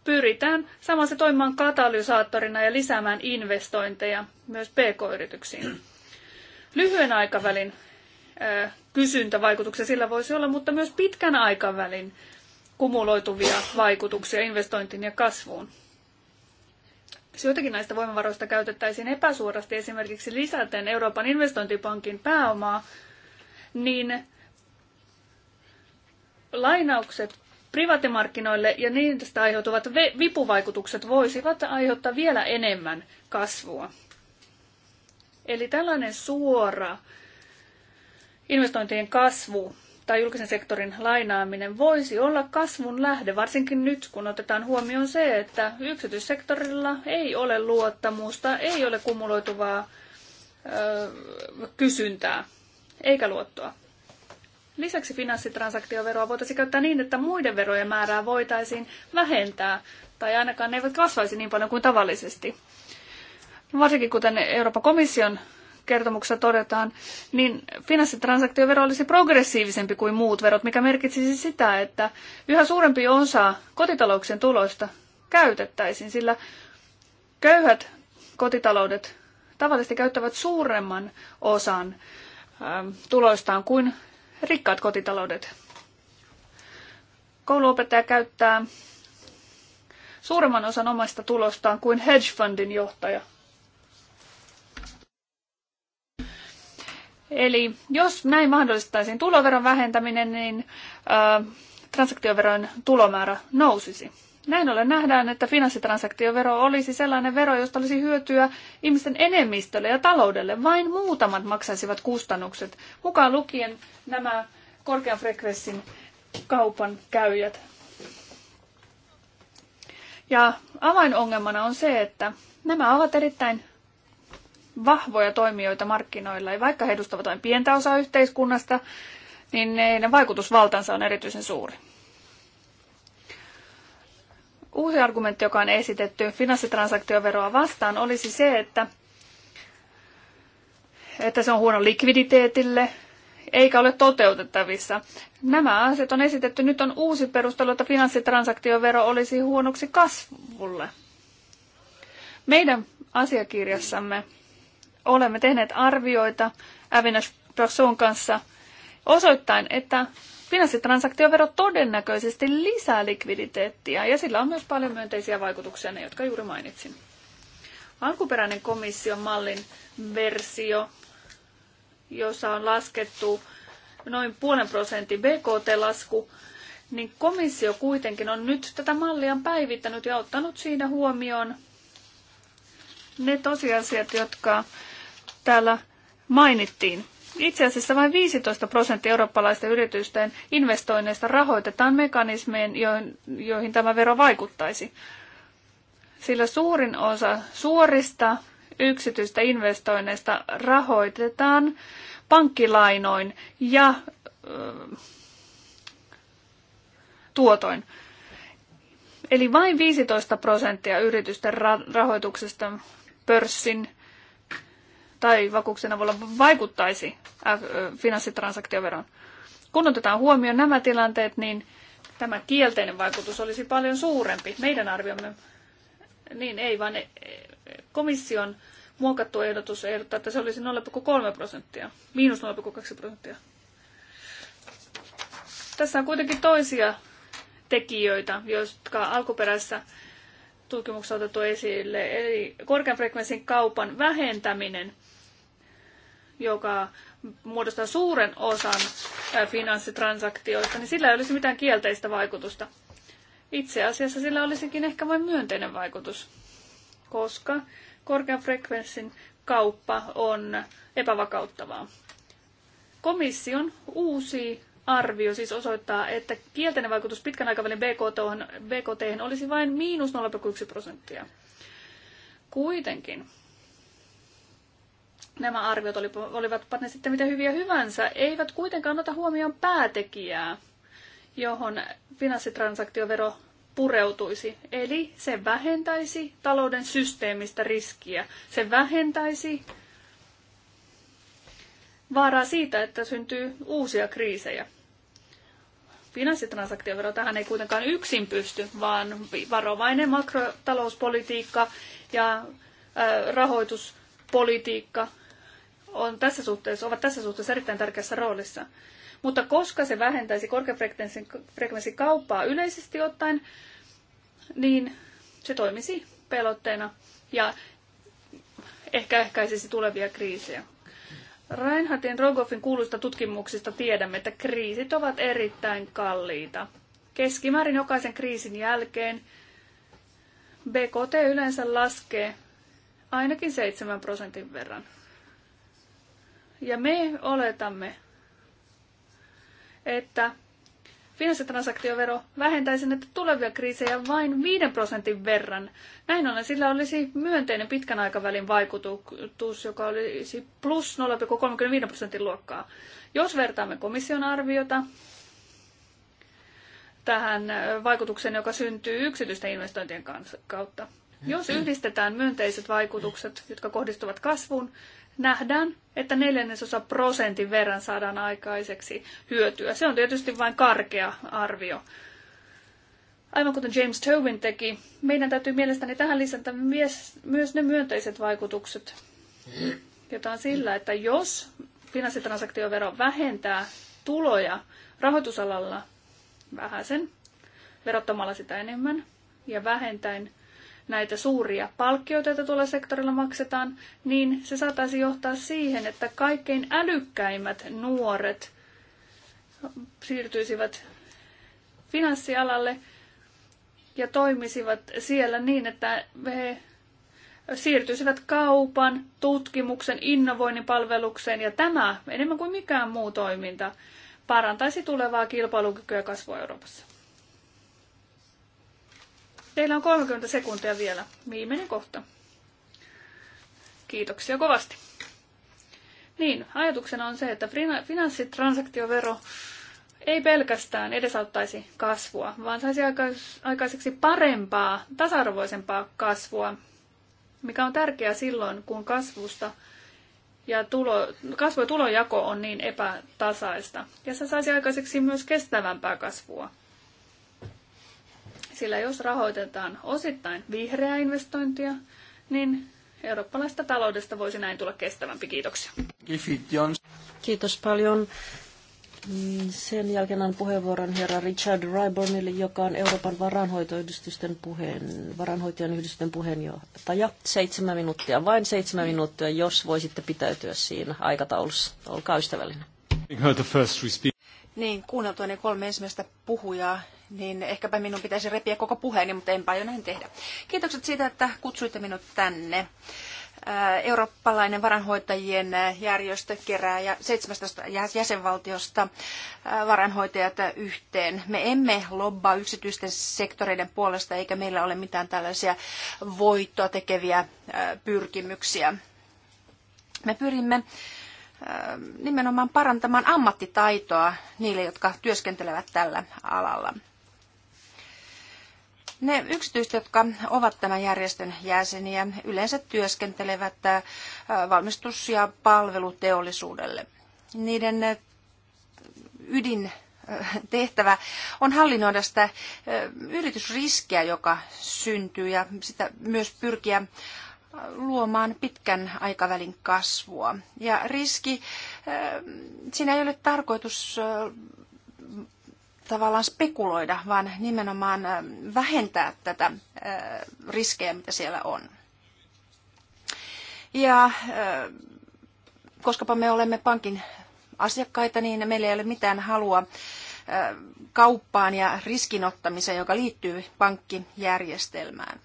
pyritään samassa toimimaan katalysaattorina ja lisäämään investointeja myös pk-yrityksiin. Lyhyen aikavälin kysyntävaikutuksia sillä voisi olla, mutta myös pitkän aikavälin kumuloituvia vaikutuksia investointiin ja kasvuun. Jos jotakin näistä voimavaroista käytettäisiin epäsuorasti esimerkiksi lisäten Euroopan investointipankin pääomaa, niin lainaukset privaattimarkkinoille ja niistä aiheutuvat vipuvaikutukset voisivat aiheuttaa vielä enemmän kasvua. Eli tällainen suora investointien kasvu tai julkisen sektorin lainaaminen voisi olla kasvun lähde, varsinkin nyt, kun otetaan huomioon se, että yksityissektorilla ei ole luottamusta, ei ole kumuloituvaa ö, kysyntää eikä luottoa. Lisäksi finanssitransaktioveroa voitaisiin käyttää niin, että muiden verojen määrää voitaisiin vähentää, tai ainakaan ne eivät kasvaisi niin paljon kuin tavallisesti. Varsinkin kuten Euroopan komission kertomuksessa todetaan, niin finanssitransaktiovero olisi progressiivisempi kuin muut verot, mikä merkitsisi sitä, että yhä suurempi osa kotitalouksien tuloista käytettäisiin, sillä köyhät kotitaloudet tavallisesti käyttävät suuremman osan ähm, tuloistaan kuin rikkaat kotitaloudet. Kouluopettaja käyttää suuremman osan omasta tulostaan kuin hedge fundin johtaja – Eli jos näin mahdollistaisiin tuloveron vähentäminen, niin ö, transaktioveron tulomäärä nousisi. Näin ollen nähdään, että finanssitransaktiovero olisi sellainen vero, josta olisi hyötyä ihmisten enemmistölle ja taloudelle. Vain muutamat maksaisivat kustannukset, mukaan lukien nämä korkean frekvenssin kaupan käyjät. Ja avainongelmana on se, että nämä ovat erittäin vahvoja toimijoita markkinoilla, ja vaikka he edustavat vain pientä osaa yhteiskunnasta, niin heidän vaikutusvaltansa on erityisen suuri. Uusi argumentti, joka on esitetty finanssitransaktioveroa vastaan, olisi se, että, että se on huono likviditeetille, eikä ole toteutettavissa. Nämä asiat on esitetty. Nyt on uusi perustelu, että finanssitransaktiovero olisi huonoksi kasvulle. Meidän asiakirjassamme olemme tehneet arvioita Avinash Brasson kanssa osoittain, että finanssitransaktiovero todennäköisesti lisää likviditeettiä ja sillä on myös paljon myönteisiä vaikutuksia, ne jotka juuri mainitsin. Alkuperäinen komission mallin versio, jossa on laskettu noin puolen prosentin BKT-lasku, niin komissio kuitenkin on nyt tätä mallia päivittänyt ja ottanut siinä huomioon ne tosiasiat, jotka täällä mainittiin. Itse asiassa vain 15 prosenttia eurooppalaisten yritysten investoinneista rahoitetaan mekanismeen, joihin, joihin tämä vero vaikuttaisi. Sillä suurin osa suorista yksityistä investoinneista rahoitetaan pankkilainoin ja äh, tuotoin. Eli vain 15 prosenttia yritysten rahoituksesta pörssin tai vakuuksen avulla vaikuttaisi finanssitransaktioveron. Kun otetaan huomioon nämä tilanteet, niin tämä kielteinen vaikutus olisi paljon suurempi. Meidän arviomme, niin ei vaan e- e- komission muokattu ehdotus ehdottaa, että se olisi 0,3 prosenttia, miinus 0,2 prosenttia. Tässä on kuitenkin toisia tekijöitä, jotka alkuperäisessä tutkimuksessa otettu esille, eli korkean frekvenssin kaupan vähentäminen – joka muodostaa suuren osan finanssitransaktioista, niin sillä ei olisi mitään kielteistä vaikutusta. Itse asiassa sillä olisikin ehkä vain myönteinen vaikutus, koska korkean frekvenssin kauppa on epävakauttavaa. Komission uusi arvio siis osoittaa, että kielteinen vaikutus pitkän aikavälin BKT, BKT olisi vain miinus 0,1 prosenttia. Kuitenkin Nämä arviot olivatpa ne sitten mitä hyviä hyvänsä, eivät kuitenkaan ota huomioon päätekijää, johon finanssitransaktiovero pureutuisi. Eli se vähentäisi talouden systeemistä riskiä. Se vähentäisi vaaraa siitä, että syntyy uusia kriisejä. Finanssitransaktiovero tähän ei kuitenkaan yksin pysty, vaan varovainen makrotalouspolitiikka ja rahoitus politiikka on tässä suhteessa, ovat tässä suhteessa erittäin tärkeässä roolissa. Mutta koska se vähentäisi korkeafrekvenssin kauppaa yleisesti ottaen, niin se toimisi pelotteena ja ehkä ehkäisisi tulevia kriisejä. Reinhardin Rogoffin kuuluista tutkimuksista tiedämme, että kriisit ovat erittäin kalliita. Keskimäärin jokaisen kriisin jälkeen BKT yleensä laskee ainakin 7 prosentin verran. Ja me oletamme, että finanssitransaktiovero vähentäisi näitä tulevia kriisejä vain 5 prosentin verran. Näin ollen sillä olisi myönteinen pitkän aikavälin vaikutus, joka olisi plus 0,35 prosentin luokkaa. Jos vertaamme komission arviota tähän vaikutukseen, joka syntyy yksityisten investointien kautta, jos yhdistetään myönteiset vaikutukset, jotka kohdistuvat kasvuun, nähdään, että neljännesosa prosentin verran saadaan aikaiseksi hyötyä. Se on tietysti vain karkea arvio. Aivan kuten James Tobin teki, meidän täytyy mielestäni tähän lisätä myös ne myönteiset vaikutukset, jota on sillä, että jos finanssitransaktiovero vähentää tuloja rahoitusalalla vähäsen, verottamalla sitä enemmän ja vähentäen näitä suuria palkkioita, joita tuolla sektorilla maksetaan, niin se saataisi johtaa siihen, että kaikkein älykkäimmät nuoret siirtyisivät finanssialalle ja toimisivat siellä niin, että he siirtyisivät kaupan, tutkimuksen, innovoinnin palvelukseen ja tämä enemmän kuin mikään muu toiminta parantaisi tulevaa kilpailukykyä kasvua Euroopassa. Teillä on 30 sekuntia vielä. Viimeinen kohta. Kiitoksia kovasti. Niin, ajatuksena on se, että finanssitransaktiovero ei pelkästään edesauttaisi kasvua, vaan saisi aikaiseksi parempaa, tasa-arvoisempaa kasvua, mikä on tärkeää silloin, kun kasvusta ja tulo, kasvu- ja tulojako on niin epätasaista. Ja se saisi aikaiseksi myös kestävämpää kasvua. Sillä jos rahoitetaan osittain vihreää investointia, niin eurooppalaista taloudesta voisi näin tulla kestävämpi. Kiitoksia. Kiitos paljon. Sen jälkeen on puheenvuoron herra Richard Rybornille, joka on Euroopan varanhoitoyhdistysten puheen, varanhoitajan yhdistysten puheenjohtaja. Seitsemän minuuttia, vain seitsemän minuuttia, jos voisitte pitäytyä siinä aikataulussa. Olkaa ystävällinen. Niin, kuunneltua ne kolme ensimmäistä puhujaa, niin ehkäpä minun pitäisi repiä koko puheeni, mutta enpä jo näin tehdä. Kiitokset siitä, että kutsuitte minut tänne. Eurooppalainen varanhoitajien järjestö kerää 17 jäsenvaltiosta varanhoitajat yhteen. Me emme lobbaa yksityisten sektoreiden puolesta eikä meillä ole mitään tällaisia voittoa tekeviä pyrkimyksiä. Me pyrimme nimenomaan parantamaan ammattitaitoa niille, jotka työskentelevät tällä alalla. Ne yksityiset, jotka ovat tämän järjestön jäseniä, yleensä työskentelevät äh, valmistus- ja palveluteollisuudelle. Niiden äh, ydin äh, tehtävä on hallinnoida sitä yritysriskiä, joka syntyy ja sitä myös pyrkiä luomaan pitkän aikavälin kasvua. Ja riski, siinä ei ole tarkoitus tavallaan spekuloida, vaan nimenomaan vähentää tätä riskejä, mitä siellä on. Ja koskapa me olemme pankin asiakkaita, niin meillä ei ole mitään halua kauppaan ja riskinottamiseen, joka liittyy pankkijärjestelmään.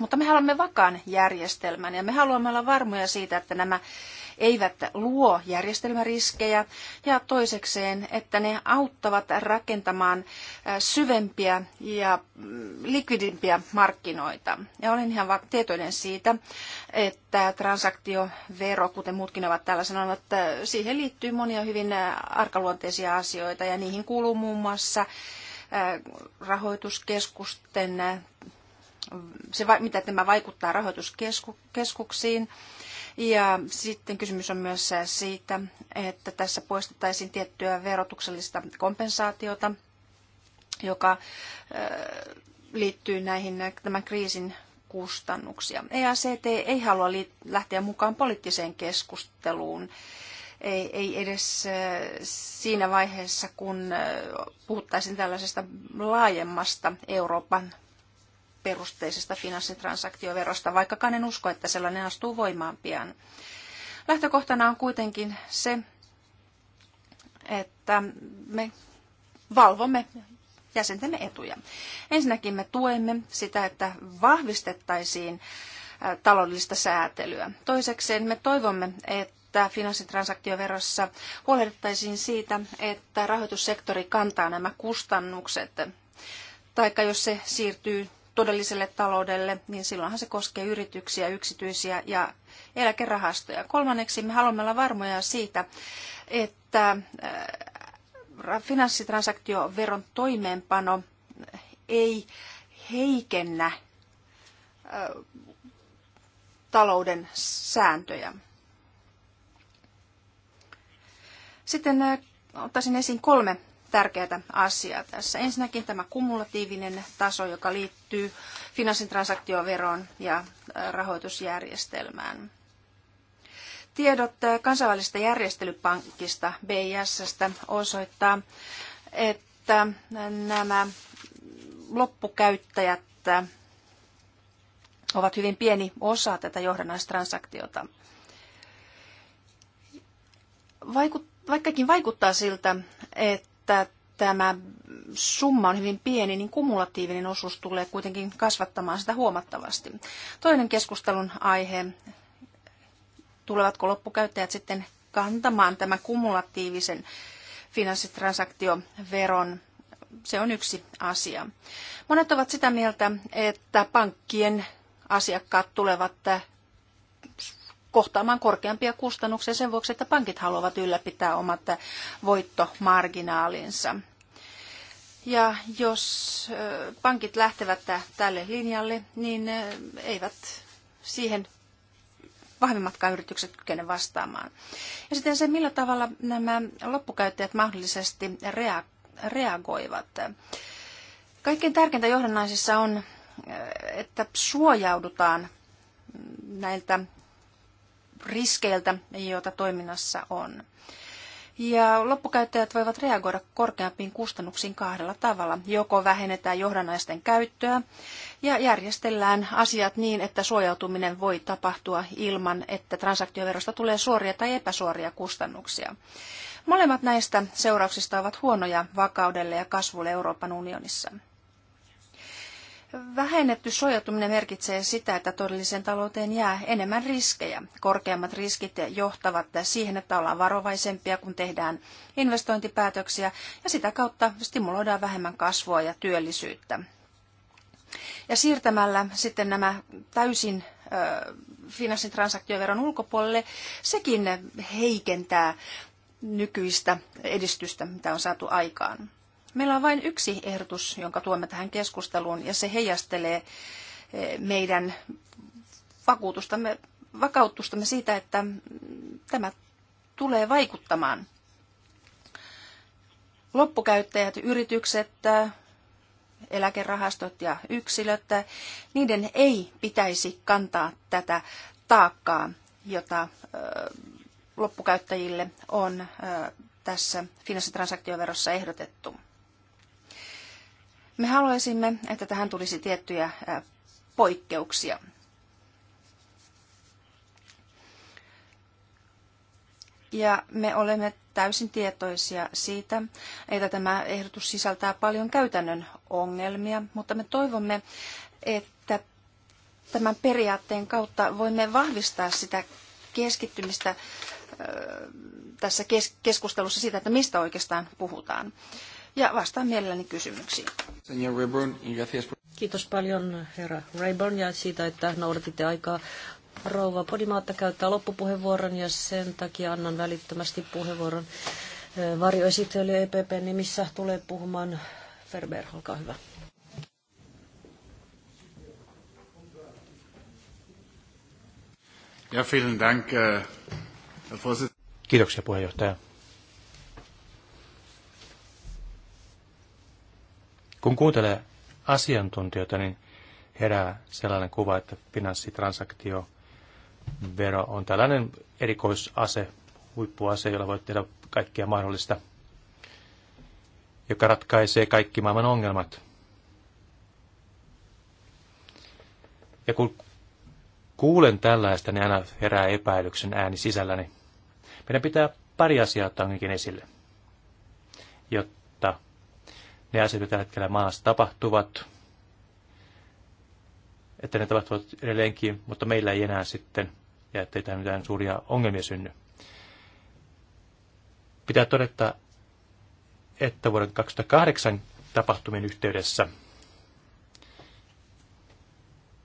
Mutta me haluamme vakaan järjestelmän ja me haluamme olla varmoja siitä, että nämä eivät luo järjestelmäriskejä ja toisekseen, että ne auttavat rakentamaan syvempiä ja mm, likvidimpiä markkinoita. Ja olen ihan tietoinen siitä, että transaktiovero, kuten muutkin ovat täällä sanoneet, että siihen liittyy monia hyvin arkaluonteisia asioita ja niihin kuuluu muun muassa rahoituskeskusten se, mitä tämä vaikuttaa rahoituskeskuksiin ja sitten kysymys on myös siitä, että tässä poistettaisiin tiettyä verotuksellista kompensaatiota, joka liittyy näihin tämän kriisin kustannuksia. EACT ei halua lähteä mukaan poliittiseen keskusteluun, ei, ei edes siinä vaiheessa, kun puhuttaisiin tällaisesta laajemmasta Euroopan perusteisesta finanssitransaktioverosta, vaikkakaan en usko, että sellainen astuu voimaan pian. Lähtökohtana on kuitenkin se, että me valvomme jäsentemme etuja. Ensinnäkin me tuemme sitä, että vahvistettaisiin taloudellista säätelyä. Toisekseen me toivomme, että finanssitransaktioverossa huolehdittaisiin siitä, että rahoitussektori kantaa nämä kustannukset, taikka jos se siirtyy todelliselle taloudelle, niin silloinhan se koskee yrityksiä, yksityisiä ja eläkerahastoja. Kolmanneksi me haluamme olla varmoja siitä, että äh, finanssitransaktioveron toimeenpano ei heikennä äh, talouden sääntöjä. Sitten äh, ottaisin esiin kolme tärkeää asiaa tässä. Ensinnäkin tämä kumulatiivinen taso, joka liittyy finanssitransaktioveroon ja rahoitusjärjestelmään. Tiedot kansainvälisestä järjestelypankista BIS osoittaa, että nämä loppukäyttäjät ovat hyvin pieni osa tätä johdannaistransaktiota. Vaikut, vaikkakin vaikuttaa siltä, että että tämä summa on hyvin pieni, niin kumulatiivinen osuus tulee kuitenkin kasvattamaan sitä huomattavasti. Toinen keskustelun aihe, tulevatko loppukäyttäjät sitten kantamaan tämän kumulatiivisen finanssitransaktioveron, se on yksi asia. Monet ovat sitä mieltä, että pankkien asiakkaat tulevat kohtaamaan korkeampia kustannuksia sen vuoksi, että pankit haluavat ylläpitää omat voittomarginaalinsa. Ja jos pankit lähtevät tälle linjalle, niin eivät siihen vahvimmatkaan yritykset kykene vastaamaan. Ja sitten se, millä tavalla nämä loppukäyttäjät mahdollisesti reagoivat. Kaikkein tärkeintä johdannaisissa on, että suojaudutaan näiltä riskeiltä, joita toiminnassa on. Ja loppukäyttäjät voivat reagoida korkeampiin kustannuksiin kahdella tavalla. Joko vähennetään johdannaisten käyttöä ja järjestellään asiat niin, että suojautuminen voi tapahtua ilman, että transaktioverosta tulee suoria tai epäsuoria kustannuksia. Molemmat näistä seurauksista ovat huonoja vakaudelle ja kasvulle Euroopan unionissa. Vähennetty suojautuminen merkitsee sitä, että todelliseen talouteen jää enemmän riskejä. Korkeammat riskit johtavat siihen, että ollaan varovaisempia, kun tehdään investointipäätöksiä, ja sitä kautta stimuloidaan vähemmän kasvua ja työllisyyttä. Ja siirtämällä sitten nämä täysin finanssitransaktioveron ulkopuolelle, sekin heikentää nykyistä edistystä, mitä on saatu aikaan. Meillä on vain yksi ehdotus, jonka tuomme tähän keskusteluun, ja se heijastelee eh, meidän vakuutustamme, vakautustamme siitä, että tämä tulee vaikuttamaan. Loppukäyttäjät, yritykset, eläkerahastot ja yksilöt, niiden ei pitäisi kantaa tätä taakkaa, jota loppukäyttäjille on tässä finanssitransaktioverossa ehdotettu. Me haluaisimme, että tähän tulisi tiettyjä poikkeuksia. Ja me olemme täysin tietoisia siitä, että tämä ehdotus sisältää paljon käytännön ongelmia, mutta me toivomme, että tämän periaatteen kautta voimme vahvistaa sitä keskittymistä tässä keskustelussa siitä, että mistä oikeastaan puhutaan ja vastaan mielelläni kysymyksiin. Kiitos paljon herra Rayburn ja siitä, että noudatitte aikaa. Rouva Podimaatta käyttää loppupuheenvuoron ja sen takia annan välittömästi puheenvuoron eh, varjoesittely EPP nimissä tulee puhumaan Ferber, olkaa hyvä. Ja vielen dank, eh, Kiitoksia puheenjohtaja. Kun kuuntelee asiantuntijoita, niin herää sellainen kuva, että finanssitransaktio vero on tällainen erikoisase, huippuase, jolla voit tehdä kaikkia mahdollista, joka ratkaisee kaikki maailman ongelmat. Ja kun kuulen tällaista, niin aina herää epäilyksen ääni sisälläni. Meidän pitää pari asiaa ottaa esille, jotta ne asiat, joita tällä hetkellä maassa tapahtuvat, että ne tapahtuvat edelleenkin, mutta meillä ei enää sitten, ja ettei tähän mitään suuria ongelmia synny. Pitää todeta, että vuoden 2008 tapahtumien yhteydessä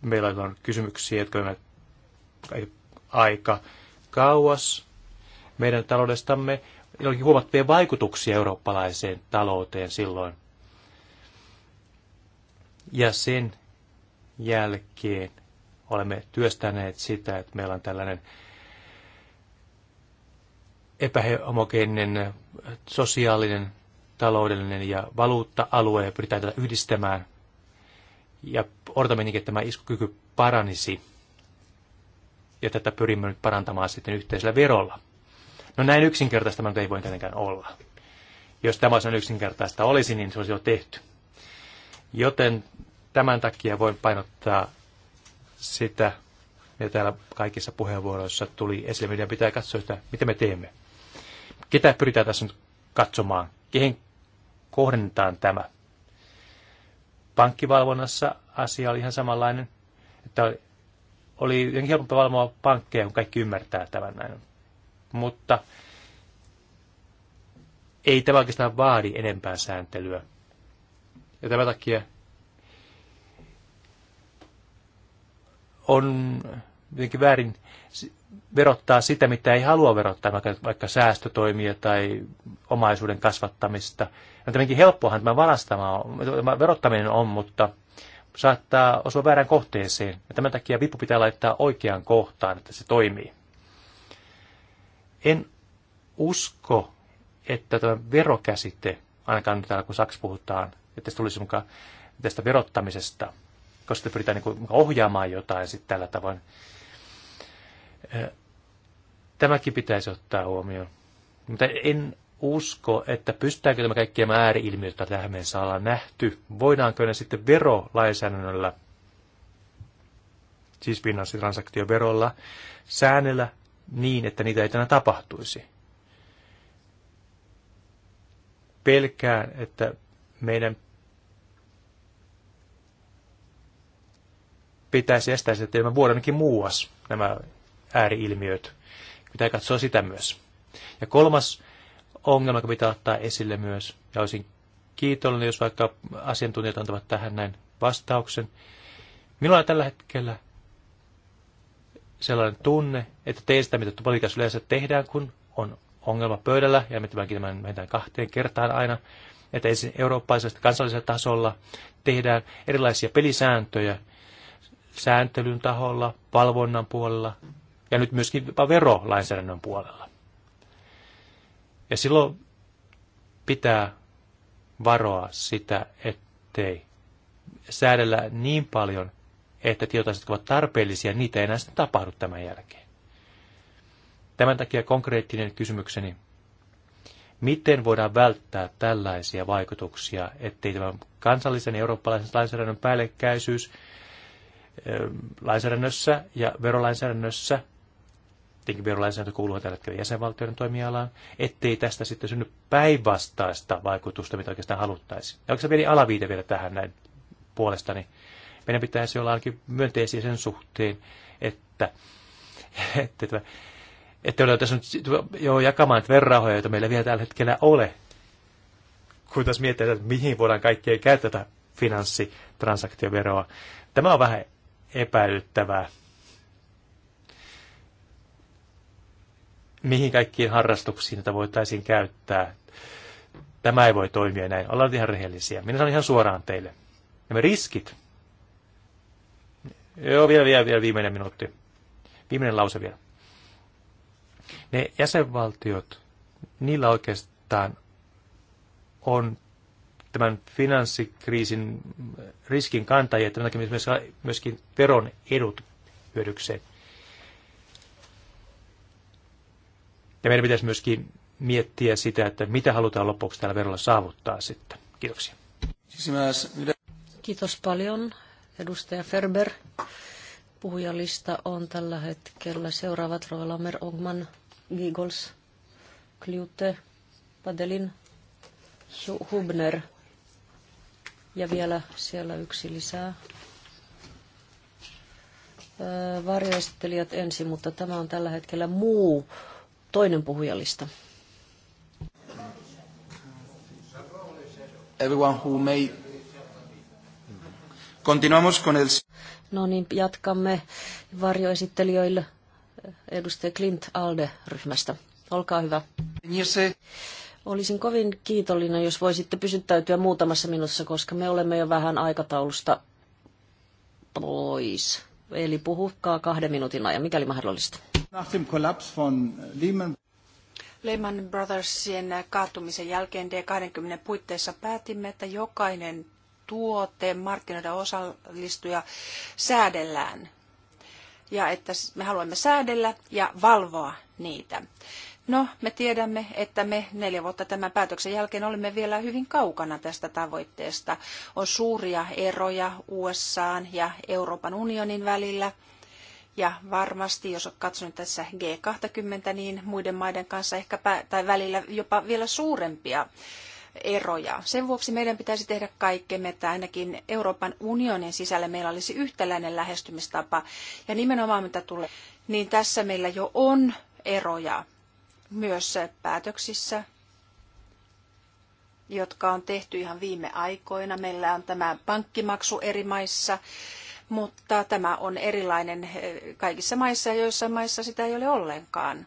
meillä on kysymyksiä, jotka ovat aika kauas meidän taloudestamme. Niillä oli huomattavia vaikutuksia eurooppalaiseen talouteen silloin – ja sen jälkeen olemme työstäneet sitä, että meillä on tällainen epähomogeeninen sosiaalinen, taloudellinen ja valuutta-alue ja pyritään tätä yhdistämään. Ja odotamme niin, että tämä iskukyky paranisi. Ja tätä pyrimme nyt parantamaan sitten yhteisellä verolla. No näin yksinkertaista ei voi tietenkään olla. Jos tämä olisi yksinkertaista olisi, niin se olisi jo tehty. Joten tämän takia voin painottaa sitä, mitä täällä kaikissa puheenvuoroissa tuli esille. Meidän pitää katsoa sitä, mitä me teemme. Ketä pyritään tässä nyt katsomaan? Kehen kohdennetaan tämä? Pankkivalvonnassa asia oli ihan samanlainen, että oli, oli jotenkin helpompi valvoa pankkeja, kun kaikki ymmärtää tämän näin. Mutta ei tämä oikeastaan vaadi enempää sääntelyä ja tämän takia on jotenkin väärin verottaa sitä, mitä ei halua verottaa, vaikka, vaikka säästötoimia tai omaisuuden kasvattamista. No tämänkin helppohan tämä, tämä verottaminen on, mutta saattaa osua väärään kohteeseen. Ja tämän takia vipu pitää laittaa oikeaan kohtaan, että se toimii. En usko, että tämä verokäsite, ainakaan täällä kun saks puhutaan että se tulisi mukaan tästä verottamisesta, koska sitten pyritään niin ohjaamaan jotain sitten tällä tavoin. Tämäkin pitäisi ottaa huomioon. Mutta en usko, että pystytäänkö tämä kaikkia nämä joita tähän mennessä ollaan nähty, voidaanko ne sitten verolainsäädännöllä, siis finanssitransaktioverolla, säännellä niin, että niitä ei tänä tapahtuisi. Pelkään, että meidän pitäisi estää sitä, että ilman ainakin muuas nämä ääriilmiöt. Pitää katsoa sitä myös. Ja kolmas ongelma, joka pitää ottaa esille myös, ja olisin kiitollinen, jos vaikka asiantuntijat antavat tähän näin vastauksen. Minulla on tällä hetkellä sellainen tunne, että teistä, mitä politiikassa yleensä tehdään, kun on ongelma pöydällä, ja me tämän kahteen kertaan aina, että ensin eurooppalaisella kansallisella tasolla tehdään erilaisia pelisääntöjä, sääntelyn taholla, valvonnan puolella ja nyt myöskin verolainsäädännön puolella. Ja silloin pitää varoa sitä, ettei säädellä niin paljon, että tietoiset ovat tarpeellisia, niitä ei enää sitten tapahdu tämän jälkeen. Tämän takia konkreettinen kysymykseni, miten voidaan välttää tällaisia vaikutuksia, ettei tämän kansallisen ja eurooppalaisen lainsäädännön päällekkäisyys lainsäädännössä ja verolainsäädännössä, tietenkin verolainsäädäntö kuuluu tällä hetkellä jäsenvaltioiden toimialaan, ettei tästä sitten synny päinvastaista vaikutusta, mitä oikeastaan haluttaisiin. Ja oikeastaan pieni alaviite vielä tähän näin puolestani. Meidän pitäisi olla ainakin myönteisiä sen suhteen, että, että, että, että ole tässä nyt jo jakamaan verrahoja, joita meillä vielä tällä hetkellä ole. Kun taas miettii, että mihin voidaan kaikkea käyttää finanssitransaktioveroa. Tämä on vähän epäilyttävää. Mihin kaikkiin harrastuksiin tätä voitaisiin käyttää? Tämä ei voi toimia näin. Ollaan ihan rehellisiä. Minä sanon ihan suoraan teille. Nämä riskit. Joo, vielä, vielä, vielä viimeinen minuutti. Viimeinen lause vielä. Ne jäsenvaltiot, niillä oikeastaan on tämän finanssikriisin riskin kantajia, että näkee myöskin veron edut hyödykseen. Ja meidän pitäisi myöskin miettiä sitä, että mitä halutaan lopuksi tällä verolla saavuttaa sitten. Kiitoksia. Kiitos paljon, edustaja Ferber. Puhujalista on tällä hetkellä seuraavat Roelamer, Ogman, Giggles, Kliute, Padelin, Hubner. Ja vielä siellä yksi lisää. Varjoesittelijät ensin, mutta tämä on tällä hetkellä muu toinen puhujalista. Everyone who may... Continuamos con el... No niin, jatkamme varjoesittelijöille edustaja Clint Alde-ryhmästä. Olkaa hyvä. Olisin kovin kiitollinen, jos voisitte pysyttäytyä muutamassa minuutissa, koska me olemme jo vähän aikataulusta pois. Eli puhukaa kahden minuutin ajan, mikäli mahdollista. Lehman Brothersien kaatumisen jälkeen D20 puitteissa päätimme, että jokainen tuote markkinoiden osallistuja säädellään ja että me haluamme säädellä ja valvoa niitä. No, me tiedämme, että me neljä vuotta tämän päätöksen jälkeen olemme vielä hyvin kaukana tästä tavoitteesta. On suuria eroja USAn ja Euroopan unionin välillä. Ja varmasti, jos olet tässä G20, niin muiden maiden kanssa ehkä tai välillä jopa vielä suurempia eroja. Sen vuoksi meidän pitäisi tehdä kaikkemme, että ainakin Euroopan unionin sisällä meillä olisi yhtäläinen lähestymistapa. Ja nimenomaan mitä tulee, niin tässä meillä jo on eroja myös päätöksissä, jotka on tehty ihan viime aikoina. Meillä on tämä pankkimaksu eri maissa, mutta tämä on erilainen eh, kaikissa maissa ja joissain maissa sitä ei ole ollenkaan.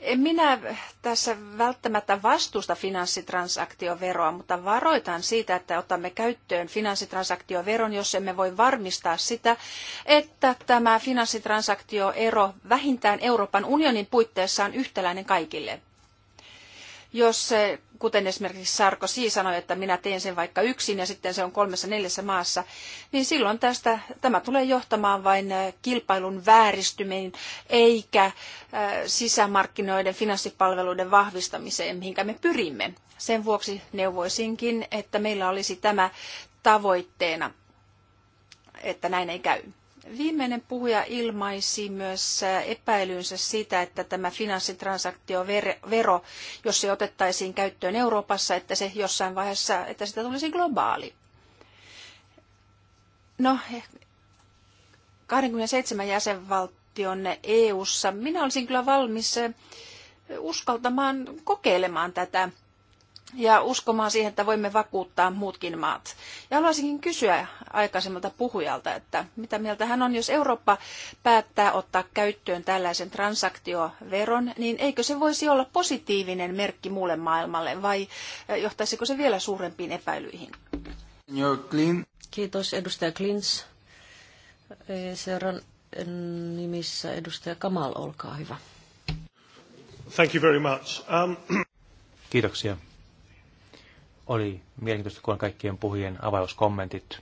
En minä tässä välttämättä vastusta finanssitransaktioveroa, mutta varoitan siitä, että otamme käyttöön finanssitransaktioveron, jos emme voi varmistaa sitä, että tämä finanssitransaktioero vähintään Euroopan unionin puitteissa on yhtäläinen kaikille jos se, kuten esimerkiksi Sarkozy sanoi, että minä teen sen vaikka yksin ja sitten se on kolmessa neljässä maassa, niin silloin tästä, tämä tulee johtamaan vain äh, kilpailun vääristymiin eikä äh, sisämarkkinoiden finanssipalveluiden vahvistamiseen, mihinkä me pyrimme. Sen vuoksi neuvoisinkin, että meillä olisi tämä tavoitteena, että näin ei käy. Viimeinen puhuja ilmaisi myös epäilynsä siitä, että tämä finanssitransaktiovero, jos se otettaisiin käyttöön Euroopassa, että se jossain vaiheessa, että sitä tulisi globaali. No, 27 eh, jäsenvaltion EU-ssa. Minä olisin kyllä valmis eh, uskaltamaan kokeilemaan tätä ja uskomaan siihen, että voimme vakuuttaa muutkin maat. Ja haluaisinkin kysyä aikaisemmalta puhujalta, että mitä mieltä hän on, jos Eurooppa päättää ottaa käyttöön tällaisen transaktioveron, niin eikö se voisi olla positiivinen merkki muulle maailmalle vai eh, johtaisiko se vielä suurempiin epäilyihin? Kiitos edustaja Klins. Eh, seuran nimissä edustaja Kamal, olkaa hyvä. Thank you very much. Um... Kiitoksia. Oli mielenkiintoista kuulla kaikkien puhujien avauskommentit.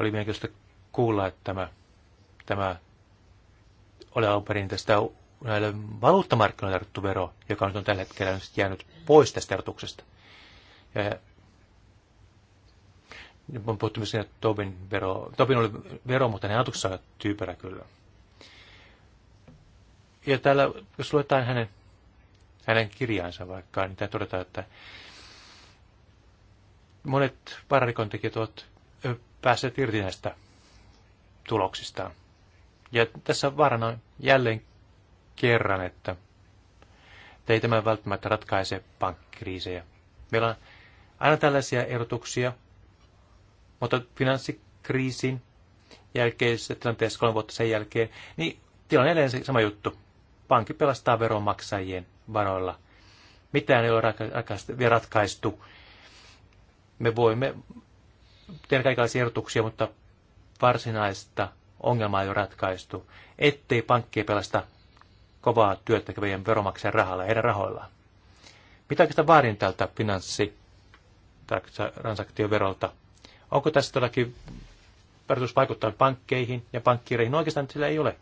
Oli mielenkiintoista kuulla, että tämä, tämä oli alun perin tästä näille valuuttamarkkinoille tarjottu vero, joka nyt on tällä hetkellä nyt jäänyt pois tästä erotuksesta. Ja on puhuttu myös että Tobin vero. Tobin oli vero, mutta ne ajatuksessa on tyyperä kyllä. Ja täällä, jos luetaan hänen, hänen kirjaansa vaikka, niin tämä todetaan, että monet vararikontekijät ovat päässeet irti näistä tuloksistaan. Ja tässä vaarana on jälleen kerran, että ei tämä välttämättä ratkaise pankkikriisejä. Meillä on aina tällaisia erotuksia, mutta finanssikriisin jälkeisessä tilanteessa kolme vuotta sen jälkeen, niin tilanne on edelleen sama juttu. Pankki pelastaa veronmaksajien varoilla. Mitään ei ole ratkaistu me voimme tehdä kaikenlaisia ehdotuksia, mutta varsinaista ongelmaa ei ole ratkaistu, ettei pankkia pelasta kovaa työtä tekevien veromaksajan rahalla, heidän rahoillaan. Mitä oikeastaan vaadin tältä finanssi- tai transaktioverolta? Onko tässä todellakin verotus vaikuttaa pankkeihin ja pankkiireihin? No oikeastaan sillä ei ole.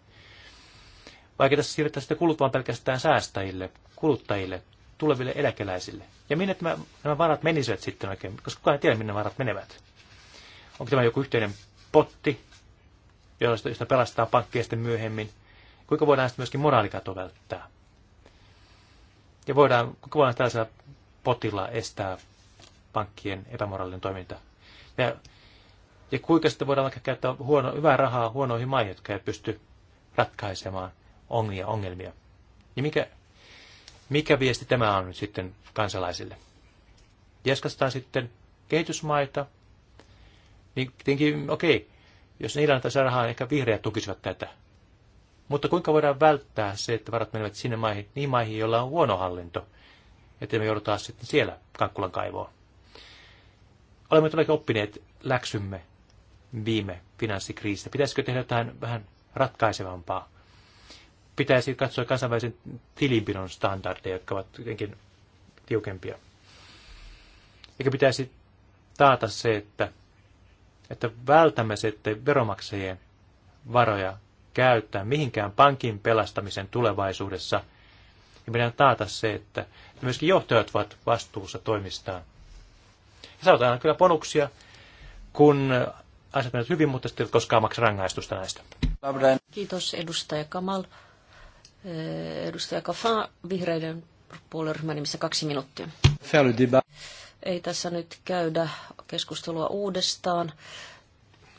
Vaikka tässä siirrettäisiin sitä kulut vaan pelkästään säästäjille, kuluttajille tuleville eläkeläisille. Ja minne tämä, nämä varat menisivät sitten oikein, koska kukaan ei tiedä, minne varat menevät. Onko tämä joku yhteinen potti, josta, josta pelastaa pankkia sitten myöhemmin? Kuinka voidaan sitten myöskin moraalikato välttää? Ja voidaan, kuinka voidaan tällaisella potilla estää pankkien epämoraalinen toiminta? Ja, ja kuinka sitten voidaan vaikka käyttää huono, hyvää rahaa huonoihin maihin, jotka ei pysty ratkaisemaan ongelmia, ongelmia. Ja mikä mikä viesti tämä on sitten kansalaisille? Jeskastaan sitten kehitysmaita. Niin tietenkin, okei, jos niillä antaisi rahaa, niin ehkä vihreät tukisivat tätä. Mutta kuinka voidaan välttää se, että varat menevät sinne maihin, niin maihin, joilla on huono hallinto, että me joudutaan sitten siellä kankkulan kaivoon? Olemme todellakin oppineet läksymme viime finanssikriisistä. Pitäisikö tehdä jotain vähän ratkaisevampaa? pitäisi katsoa kansainvälisen tilinpidon standardeja, jotka ovat jotenkin tiukempia. Eikä pitäisi taata se, että, että vältämme se, että veromaksajien varoja käyttää mihinkään pankin pelastamisen tulevaisuudessa. Ja meidän taata se, että, että myöskin johtajat ovat vastuussa toimistaan. Ja saadaan kyllä ponuksia, kun asiat menevät hyvin, mutta sitten koskaan maksa rangaistusta näistä. Kiitos edustaja Kamal. Eh, edustaja Kafa, vihreiden puolueryhmän nimissä kaksi minuuttia. Ei tässä nyt käydä keskustelua uudestaan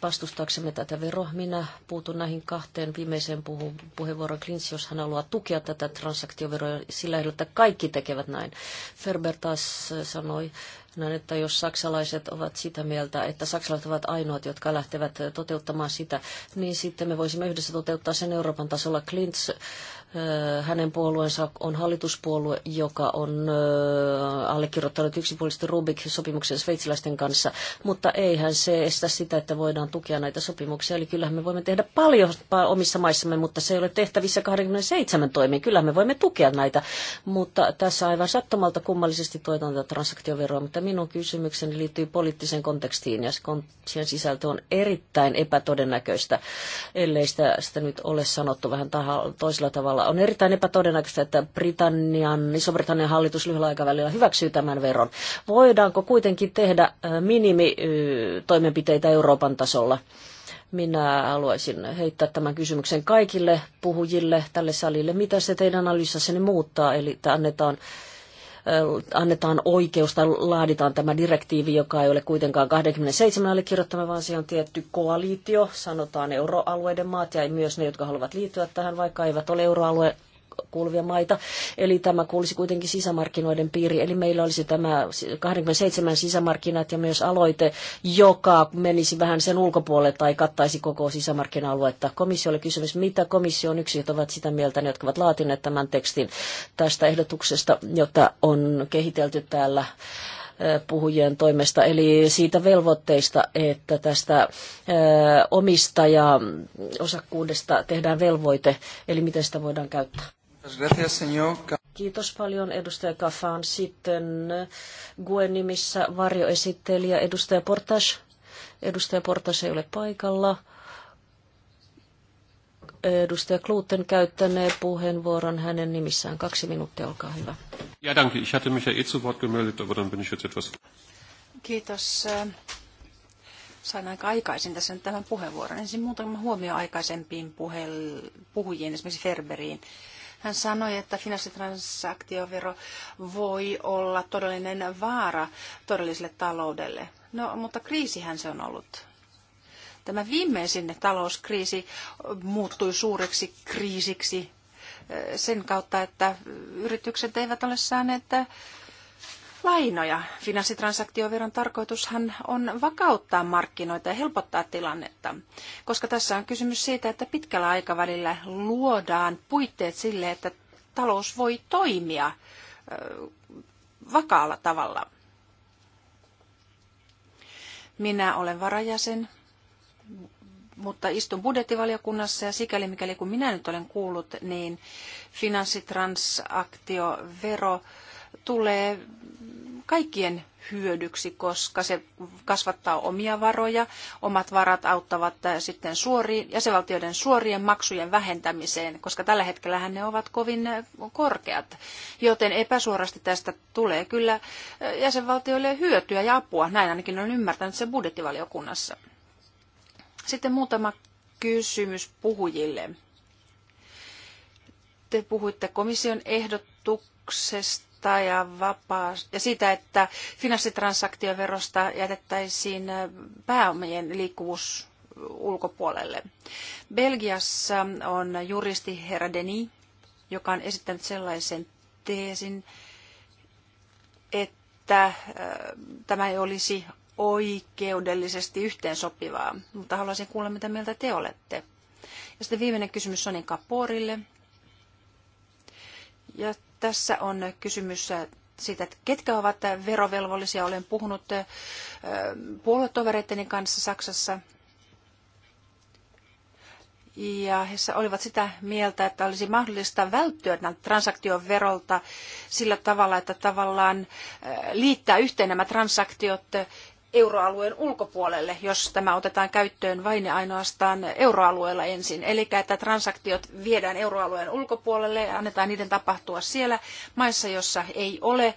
vastustaaksemme tätä vero, Minä puutun näihin kahteen viimeiseen puheenvuoroon. puheenvuoron jos hän haluaa tukea tätä transaktioveroa sillä ehdolla, että kaikki tekevät näin. Ferber taas sanoi, näin, että jos saksalaiset ovat sitä mieltä, että saksalaiset ovat ainoat, jotka lähtevät toteuttamaan sitä, niin sitten me voisimme yhdessä toteuttaa sen Euroopan tasolla. Klintz hänen puolueensa on hallituspuolue, joka on allekirjoittanut yksipuolisesti Rubik-sopimuksen sveitsiläisten kanssa, mutta eihän se estä sitä, että voidaan tukea näitä sopimuksia. Eli kyllähän me voimme tehdä paljon omissa maissamme, mutta se ei ole tehtävissä 27 toimiin. Kyllähän me voimme tukea näitä, mutta tässä aivan sattumalta kummallisesti tuetaan tätä transaktioveroa, mutta minun kysymykseni liittyy poliittiseen kontekstiin ja sen sisältö on erittäin epätodennäköistä, ellei sitä, sitä nyt ole sanottu vähän taha, toisella tavalla tavalla. On erittäin epätodennäköistä, että Britannian, Iso-Britannian hallitus lyhyellä aikavälillä hyväksyy tämän veron. Voidaanko kuitenkin tehdä minimitoimenpiteitä Euroopan tasolla? Minä haluaisin heittää tämän kysymyksen kaikille puhujille tälle salille. Mitä se teidän analyysissanne muuttaa, eli että annetaan annetaan oikeus tai laaditaan tämä direktiivi, joka ei ole kuitenkaan 27 allekirjoittama, vaan se on tietty koalitio, sanotaan euroalueiden maat ja myös ne, jotka haluavat liittyä tähän, vaikka eivät ole euroalue kuuluvia maita. Eli tämä kuulisi kuitenkin sisämarkkinoiden piiri. Eli meillä olisi tämä 27 sisämarkkinat ja myös aloite, joka menisi vähän sen ulkopuolelle tai kattaisi koko sisämarkkina-aluetta. Komissio kysymys, mitä komission yksiköt ovat sitä mieltä, ne, jotka ovat laatineet tämän tekstin tästä ehdotuksesta, jota on kehitelty täällä puhujien toimesta, eli siitä velvoitteista, että tästä omistaja-osakkuudesta tehdään velvoite, eli miten sitä voidaan käyttää. Kiitos paljon edustaja Kafaan. Sitten Guen nimissä varjoesittelijä edustaja Portas. Edustaja Portas ei ole paikalla. Edustaja Kluuten käyttänee puheenvuoron hänen nimissään. Kaksi minuuttia, olkaa hyvä. Ja, danke. Ich hatte mich ja eh zu Wort gemeldet, aber dann bin ich jetzt etwas... Kiitos. Sain aika aikaisin tässä nyt tämän puheenvuoron. Ensin muutama huomio aikaisempiin puhe- puhujiin, esimerkiksi Ferberiin. Hän sanoi, että finanssitransaktiovero voi olla todellinen vaara todelliselle taloudelle. No, mutta kriisihän se on ollut. Tämä viimeisin talouskriisi muuttui suureksi kriisiksi eh, sen kautta, että yritykset eivät ole saaneet eh, lainoja. Finanssitransaktioveron tarkoitushan on vakauttaa markkinoita ja helpottaa tilannetta, koska tässä on kysymys siitä, että pitkällä aikavälillä luodaan puitteet sille, että talous voi toimia vakaalla tavalla. Minä olen varajäsen, mutta istun budjettivaliokunnassa ja sikäli mikäli kun minä nyt olen kuullut, niin finanssitransaktiovero tulee kaikkien hyödyksi, koska se kasvattaa omia varoja. Omat varat auttavat äh, sitten suoriin, jäsenvaltioiden suorien maksujen vähentämiseen, koska tällä hetkellä ne ovat kovin äh, korkeat. Joten epäsuorasti tästä tulee kyllä äh, jäsenvaltioille hyötyä ja apua. Näin ainakin olen ymmärtänyt se budjettivaliokunnassa. Sitten muutama kysymys puhujille. Te puhuitte komission ehdotuksesta verosta ja, vapaa, ja siitä, että finanssitransaktioverosta jätettäisiin pääomien liikkuvuus ulkopuolelle. Belgiassa on juristi herra Denis, joka on esittänyt sellaisen teesin, että tämä ei olisi oikeudellisesti yhteensopivaa, mutta haluaisin kuulla, mitä mieltä te olette. Ja sitten viimeinen kysymys Sonin Kaporille. Ja tässä on kysymys siitä, että ketkä ovat verovelvollisia. Olen puhunut puoluetovereitteni kanssa Saksassa. Ja he olivat sitä mieltä, että olisi mahdollista välttyä transaktion verolta sillä tavalla, että tavallaan liittää yhteen nämä transaktiot euroalueen ulkopuolelle, jos tämä otetaan käyttöön vain ja ainoastaan euroalueella ensin. Eli että transaktiot viedään euroalueen ulkopuolelle ja annetaan niiden tapahtua siellä maissa, jossa ei ole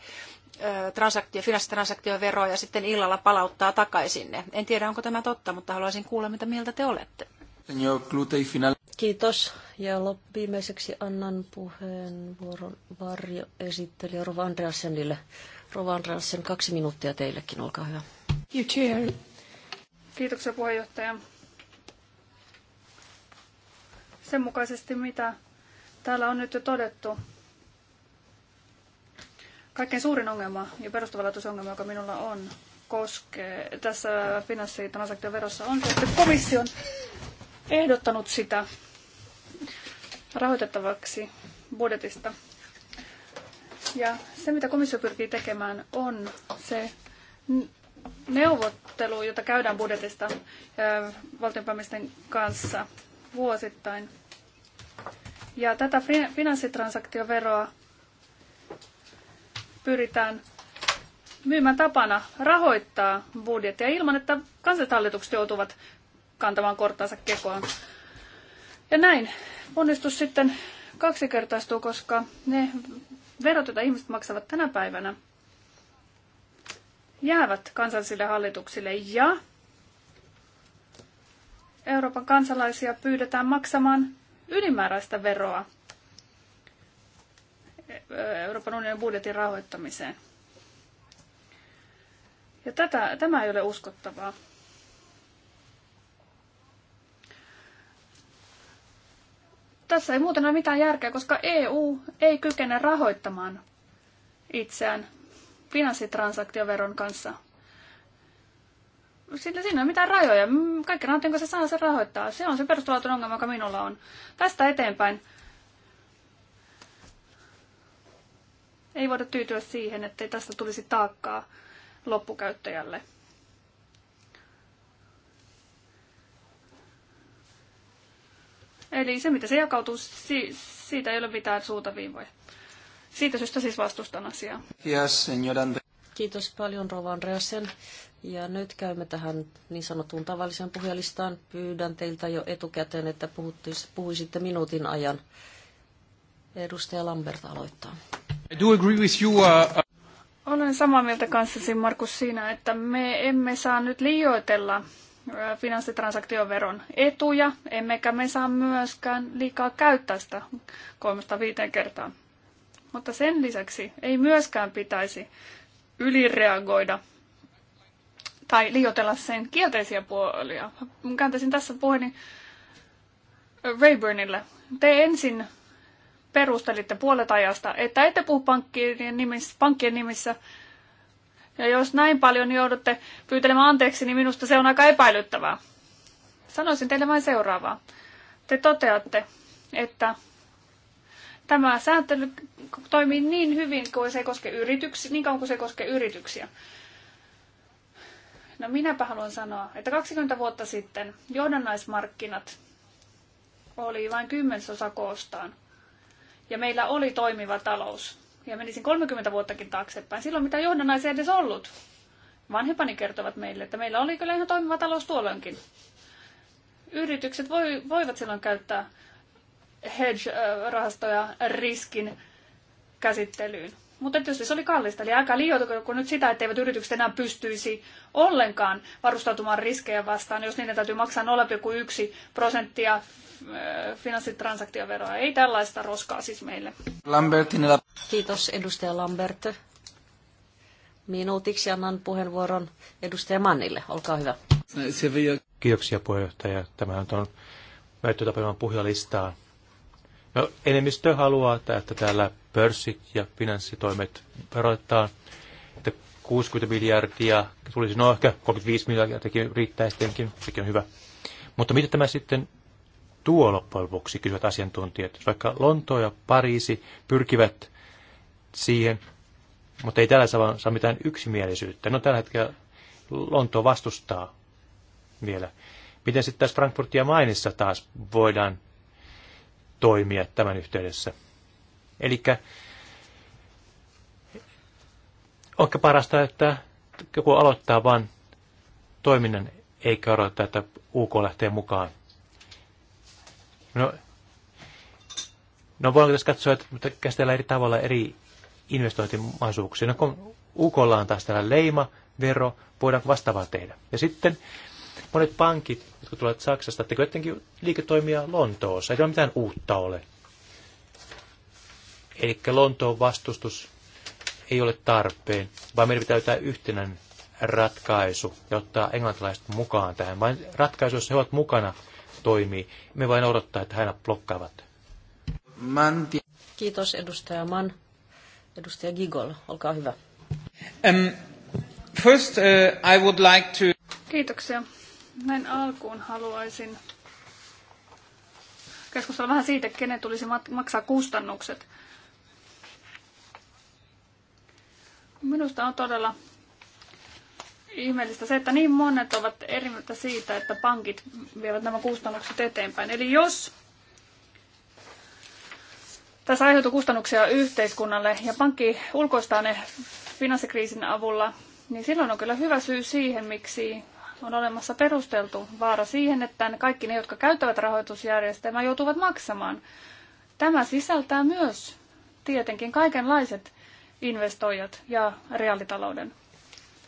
transaktio, finanssitransaktioveroa ja sitten illalla palauttaa takaisin ne. En tiedä, onko tämä totta, mutta haluaisin kuulla, mitä mieltä te olette. Kiitos. Ja viimeiseksi annan puheenvuoron varjoesittelijä Rova Andreasenille. Rova Andreasen, kaksi minuuttia teillekin, olkaa hyvä. You chair. Kiitoksia puheenjohtaja. Sen mukaisesti, mitä täällä on nyt jo todettu, kaikkein suurin ongelma ja perustavanlaatuisongelma, joka minulla on, koskee tässä finanssitransaktioverossa, on se, että komissio on ehdottanut sitä rahoitettavaksi budjetista. Ja se, mitä komissio pyrkii tekemään, on se neuvottelu, jota käydään budjetista valtionpäämisten kanssa vuosittain. Ja tätä finanssitransaktioveroa pyritään myymään tapana rahoittaa budjettia ilman, että kansalliset joutuvat kantamaan korttansa kekoon. Ja näin ponnistus sitten kaksinkertaistuu, koska ne verot, joita ihmiset maksavat tänä päivänä, jäävät kansallisille hallituksille ja Euroopan kansalaisia pyydetään maksamaan ylimääräistä veroa Euroopan unionin budjetin rahoittamiseen. Ja tätä, tämä ei ole uskottavaa. Tässä ei muuten ole mitään järkeä, koska EU ei kykene rahoittamaan itseään finanssitransaktioveron kanssa. Sillä siinä ei ole mitään rajoja. Mm, Kaikki rahoittajan kanssa se saa, sen rahoittaa. Se on se perustulaton ongelma, joka minulla on. Tästä eteenpäin ei voida tyytyä siihen, että tästä tulisi taakkaa loppukäyttäjälle. Eli se, mitä se jakautuu, siitä ei ole mitään suuta viivoja. Siitä syystä siis vastustan asiaa. Kiitos paljon Rova Andreasen. Ja nyt käymme tähän niin sanotuun tavalliseen puhujalistaan. Pyydän teiltä jo etukäteen, että puhuisitte minuutin ajan. Edustaja Lambert aloittaa. I do agree with you, uh, uh... Olen samaa mieltä kanssasi, Markus, siinä, että me emme saa nyt liioitella finanssitransaktioveron etuja, emmekä me saa myöskään liikaa käyttää sitä kolmesta viiteen kertaan. Mutta sen lisäksi ei myöskään pitäisi ylireagoida tai liioitella sen kielteisiä puolia. Kääntäisin tässä puheeni Rayburnille. Te ensin perustelitte puolet ajasta, että ette puhu pankkien nimissä, pankkien nimissä. Ja jos näin paljon niin joudutte pyytelemään anteeksi, niin minusta se on aika epäilyttävää. Sanoisin teille vain seuraavaa. Te toteatte, että Tämä sääntely toimii niin hyvin kuin se koske yrityksiä, niin kauan kuin se koskee yrityksiä. No minäpä haluan sanoa, että 20 vuotta sitten johdannaismarkkinat oli vain kymmensosa koostaan. Ja meillä oli toimiva talous. Ja menisin 30 vuottakin taaksepäin. Silloin mitä johdannaisia edes ollut. Vanhempani kertovat meille, että meillä oli kyllä ihan toimiva talous tuolloinkin. Yritykset voi, voivat silloin käyttää hedge-rahastoja riskin käsittelyyn. Mutta tietysti se oli kallista, eli aika älkää kun nyt sitä, eivät yritykset enää pystyisi ollenkaan varustautumaan riskejä vastaan, jos niiden täytyy maksaa 0,1 prosenttia äh, finanssitransaktioveroa. Ei tällaista roskaa siis meille. Lambertinilla. Kiitos edustaja Lambert. Minuutiksi annan puheenvuoron edustaja Mannille. Olkaa hyvä. Kiitoksia puheenjohtaja. Tämä on väittötapelman puhujalistaa. No, enemmistö haluaa, että täällä pörssit ja finanssitoimet verotetaan, että 60 miljardia tulisi, no ehkä 35 tekin riittäisi tietenkin, sekin on hyvä. Mutta mitä tämä sitten tuo loppujen lopuksi, kysyvät asiantuntijat. vaikka Lonto ja Pariisi pyrkivät siihen, mutta ei täällä saa, saa mitään yksimielisyyttä. No tällä hetkellä Lonto vastustaa vielä. Miten sitten tässä Frankfurtia mainissa taas voidaan toimia tämän yhteydessä. Eli onko parasta, että joku aloittaa vain toiminnan, eikä odottaa, että UK lähtee mukaan. No, no voinko tässä katsoa, että mutta käsitellään eri tavalla eri investointimahdollisuuksia. No kun UK on taas tällä leima, vero, voidaanko vastaavaa tehdä. Ja sitten monet pankit kun tulet Saksasta, että jotenkin liiketoimia Lontoossa. Ei ole mitään uutta ole. Eli Lontoon vastustus ei ole tarpeen, vaan meidän pitää löytää yhtenäinen ratkaisu ja ottaa englantilaiset mukaan tähän. Vain ratkaisu, jos he ovat mukana, toimii. Me vain odottaa, että he aina blokkaavat. Manti. Kiitos edustaja Mann. Edustaja Gigol, olkaa hyvä. Um, first, uh, I would like to... Kiitoksia. Näin alkuun haluaisin keskustella vähän siitä, kenen tulisi maksaa kustannukset. Minusta on todella ihmeellistä se, että niin monet ovat eri mieltä siitä, että pankit vievät nämä kustannukset eteenpäin. Eli jos tässä aiheutuu kustannuksia yhteiskunnalle ja pankki ulkoistaa ne finanssikriisin avulla, niin silloin on kyllä hyvä syy siihen, miksi on olemassa perusteltu vaara siihen, että kaikki ne, jotka käyttävät rahoitusjärjestelmää, joutuvat maksamaan. Tämä sisältää myös tietenkin kaikenlaiset investoijat ja reaalitalouden.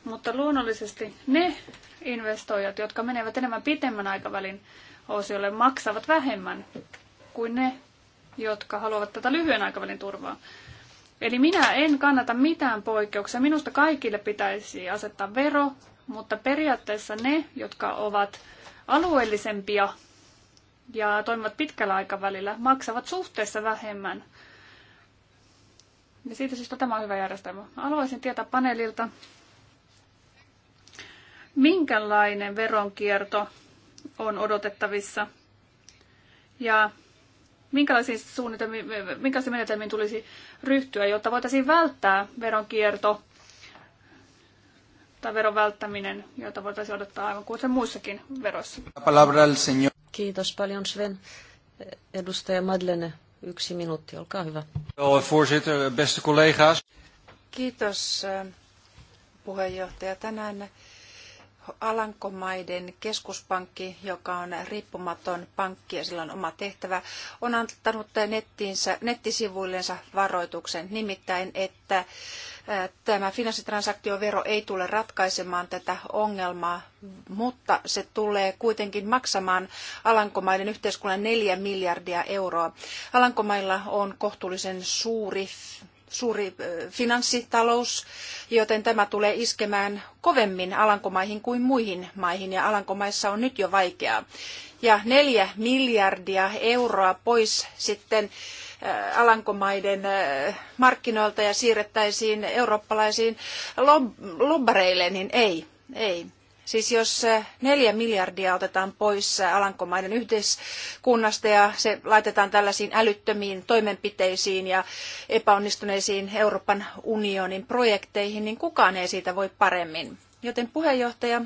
Mutta luonnollisesti ne investoijat, jotka menevät enemmän pitemmän aikavälin osiolle, maksavat vähemmän kuin ne, jotka haluavat tätä lyhyen aikavälin turvaa. Eli minä en kannata mitään poikkeuksia. Minusta kaikille pitäisi asettaa vero mutta periaatteessa ne, jotka ovat alueellisempia ja toimivat pitkällä aikavälillä, maksavat suhteessa vähemmän. Ja siitä siis tämä on hyvä järjestelmä. Haluaisin tietää paneelilta, minkälainen veronkierto on odotettavissa ja minkälaisiin, suunnitelmiin, minkälaisiin menetelmiin tulisi ryhtyä, jotta voitaisiin välttää veronkierto tai veron välttäminen, jota voitaisiin odottaa aivan kuten muissakin veroissa. Kiitos paljon Sven. Edustaja Madlene, yksi minuutti, olkaa hyvä. beste Kiitos eh, puheenjohtaja. Tänään Alankomaiden keskuspankki, joka on riippumaton pankki ja sillä on oma tehtävä, on antanut nettiinsä, nettisivuillensa varoituksen nimittäin, että tämä finanssitransaktiovero ei tule ratkaisemaan tätä ongelmaa, mutta se tulee kuitenkin maksamaan Alankomaiden yhteiskunnan neljä miljardia euroa. Alankomailla on kohtuullisen suuri suuri finanssitalous, joten tämä tulee iskemään kovemmin Alankomaihin kuin muihin maihin, ja Alankomaissa on nyt jo vaikeaa. Ja neljä miljardia euroa pois sitten Alankomaiden markkinoilta ja siirrettäisiin eurooppalaisiin lobbareille, niin ei, ei. Siis jos eh, neljä miljardia otetaan pois eh, Alankomaiden yhteiskunnasta ja se laitetaan tällaisiin älyttömiin toimenpiteisiin ja epäonnistuneisiin Euroopan unionin projekteihin, niin kukaan ei siitä voi paremmin. Joten puheenjohtaja,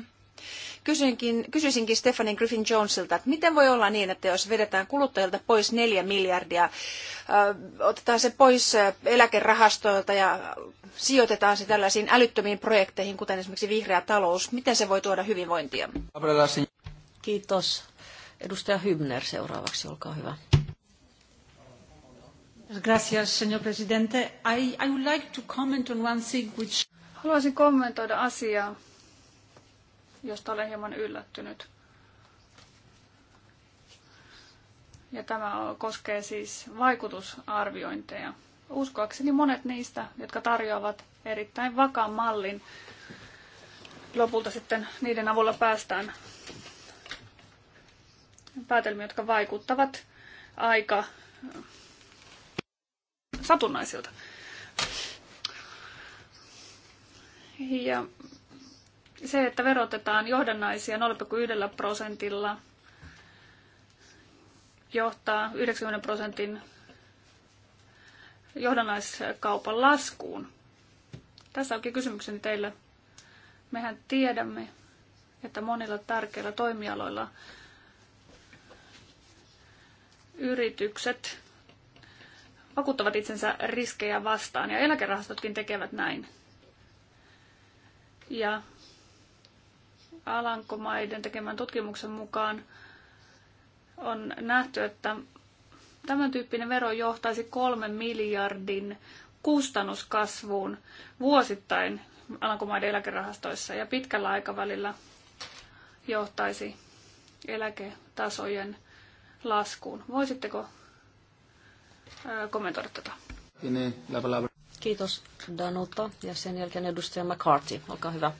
Kysynkin, kysyisinkin Stephanie Griffin Jonesilta, että miten voi olla niin, että jos vedetään kuluttajilta pois neljä miljardia, otetaan se pois eläkerahastoilta ja sijoitetaan se tällaisiin älyttömiin projekteihin, kuten esimerkiksi vihreä talous, miten se voi tuoda hyvinvointia? Kiitos. Edustaja Hybner seuraavaksi, olkaa hyvä. Gracias, señor presidente. I, I would like to comment on one thing which... Haluaisin kommentoida asiaa, josta olen hieman yllättynyt. Ja tämä koskee siis vaikutusarviointeja. Uskoakseni monet niistä, jotka tarjoavat erittäin vakaan mallin, lopulta sitten niiden avulla päästään päätelmiin, jotka vaikuttavat aika satunnaisilta. Ja se, että verotetaan johdannaisia 0,1 prosentilla, johtaa 90 prosentin johdannaiskaupan laskuun. Tässä onkin kysymykseni teille. Mehän tiedämme, että monilla tärkeillä toimialoilla yritykset vakuuttavat itsensä riskejä vastaan ja eläkerahastotkin tekevät näin. Ja Alankomaiden tekemän tutkimuksen mukaan on nähty, että tämän tyyppinen vero johtaisi kolmen miljardin kustannuskasvuun vuosittain Alankomaiden eläkerahastoissa ja pitkällä aikavälillä johtaisi eläketasojen laskuun. Voisitteko kommentoida tätä? Kiitos Danuta ja sen jälkeen edustaja McCarthy. Olkaa hyvä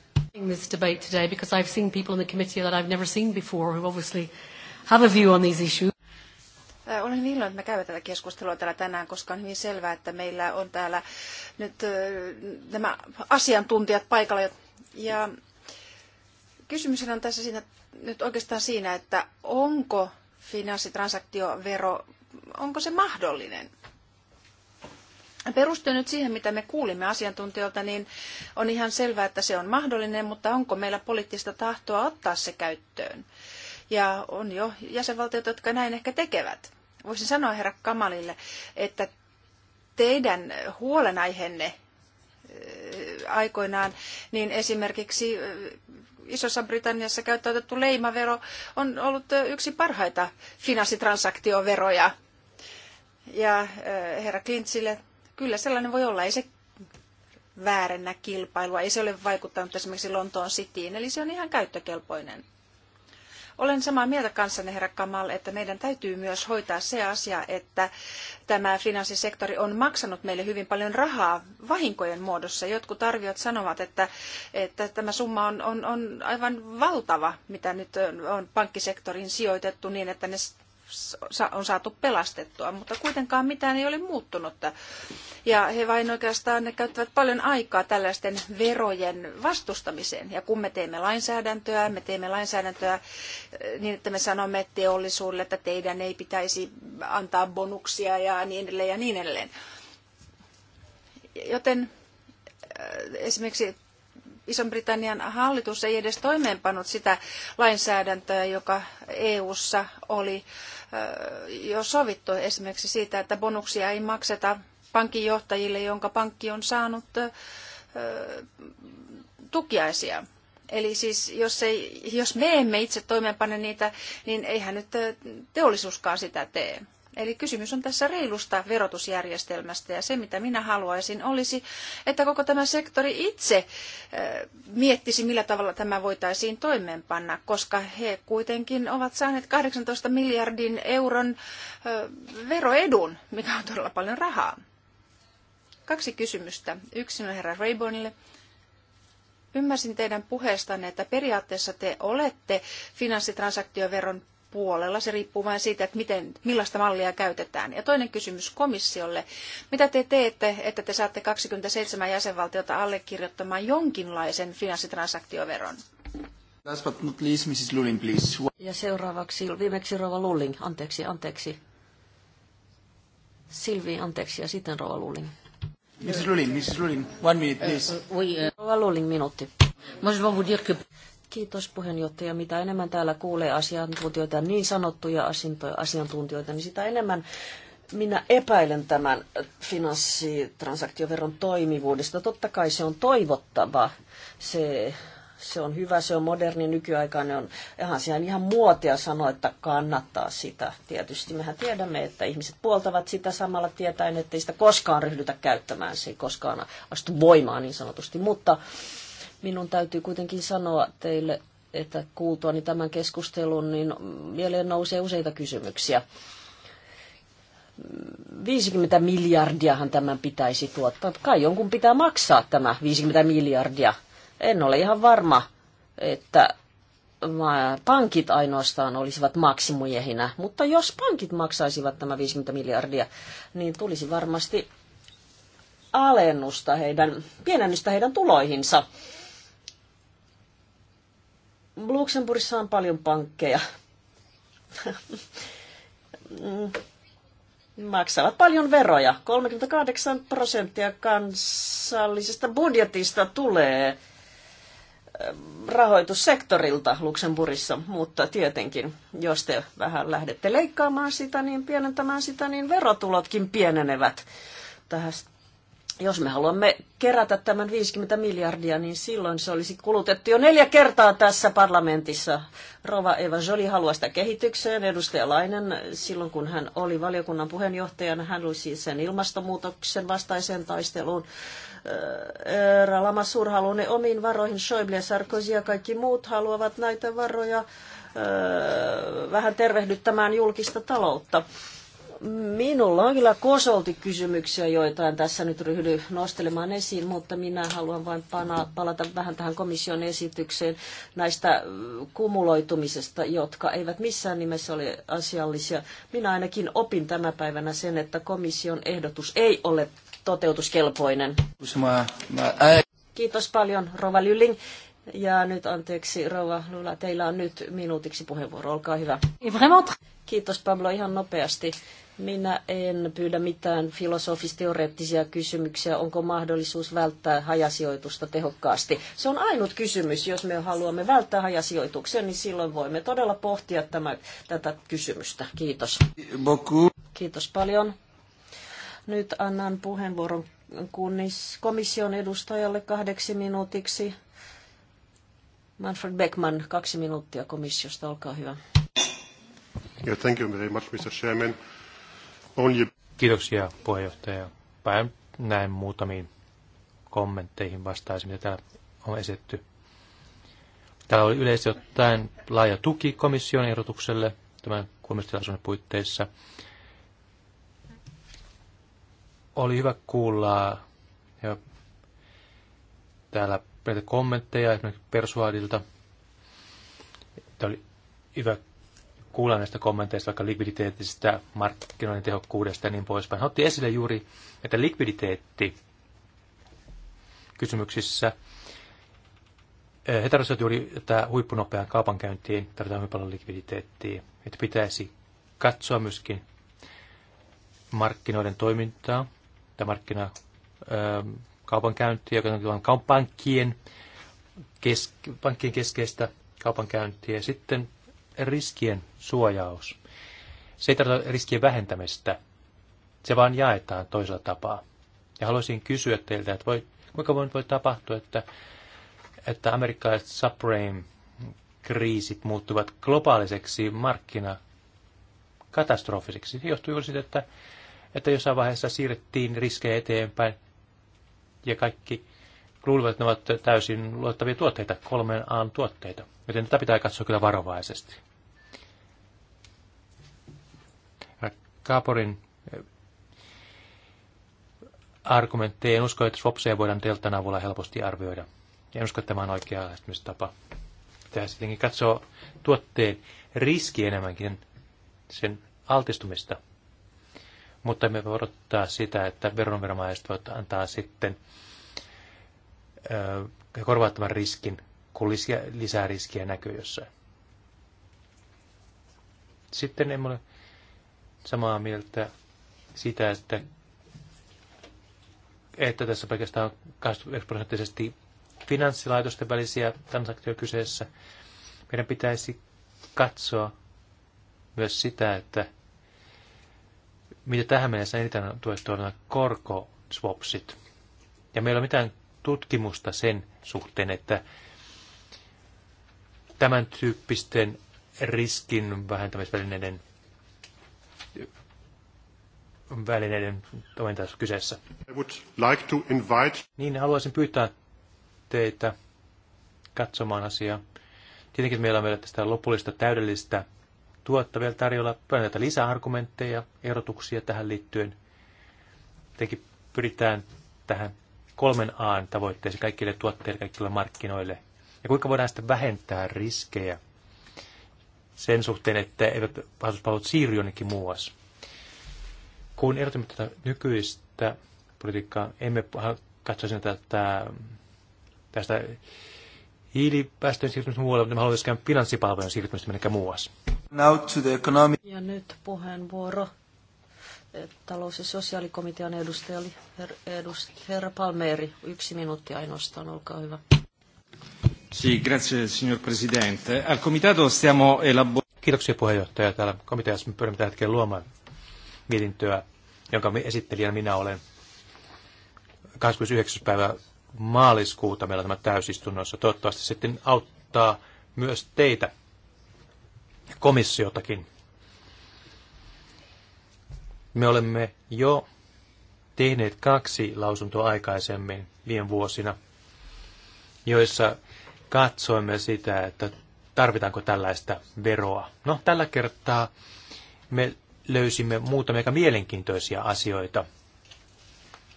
this debate today because I've seen people in the committee that I've never seen before who obviously have a view on these issues. Olen niin iloinen, että me käymme tätä keskustelua täällä tänään, koska on hyvin selvää, että meillä on täällä nyt nämä asiantuntijat paikalla. Ja kysymys on tässä siinä, nyt oikeastaan siinä, että onko finanssitransaktiovero, onko se mahdollinen? perustuen nyt siihen, mitä me kuulimme asiantuntijoilta, niin on ihan selvää, että se on mahdollinen, mutta onko meillä poliittista tahtoa ottaa se käyttöön? Ja on jo jäsenvaltiot, jotka näin ehkä tekevät. Voisin sanoa herra Kamalille, että teidän huolenaiheenne äh, aikoinaan, niin esimerkiksi äh, Isossa Britanniassa käyttöötetty leimavero on ollut äh, yksi parhaita finanssitransaktioveroja. Ja herra Klintsille kyllä sellainen voi olla. Ei se väärennä kilpailua, ei se ole vaikuttanut esimerkiksi Lontoon Cityin, eli se on ihan käyttökelpoinen. Olen samaa mieltä kanssanne, herra Kamal, että meidän täytyy myös hoitaa se asia, että tämä finanssisektori on maksanut meille hyvin paljon rahaa vahinkojen muodossa. Jotkut arviot sanovat, että, että tämä summa on, on, on aivan valtava, mitä nyt on pankkisektorin sijoitettu niin, että ne on saatu pelastettua, mutta kuitenkaan mitään ei ole muuttunut. Ja he vain oikeastaan käyttävät paljon aikaa tällaisten verojen vastustamiseen. Ja kun me teemme lainsäädäntöä, me teemme lainsäädäntöä eh, niin, että me sanomme teollisuudelle, että teidän ei pitäisi antaa bonuksia ja niin edelleen ja niin edelleen. Joten eh, esimerkiksi Ison-Britannian hallitus ei edes toimeenpannut sitä lainsäädäntöä, joka EU:ssa oli Äh, jo sovittu esimerkiksi siitä, että bonuksia ei makseta pankinjohtajille, jonka pankki on saanut äh, tukiaisia. Eli siis jos, ei, jos me emme itse toimeenpane niitä, niin eihän nyt äh, teollisuuskaan sitä tee. Eli kysymys on tässä reilusta verotusjärjestelmästä ja se, mitä minä haluaisin, olisi, että koko tämä sektori itse eh, miettisi, millä tavalla tämä voitaisiin toimeenpanna, koska he kuitenkin ovat saaneet 18 miljardin euron eh, veroedun, mikä on todella paljon rahaa. Kaksi kysymystä. Yksi on herra Raybonille. Ymmärsin teidän puheestanne, että periaatteessa te olette finanssitransaktioveron puolella. Se riippuu vain siitä, että miten, millaista mallia käytetään. Ja toinen kysymys komissiolle. Mitä te teette, että te saatte 27 jäsenvaltiota allekirjoittamaan jonkinlaisen finanssitransaktioveron? Last but not least, Mrs. Lulling, please. Ja seuraavaksi viimeksi Rova Lulling. Anteeksi, anteeksi. Silvi, anteeksi, ja sitten Rova Lulling. Mrs. Lulling, Mrs. Lulling, one minute, please. Rova Lulling, minuutti. Kiitos puheenjohtaja. Mitä enemmän täällä kuulee asiantuntijoita, niin sanottuja asiantuntijoita, niin sitä enemmän minä epäilen tämän finanssitransaktioveron toimivuudesta. Totta kai se on toivottava. Se, se on hyvä, se on moderni, nykyaikainen. On, ihan siellä ihan muotia sanoa, että kannattaa sitä. Tietysti mehän tiedämme, että ihmiset puoltavat sitä samalla tietäen, ei sitä koskaan ryhdytä käyttämään. Se ei koskaan astu voimaan niin sanotusti. Mutta Minun täytyy kuitenkin sanoa teille, että kuultuani tämän keskustelun, niin mieleen nousee useita kysymyksiä. 50 miljardiahan tämän pitäisi tuottaa. Kai jonkun pitää maksaa tämä 50 miljardia. En ole ihan varma, että pankit ainoastaan olisivat maksimujehinä. mutta jos pankit maksaisivat tämä 50 miljardia, niin tulisi varmasti alennusta heidän, pienennystä heidän tuloihinsa Luxemburgissa on paljon pankkeja. Maksavat paljon veroja. 38 prosenttia kansallisesta budjetista tulee eh, rahoitussektorilta Luxemburgissa, mutta tietenkin, jos te vähän lähdette leikkaamaan sitä, niin pienentämään sitä, niin verotulotkin pienenevät. Tästä jos me haluamme kerätä tämän 50 miljardia, niin silloin se olisi kulutettu jo neljä kertaa tässä parlamentissa. Rova Eva Joli haluaa sitä kehitykseen. Edustaja Lainen, silloin kun hän oli valiokunnan puheenjohtajana, hän luisi sen ilmastonmuutoksen vastaiseen taisteluun. Ralama Surhalunen omiin varoihin. Schäuble ja Sarkozy ja kaikki muut haluavat näitä varoja vähän tervehdyttämään julkista taloutta. Minulla on kyllä kosolti kysymyksiä, joita en tässä nyt ryhdy nostelemaan esiin, mutta minä haluan vain palata vähän tähän komission esitykseen näistä kumuloitumisesta, jotka eivät missään nimessä ole asiallisia. Minä ainakin opin tänä päivänä sen, että komission ehdotus ei ole toteutuskelpoinen. Kiitos paljon, Rova Lylling. Ja nyt anteeksi, Rova Lula, teillä on nyt minuutiksi puheenvuoro, olkaa hyvä. Kiitos Pablo, ihan nopeasti. Minä en pyydä mitään filosofisteoreettisia kysymyksiä, onko mahdollisuus välttää hajasijoitusta tehokkaasti. Se on ainut kysymys, jos me haluamme välttää hajasijoituksen, niin silloin voimme todella pohtia tämä, tätä kysymystä. Kiitos. Kiitos paljon. Nyt annan puheenvuoron kunnis komission edustajalle kahdeksi minuutiksi. Manfred Beckman, kaksi minuuttia komissiosta, olkaa hyvä. Yeah, thank you very much, Mr. Chairman. Kiitoksia puheenjohtaja. Päin näin muutamiin kommentteihin vastaisin, mitä täällä on esitetty. Täällä oli yleisesti ottaen laaja tuki komission ehdotukselle tämän kuulemistilaisuuden puitteissa. Oli hyvä kuulla ja täällä näitä kommentteja esimerkiksi Persuadilta. Tämä oli hyvä kuulla näistä kommenteista vaikka likviditeetistä, markkinoinnin tehokkuudesta ja niin poispäin. Hän otti esille juuri, että likviditeetti kysymyksissä, eh, he tarvitsevat juuri tätä huippunopean kaupankäyntiin, tarvitaan hyvin paljon likviditeettiä, että pitäisi katsoa myöskin markkinoiden toimintaa tai markkina, eh, kaupankäyntiä, joka on pankkien, keske, pankkien keskeistä kaupankäyntiä. Sitten riskien suojaus. Se ei tarkoita riskien vähentämistä, se vaan jaetaan toisella tapaa. Ja haluaisin kysyä teiltä, että voi, kuinka voi, voi tapahtua, että, että amerikkalaiset subprime-kriisit muuttuvat globaaliseksi markkinakatastrofiseksi. Se johtuu juuri siitä, että, että jossain vaiheessa siirrettiin riskejä eteenpäin ja kaikki luulivat, että ne ovat täysin luottavia tuotteita, kolmen A tuotteita. Joten tätä pitää katsoa kyllä varovaisesti. Kaaporin eh, argumentteja. En usko, että swapseja voidaan deltan avulla helposti arvioida. En usko, että tämä on oikea lähestymistapa. Pitää sittenkin katsoa tuotteen riski enemmänkin sen altistumista. Mutta me voi odottaa sitä, että veronviranomaiset voivat antaa sitten eh, korvaattavan riskin, kun lisää riskiä näkyy jossain. Sitten emme ole samaa mieltä sitä, että, että tässä on pelkästään 21 prosenttisesti finanssilaitosten välisiä transaktioita kyseessä. Meidän pitäisi katsoa myös sitä, että mitä tähän mennessä eniten on tuettu on korkoswapsit. Ja meillä on mitään tutkimusta sen suhteen, että tämän tyyppisten riskin vähentämisvälineiden välineiden toiminta kyseessä. I would like to invite... Niin, haluaisin pyytää teitä katsomaan asiaa. Tietenkin meillä on vielä tästä lopullista täydellistä tuotta vielä tarjolla. Paljon näitä lisäargumentteja, erotuksia tähän liittyen. Tietenkin pyritään tähän kolmen aan tavoitteeseen kaikille tuotteille, kaikille markkinoille. Ja kuinka voidaan sitten vähentää riskejä sen suhteen, että eivät rahoituspalvelut siirry jonnekin muuas. Kun erotimme tätä nykyistä politiikkaa, emme katsoisi tätä, tästä hiilipäästöjen siirtymistä muualle, mutta me haluaisimme finanssipalvelujen siirtymistä mennäkään muualle. Now to the economy Ja nyt puheenvuoro talous- ja sosiaalikomitean edustaja, her, edust, herra Palmeeri. Yksi minuutti ainoastaan, olkaa hyvä. Sì, grazie signor Presidente. Al comitato stiamo elaborando... Kiitoksia puheenjohtaja. Täällä komiteassa me pyrimme tällä hetkellä luomaan mietintöä, jonka esittelijän minä olen. 29. päivä maaliskuuta meillä tämä täysistunnossa. Toivottavasti sitten auttaa myös teitä komissiotakin. Me olemme jo tehneet kaksi lausuntoa aikaisemmin viime vuosina, joissa katsoimme sitä, että tarvitaanko tällaista veroa. No, tällä kertaa me löysimme muutamia aika mielenkiintoisia asioita.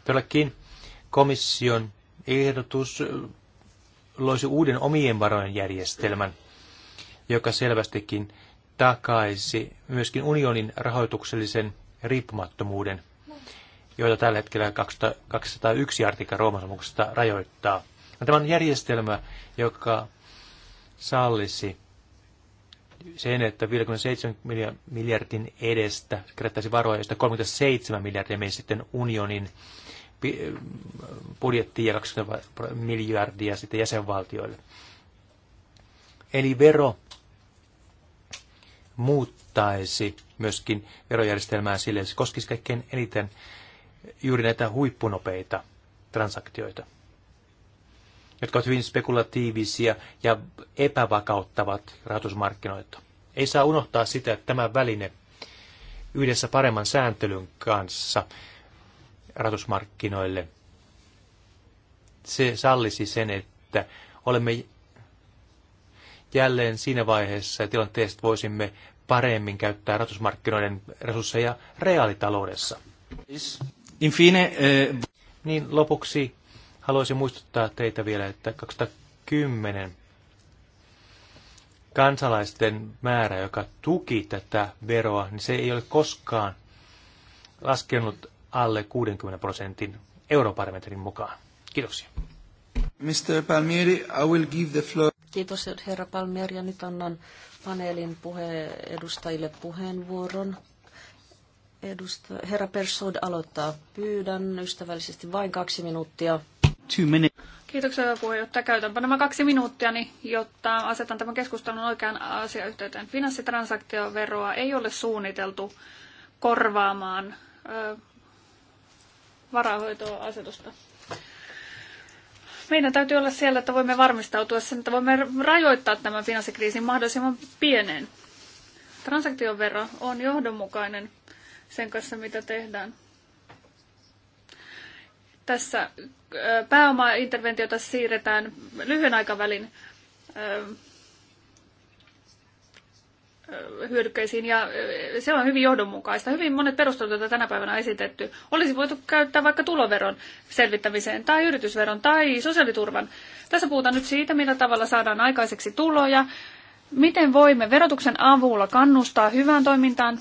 Todellakin komission ehdotus loisi uuden omien varojen järjestelmän, joka selvästikin takaisi myöskin unionin rahoituksellisen riippumattomuuden, joita tällä hetkellä 201 artikla Roomasomuksesta rajoittaa. tämä on järjestelmä, joka sallisi sen, että 57 miljardin edestä kerättäisi varoja, josta 37 miljardia meni sitten unionin budjettiin ja 20 miljardia sitten jäsenvaltioille. Eli vero muuttaisi myöskin verojärjestelmää sille, se koskisi kaikkein eniten juuri näitä huippunopeita transaktioita jotka ovat hyvin spekulatiivisia ja epävakauttavat rahoitusmarkkinoita. Ei saa unohtaa sitä, että tämä väline yhdessä paremman sääntelyn kanssa rahoitusmarkkinoille, se sallisi sen, että olemme jälleen siinä vaiheessa ja tilanteesta voisimme paremmin käyttää rahoitusmarkkinoiden resursseja reaalitaloudessa. Infine, eh... Niin lopuksi Haluaisin muistuttaa teitä vielä, että 2010 kansalaisten määrä, joka tuki tätä veroa, niin se ei ole koskaan laskenut alle 60 prosentin europarametrin mukaan. Kiitoksia. Mr. Palmieri, I will give the floor. Kiitos herra Palmieri ja nyt annan paneelin puhe edustajille puheenvuoron. Edusta, herra Persood aloittaa. Pyydän ystävällisesti vain kaksi minuuttia two minutes. Kiitoksia puheenjohtaja. Käytänpä nämä kaksi minuuttia, jotta asetan tämän keskustelun oikean asiayhteyteen. Finanssitransaktioveroa ei ole suunniteltu korvaamaan ö, varahoitoasetusta. Meidän täytyy olla siellä, että voimme varmistautua sen, että voimme rajoittaa tämän finanssikriisin mahdollisimman pieneen. Transaktiovero on johdonmukainen sen kanssa, mitä tehdään. Tässä pääomainterventiota siirretään lyhyen aikavälin hyödykkeisiin ja se on hyvin johdonmukaista. Hyvin monet perustelut, joita tänä päivänä on esitetty, olisi voitu käyttää vaikka tuloveron selvittämiseen tai yritysveron tai sosiaaliturvan. Tässä puhutaan nyt siitä, millä tavalla saadaan aikaiseksi tuloja, miten voimme verotuksen avulla kannustaa hyvään toimintaan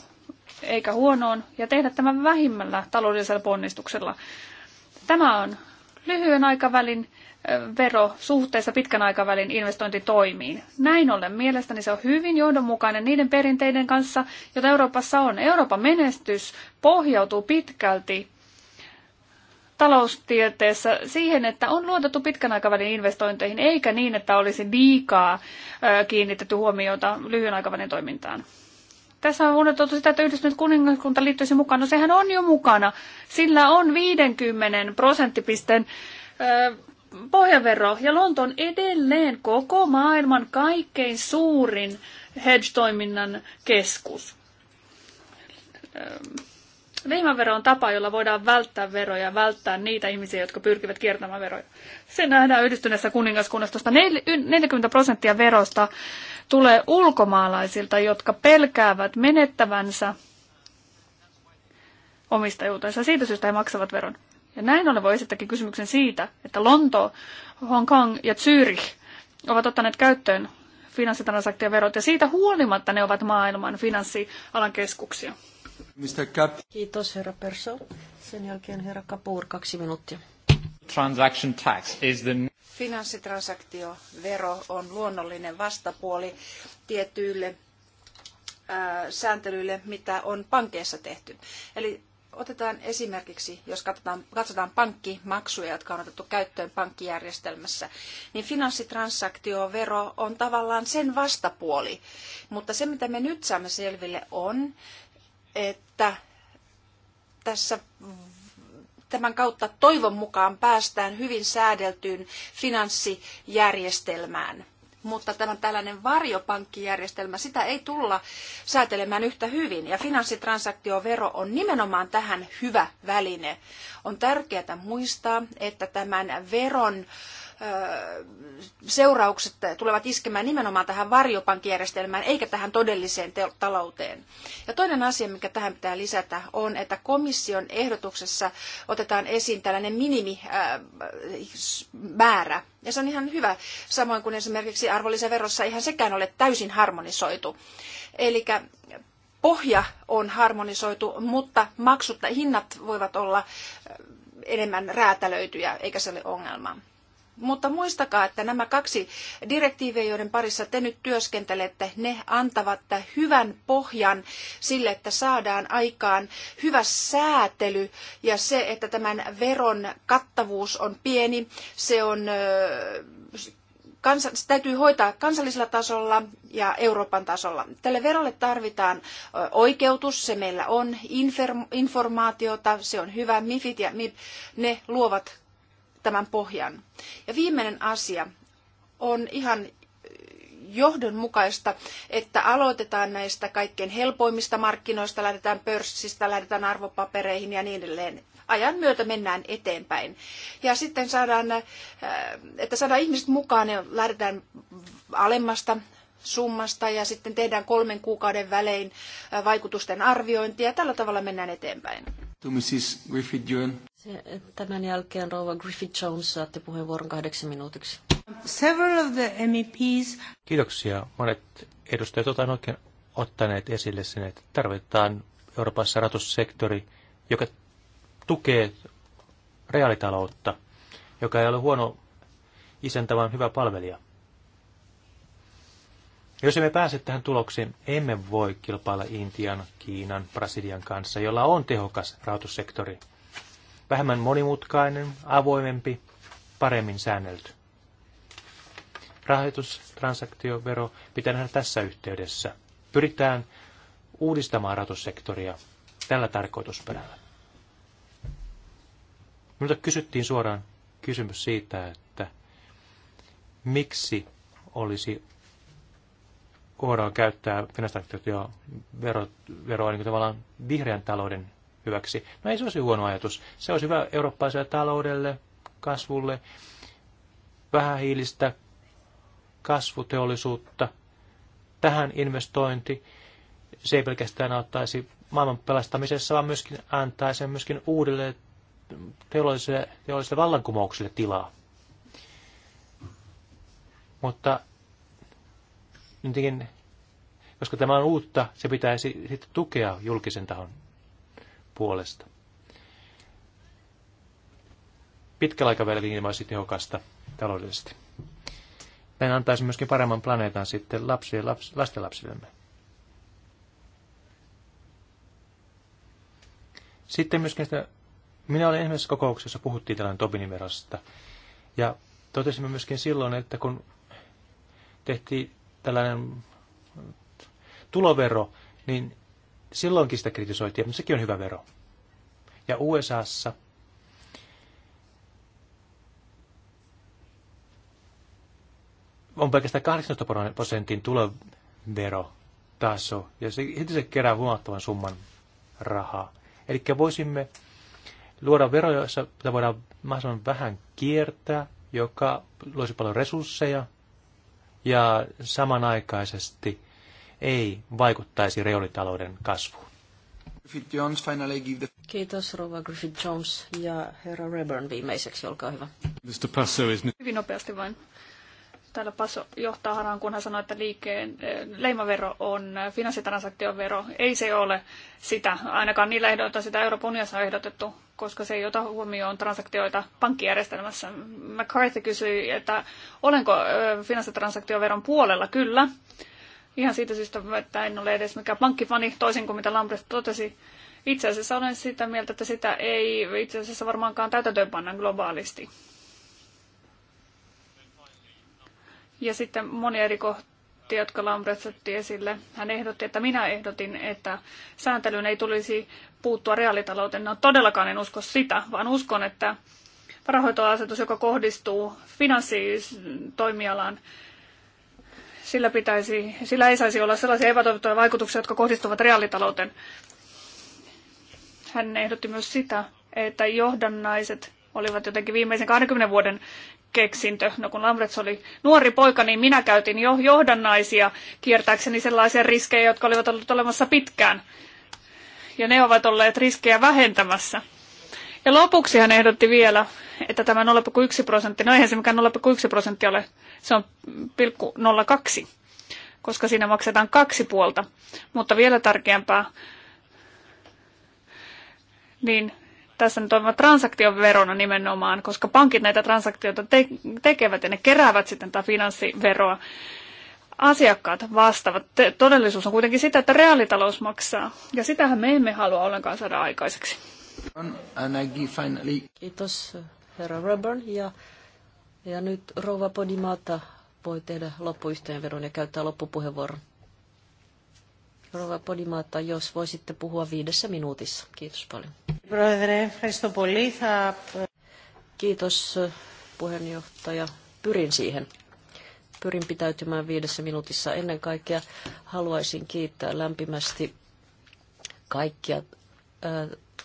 eikä huonoon ja tehdä tämän vähimmällä taloudellisella ponnistuksella. Tämä on lyhyen aikavälin vero suhteessa pitkän aikavälin investointitoimiin. Näin ollen mielestäni se on hyvin johdonmukainen niiden perinteiden kanssa, joita Euroopassa on. Euroopan menestys pohjautuu pitkälti taloustieteessä siihen, että on luotettu pitkän aikavälin investointeihin, eikä niin, että olisi liikaa kiinnitetty huomiota lyhyen aikavälin toimintaan. Tässä on unohtunut sitä, että yhdistynyt kuningaskunta liittyisi mukaan. No sehän on jo mukana. Sillä on 50 prosenttipisteen ö, pohjavero. Ja Lonto on edelleen koko maailman kaikkein suurin hedge-toiminnan keskus. Leimavero on tapa, jolla voidaan välttää veroja ja välttää niitä ihmisiä, jotka pyrkivät kiertämään veroja. Se nähdään yhdistyneessä kuningaskunnassa, 40 prosenttia verosta tulee ulkomaalaisilta, jotka pelkäävät menettävänsä omistajuutensa. Siitä syystä he maksavat veron. Ja näin ollen voi esittääkin kysymyksen siitä, että Lonto, Hong Kong ja Zürich ovat ottaneet käyttöön finanssitransaktioverot, ja siitä huolimatta ne ovat maailman finanssialan keskuksia. Mr. Kiitos, herra Perso. Sen jälkeen herra Kapoor, kaksi minuuttia transaction tax is the Finanssitransaktiovero on luonnollinen vastapuoli tietyille sääntelyille, mitä on pankeissa tehty. Eli otetaan esimerkiksi, jos katsotaan, katsotaan pankkimaksuja, jotka on otettu käyttöön pankkijärjestelmässä, niin finanssitransaktiovero on tavallaan sen vastapuoli. Mutta se, mitä me nyt saamme selville, on, että tässä tämän kautta toivon mukaan päästään hyvin säädeltyyn finanssijärjestelmään. Mutta tämä tällainen varjopankkijärjestelmä, sitä ei tulla säätelemään yhtä hyvin. Ja finanssitransaktiovero on nimenomaan tähän hyvä väline. On tärkeää muistaa, että tämän veron äh, seuraukset tulevat iskemään nimenomaan tähän varjopankkijärjestelmään eikä tähän todelliseen talouteen. Ja toinen asia, mikä tähän pitää lisätä, on, että komission ehdotuksessa otetaan esiin tällainen minimimäärä. Ja se on ihan hyvä, samoin kuin esimerkiksi arvonlisäverossa eihän sekään ole täysin harmonisoitu. Eli pohja on harmonisoitu, mutta maksut tai hinnat voivat olla enemmän räätälöityjä, eikä se ole ongelma. Mutta muistakaa, että nämä kaksi direktiiviä, joiden parissa te nyt työskentelette, ne antavat hyvän pohjan sille, että saadaan aikaan hyvä säätely ja se, että tämän veron kattavuus on pieni, se on se täytyy hoitaa kansallisella tasolla ja Euroopan tasolla. Tälle verolle tarvitaan oikeutus, se meillä on, informaatiota, se on hyvä, MIFIT ja MIP, ne luovat tämän pohjan. Ja viimeinen asia on ihan johdonmukaista, että aloitetaan näistä kaikkein helpoimmista markkinoista, lähdetään pörssistä, lähdetään arvopapereihin ja niin edelleen. Ajan myötä mennään eteenpäin. Ja sitten saadaan, äh, että saadaan ihmiset mukaan ja lähdetään alemmasta summasta ja sitten tehdään kolmen kuukauden välein äh, vaikutusten arviointia. Tällä tavalla mennään eteenpäin. To Mrs. Tämän jälkeen rouva Griffith Jones saatte puheenvuoron kahdeksan minuutiksi. Several of the MEPs... Kiitoksia. Monet edustajat ovat oikein ottaneet esille sen, että tarvitaan Euroopassa ratussektori, joka tukee reaalitaloutta, joka ei ole huono isäntä, vaan hyvä palvelija. jos emme pääse tähän tulokseen, emme voi kilpailla Intian, Kiinan, Brasilian kanssa, jolla on tehokas rahoitussektori vähemmän monimutkainen, avoimempi, paremmin säännelty. Rahoitustransaktiovero pitää nähdä tässä yhteydessä. Pyritään uudistamaan rahoitussektoria tällä tarkoitusperällä. Minulta kysyttiin suoraan kysymys siitä, että miksi olisi kohdalla käyttää finanssitransaktiovero veroa vero, niin tavallaan vihreän talouden hyväksi. No ei se olisi huono ajatus. Se olisi hyvä eurooppalaiselle taloudelle, kasvulle, vähähiilistä kasvuteollisuutta. Tähän investointi, se ei pelkästään auttaisi maailman pelastamisessa, vaan myöskin antaisi myöskin uudelle teolliselle, teolliselle vallankumoukselle tilaa. Mutta jotenkin, koska tämä on uutta, se pitäisi sitten tukea julkisen tahon puolesta. Pitkällä aikavälillä niin olisi tehokasta taloudellisesti. Tämä antaisi myöskin paremman planeetan sitten lapsille, laps, lastenlapsillemme. Sitten myöskin sitä, minä olin ensimmäisessä kokouksessa, puhuttiin tällainen Tobinin verosta. Ja totesimme myöskin silloin, että kun tehtiin tällainen tulovero, niin Silloinkin sitä kritisoitiin, mutta sekin on hyvä vero. Ja USAssa on pelkästään 18 prosentin tuloverotaso, ja se, heti se kerää huomattavan summan rahaa. Eli voisimme luoda veroja, joissa voidaan mahdollisimman vähän kiertää, joka loisi paljon resursseja, ja samanaikaisesti ei vaikuttaisi reaalitalouden kasvuun. Kiitos Rova Griffith Jones ja herra Reburn viimeiseksi, olkaa hyvä. Mr. Passo is... Hyvin nopeasti vain. Täällä Passo johtaa harhaan, kun hän sanoi, että liikkeen eh, leimavero on finanssitransaktiovero. Ei se ole sitä, ainakaan niillä ehdoilla sitä Euroopan unionissa on ehdotettu, koska se ei ota huomioon transaktioita pankkijärjestelmässä. McCarthy kysyi, että olenko eh, finanssitransaktioveron puolella? Kyllä. Ihan siitä syystä, että en ole edes mikään pankkifani, toisin kuin mitä Lambrecht totesi. Itse asiassa olen sitä mieltä, että sitä ei itse asiassa varmaankaan täytäntöönpanna globaalisti. Ja sitten monia eri kohtia, jotka Lambrecht otti esille. Hän ehdotti, että minä ehdotin, että sääntelyyn ei tulisi puuttua reaalitalouteen. No todellakaan en usko sitä, vaan uskon, että rahoitoasetus, joka kohdistuu finanssitoimialaan, sillä, pitäisi, sillä ei saisi olla sellaisia epätoivottuja vaikutuksia, jotka kohdistuvat reaalitalouteen. Hän ehdotti myös sitä, että johdannaiset olivat jotenkin viimeisen 20 vuoden keksintö. No kun Lambrets oli nuori poika, niin minä käytin jo johdannaisia kiertääkseni sellaisia riskejä, jotka olivat olleet olemassa pitkään. Ja ne ovat olleet riskejä vähentämässä. Ja lopuksi hän ehdotti vielä, että tämä 0,1 prosentti, no eihän se mikään 0,1 prosentti ole, se on 0,02, koska siinä maksetaan kaksi puolta. Mutta vielä tärkeämpää, niin tässä nyt on transaktioverona nimenomaan, koska pankit näitä transaktioita te- tekevät ja ne keräävät sitten tätä finanssiveroa. Asiakkaat vastaavat. Te- todellisuus on kuitenkin sitä, että reaalitalous maksaa. Ja sitähän me emme halua ollenkaan saada aikaiseksi. Kiitos herra Robert ja ja nyt Rouva Podimata voi tehdä loppuyhteenvedon ja käyttää loppupuheenvuoron. Rouva Podimata, jos voisitte puhua viidessä minuutissa. Kiitos paljon. Kiitos puheenjohtaja. Pyrin siihen. Pyrin pitäytymään viidessä minuutissa. Ennen kaikkea haluaisin kiittää lämpimästi kaikkia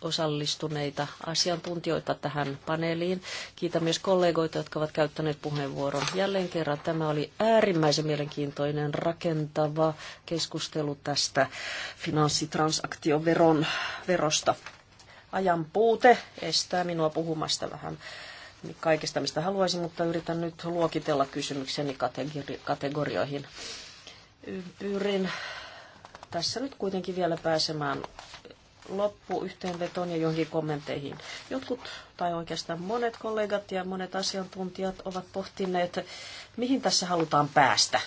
osallistuneita asiantuntijoita tähän paneeliin. Kiitän myös kollegoita, jotka ovat käyttäneet puheenvuoron. Jälleen kerran tämä oli äärimmäisen mielenkiintoinen rakentava keskustelu tästä finanssitransaktioveron verosta. Ajan puute estää minua puhumasta vähän kaikesta, mistä haluaisin, mutta yritän nyt luokitella kysymykseni kategorioihin. Pyrin tässä nyt kuitenkin vielä pääsemään loppuyhteenvetoon ja johonkin kommentteihin. Jotkut, tai oikeastaan monet kollegat ja monet asiantuntijat ovat pohtineet, mihin tässä halutaan päästä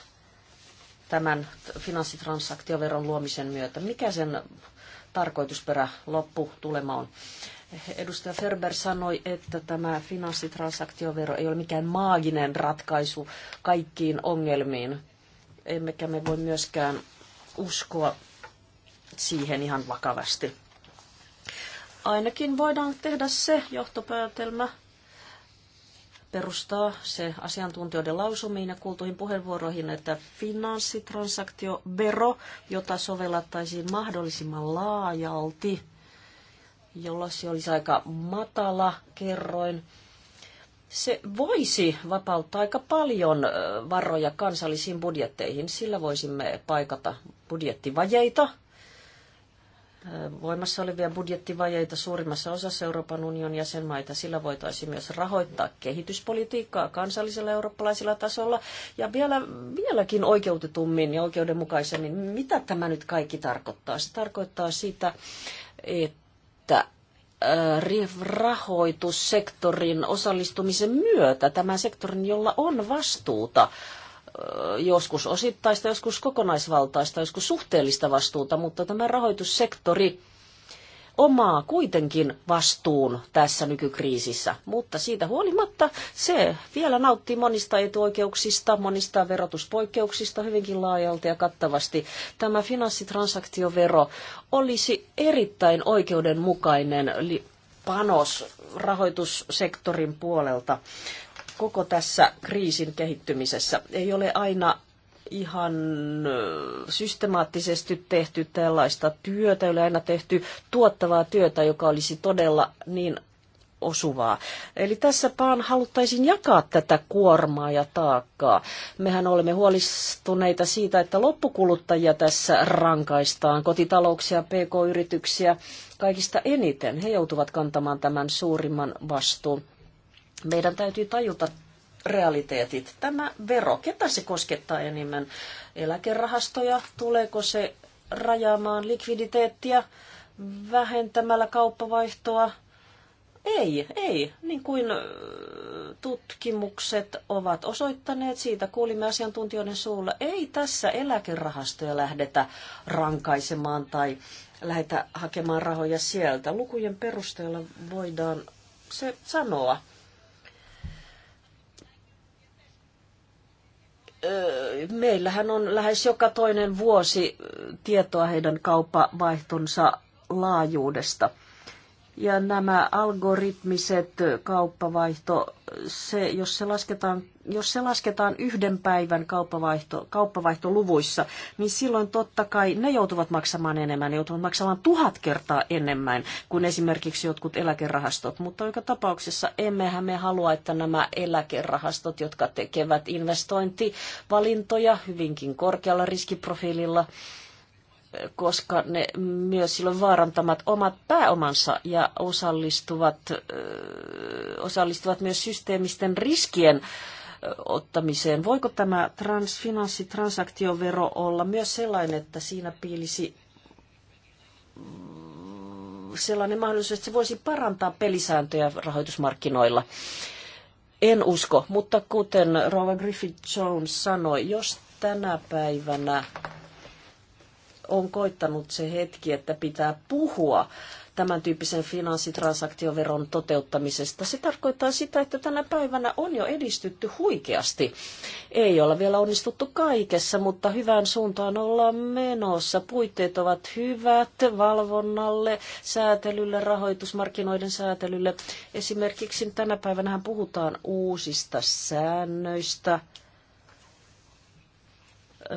tämän finanssitransaktioveron luomisen myötä. Mikä sen tarkoitusperä lopputulema on? Edustaja Ferber sanoi, että tämä finanssitransaktiovero ei ole mikään maaginen ratkaisu kaikkiin ongelmiin. Emmekä me voi myöskään uskoa siihen ihan vakavasti ainakin voidaan tehdä se johtopäätelmä, perustaa se asiantuntijoiden lausumiin ja kuultuihin puheenvuoroihin, että finanssitransaktiovero, jota sovellattaisiin mahdollisimman laajalti, jolloin se olisi aika matala kerroin, se voisi vapauttaa aika paljon varoja kansallisiin budjetteihin. Sillä voisimme paikata budjettivajeita, voimassa olevia budjettivajeita suurimmassa osassa Euroopan unionin jäsenmaita. Sillä voitaisiin myös rahoittaa kehityspolitiikkaa kansallisella eurooppalaisella tasolla ja vielä, vieläkin oikeutetummin ja oikeudenmukaisemmin. Mitä tämä nyt kaikki tarkoittaa? Se tarkoittaa sitä, että rahoitussektorin osallistumisen myötä, tämän sektorin, jolla on vastuuta joskus osittaista, joskus kokonaisvaltaista, joskus suhteellista vastuuta, mutta tämä rahoitussektori omaa kuitenkin vastuun tässä nykykriisissä, mutta siitä huolimatta se vielä nauttii monista etuoikeuksista, monista verotuspoikkeuksista hyvinkin laajalti ja kattavasti. Tämä finanssitransaktiovero olisi erittäin oikeudenmukainen panos rahoitussektorin puolelta koko tässä kriisin kehittymisessä. Ei ole aina ihan systemaattisesti tehty tällaista työtä, ei ole aina tehty tuottavaa työtä, joka olisi todella niin osuvaa. Eli tässä vaan haluttaisiin jakaa tätä kuormaa ja taakkaa. Mehän olemme huolestuneita siitä, että loppukuluttajia tässä rankaistaan, kotitalouksia, pk-yrityksiä kaikista eniten. He joutuvat kantamaan tämän suurimman vastuun. Meidän täytyy tajuta realiteetit. Tämä vero, ketä se koskettaa enemmän? Eläkerahastoja, tuleeko se rajaamaan likviditeettiä vähentämällä kauppavaihtoa? Ei, ei. Niin kuin tutkimukset ovat osoittaneet, siitä kuulimme asiantuntijoiden suulla, ei tässä eläkerahastoja lähdetä rankaisemaan tai lähdetä hakemaan rahoja sieltä. Lukujen perusteella voidaan se sanoa. meillähän on lähes joka toinen vuosi tietoa heidän kauppavaihtonsa laajuudesta – ja nämä algoritmiset kauppavaihto, se, jos, se lasketaan, jos se lasketaan yhden päivän kauppavaihto, kauppavaihtoluvuissa, niin silloin totta kai ne joutuvat maksamaan enemmän, ne joutuvat maksamaan tuhat kertaa enemmän kuin esimerkiksi jotkut eläkerahastot. Mutta joka tapauksessa emmehän me halua, että nämä eläkerahastot, jotka tekevät investointivalintoja hyvinkin korkealla riskiprofiililla, koska ne myös silloin vaarantamat omat pääomansa ja osallistuvat, osallistuvat myös systeemisten riskien ottamiseen. Voiko tämä transfinanssitransaktiovero olla myös sellainen, että siinä piilisi mm, sellainen mahdollisuus, että se voisi parantaa pelisääntöjä rahoitusmarkkinoilla? En usko, mutta kuten Rova Griffith Jones sanoi, jos tänä päivänä on koittanut se hetki, että pitää puhua tämän tyyppisen finanssitransaktioveron toteuttamisesta. Se tarkoittaa sitä, että tänä päivänä on jo edistytty huikeasti. Ei olla vielä onnistuttu kaikessa, mutta hyvään suuntaan ollaan menossa. Puitteet ovat hyvät valvonnalle, säätelylle, rahoitusmarkkinoiden säätelylle. Esimerkiksi tänä päivänä puhutaan uusista säännöistä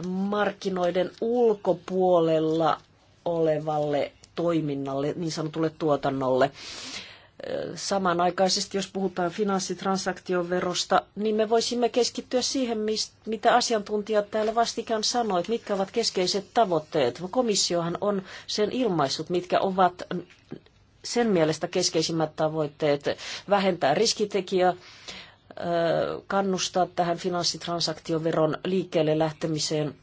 markkinoiden ulkopuolella olevalle toiminnalle, niin sanotulle tuotannolle. Samanaikaisesti, jos puhutaan finanssitransaktioverosta, niin me voisimme keskittyä siihen, mitä asiantuntijat täällä vastikään sanoivat, mitkä ovat keskeiset tavoitteet. Komissiohan on sen ilmaissut, mitkä ovat sen mielestä keskeisimmät tavoitteet vähentää riskitekijää kannustaa tähän finanssitransaktioveron liikkeelle lähtemiseen.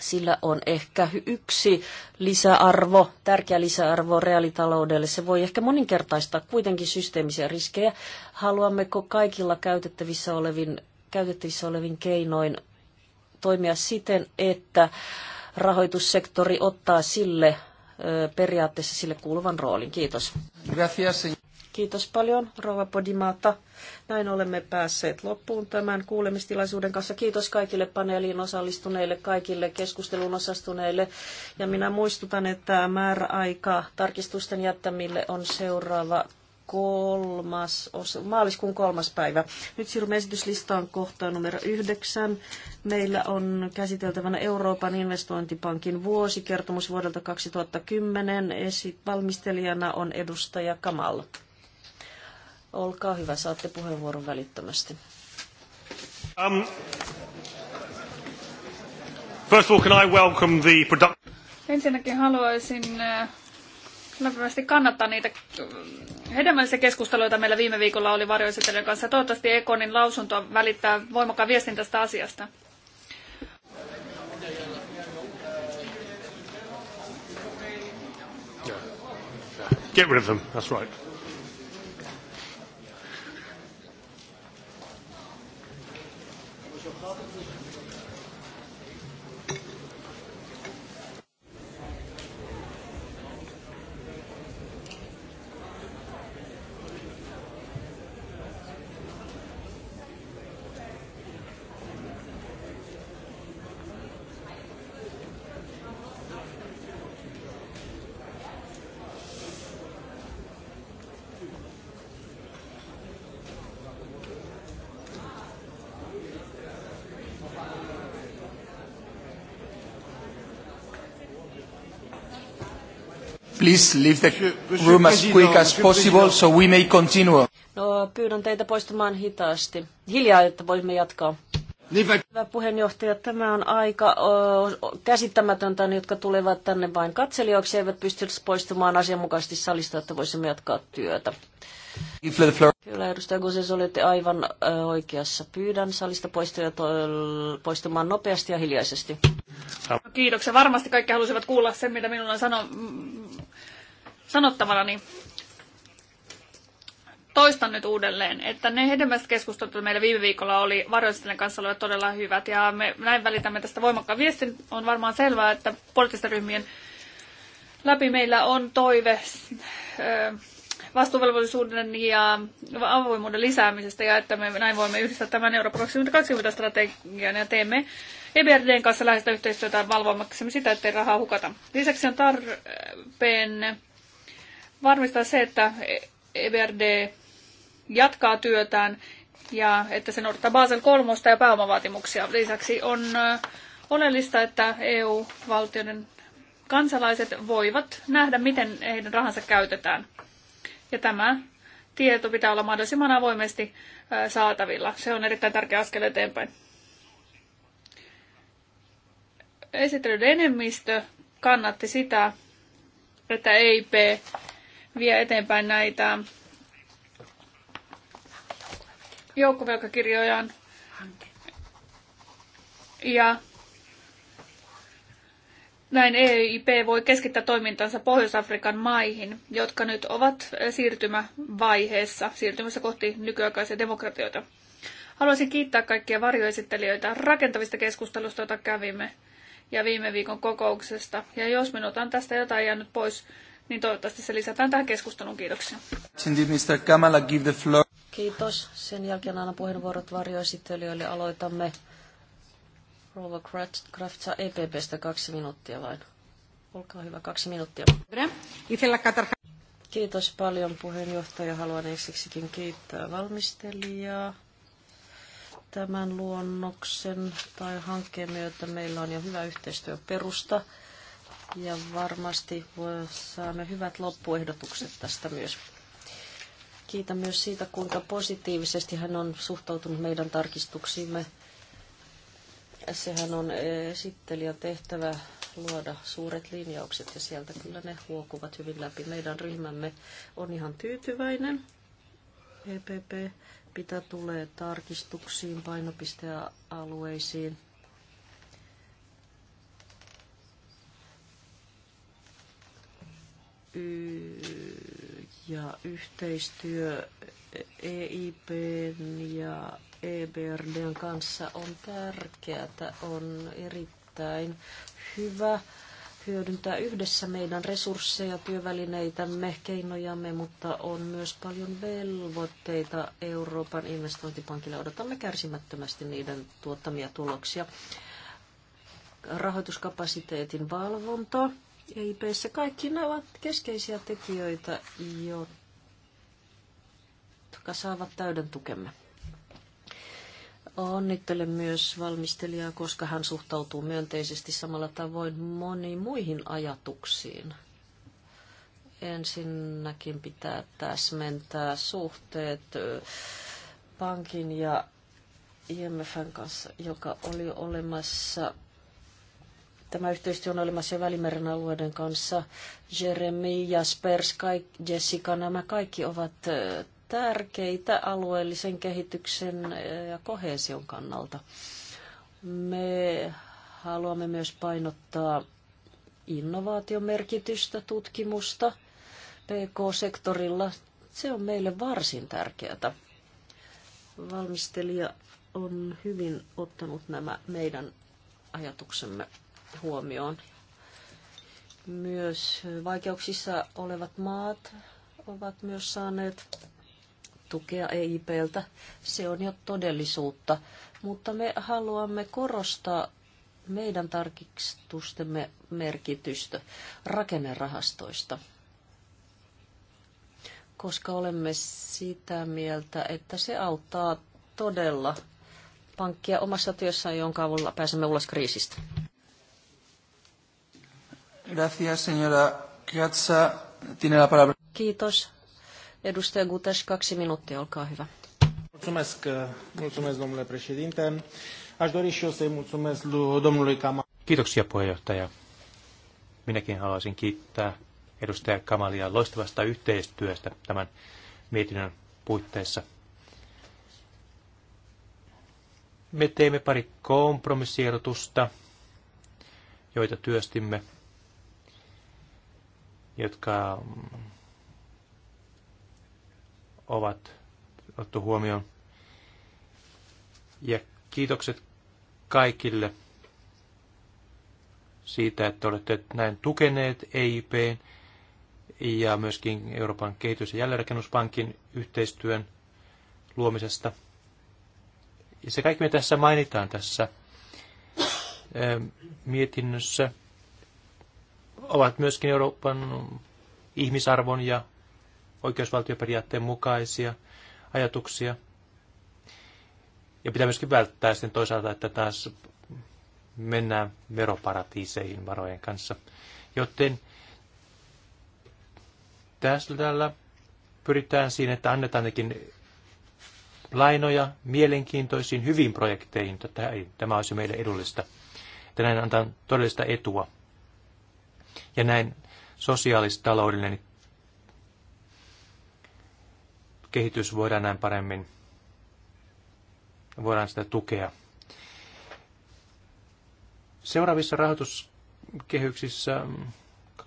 Sillä on ehkä yksi lisäarvo, tärkeä lisäarvo reaalitaloudelle. Se voi ehkä moninkertaistaa kuitenkin systeemisiä riskejä. Haluammeko kaikilla käytettävissä olevin, käytettävissä olevin keinoin toimia siten, että rahoitussektori ottaa sille periaatteessa sille kuuluvan roolin. Kiitos. Gracias. Kiitos paljon, Rova Podimata. Näin olemme päässeet loppuun tämän kuulemistilaisuuden kanssa. Kiitos kaikille paneeliin osallistuneille, kaikille keskusteluun osastuneille. Ja minä muistutan, että määräaika tarkistusten jättämille on seuraava kolmas osa, maaliskuun kolmas päivä. Nyt siirrymme esityslistaan kohtaan numero yhdeksän. Meillä on käsiteltävänä Euroopan investointipankin vuosikertomus vuodelta 2010. Esi- valmistelijana on edustaja Kamal. Olkaa hyvä, saatte puheenvuoron välittömästi. Um, first of all, can I welcome the product- Ensinnäkin haluaisin äh, lämpimästi kannattaa niitä äh, hedelmällisiä keskusteluita meillä viime viikolla oli varjoesittelijän kanssa. Toivottavasti Ekonin lausunto välittää voimakkaan viestin tästä asiasta. Get rid of them, that's right. please leave the room as quick as possible so we may continue. No, pyydän teitä poistumaan hitaasti. Hiljaa, että voimme jatkaa. Niin Hyvä puheenjohtaja, tämä on aika o, käsittämätöntä, jotka tulevat tänne vain katselijoiksi, eivät pysty poistumaan asianmukaisesti salista, että voisimme jatkaa työtä. Kyllä, edustaja Goses, olette aivan ö, oikeassa. Pyydän salista poistuja poistumaan nopeasti ja hiljaisesti. No, kiitoksia. Varmasti kaikki halusivat kuulla sen, mitä minulla on sanoa sanottavana, niin toistan nyt uudelleen, että ne hedelmäiset keskustelut, joita meillä viime viikolla oli varjoistelijan kanssa, olivat todella hyvät. Ja me näin välitämme tästä voimakkaan viestin. On varmaan selvää, että poliittisten ryhmien läpi meillä on toive vastuuvelvollisuuden ja avoimuuden lisäämisestä ja että me näin voimme yhdistää tämän Euroopan 2020 strategian ja teemme EBRDn kanssa läheistä yhteistyötä valvomaksemme sitä, ettei rahaa hukata. Lisäksi on tarpeen varmistaa se, että EBRD jatkaa työtään ja että se noudattaa Basel 3 ja pääomavaatimuksia. Lisäksi on äh, oleellista, että EU-valtioiden kansalaiset voivat nähdä, miten heidän rahansa käytetään. Ja tämä tieto pitää olla mahdollisimman avoimesti äh, saatavilla. Se on erittäin tärkeä askel eteenpäin. Esittelyiden enemmistö kannatti sitä, että EIP vie eteenpäin näitä joukkovelkakirjojaan. Ja näin EIP voi keskittää toimintansa Pohjois-Afrikan maihin, jotka nyt ovat siirtymävaiheessa, siirtymässä kohti nykyaikaisia demokratioita. Haluaisin kiittää kaikkia varjoesittelijöitä rakentavista keskustelusta, joita kävimme ja viime viikon kokouksesta. Ja jos minulta on tästä jotain jäänyt pois, niin toivottavasti se lisätään tähän keskusteluun. Kiitoksia. Kiitos. Sen jälkeen aina puheenvuorot varjoesittelijöille. Aloitamme Rova Kraftsa EPPstä kaksi minuuttia vain. Olkaa hyvä, kaksi minuuttia. Kiitos paljon puheenjohtaja. Haluan ensiksikin kiittää valmistelijaa. Tämän luonnoksen tai hankkeen myötä meillä on jo hyvä yhteistyöperusta. perusta ja varmasti saamme hyvät loppuehdotukset tästä myös. Kiitän myös siitä, kuinka positiivisesti hän on suhtautunut meidän tarkistuksiimme. Sehän on eh, esittelijän tehtävä luoda suuret linjaukset ja sieltä kyllä ne huokuvat hyvin läpi. Meidän ryhmämme on ihan tyytyväinen. EPP mitä tulee tarkistuksiin, painopistealueisiin ja yhteistyö EIPn ja EBRDn kanssa on tärkeää. On erittäin hyvä hyödyntää yhdessä meidän resursseja, työvälineitämme, keinojamme, mutta on myös paljon velvoitteita Euroopan investointipankille. Odotamme kärsimättömästi niiden tuottamia tuloksia. Rahoituskapasiteetin valvonta ja IPssä. Kaikki nämä ovat keskeisiä tekijöitä, jotka saavat täyden tukemme. Onnittelen myös valmistelijaa, koska hän suhtautuu myönteisesti samalla tavoin moniin muihin ajatuksiin. Ensinnäkin pitää täsmentää suhteet pankin ja IMFn kanssa, joka oli olemassa Tämä yhteistyö on olemassa jo Välimeren alueiden kanssa. Jeremy, Jaspers, Jessica, nämä kaikki ovat tärkeitä alueellisen kehityksen ja kohesion kannalta. Me haluamme myös painottaa innovaatiomerkitystä, tutkimusta PK-sektorilla. Se on meille varsin tärkeää. Valmistelija on hyvin ottanut nämä meidän ajatuksemme huomioon. Myös vaikeuksissa olevat maat ovat myös saaneet tukea EIPltä. Se on jo todellisuutta, mutta me haluamme korostaa meidän tarkistustemme merkitystä rakennerahastoista, koska olemme sitä mieltä, että se auttaa todella pankkia omassa työssään, jonka avulla pääsemme ulos kriisistä. Gracias, señora Kratsa. Tiene la palabra. Kiitos. Edustaja Gutes, kaksi minuuttia, olkaa hyvä. Mulțumesc, eh, mulțumesc domnule președinte. Aș dori și eu să-i mulțumesc domnului Kamal. Kiitoksia puheenjohtaja. Minäkin haluaisin kiittää edustaja Kamalia loistavasta yhteistyöstä tämän mietinnön puitteissa. Me teimme pari kompromissiehdotusta, joita työstimme jotka ovat otettu huomioon. Ja kiitokset kaikille siitä, että olette näin tukeneet EIP ja myöskin Euroopan kehitys- ja jälleenrakennuspankin yhteistyön luomisesta. Ja se kaikki me tässä mainitaan tässä mietinnössä ovat myöskin Euroopan ihmisarvon ja oikeusvaltioperiaatteen mukaisia ajatuksia. Ja pitää myöskin välttää sitten toisaalta, että taas mennään veroparatiiseihin varojen kanssa. Joten tässä tällä pyritään siihen, että annetaan nekin lainoja mielenkiintoisiin hyvin projekteihin, että tämä olisi meille edullista. tänään antaa todellista etua ja näin sosiaalistaloudellinen kehitys voidaan näin paremmin, voidaan sitä tukea. Seuraavissa rahoituskehyksissä 2014-2020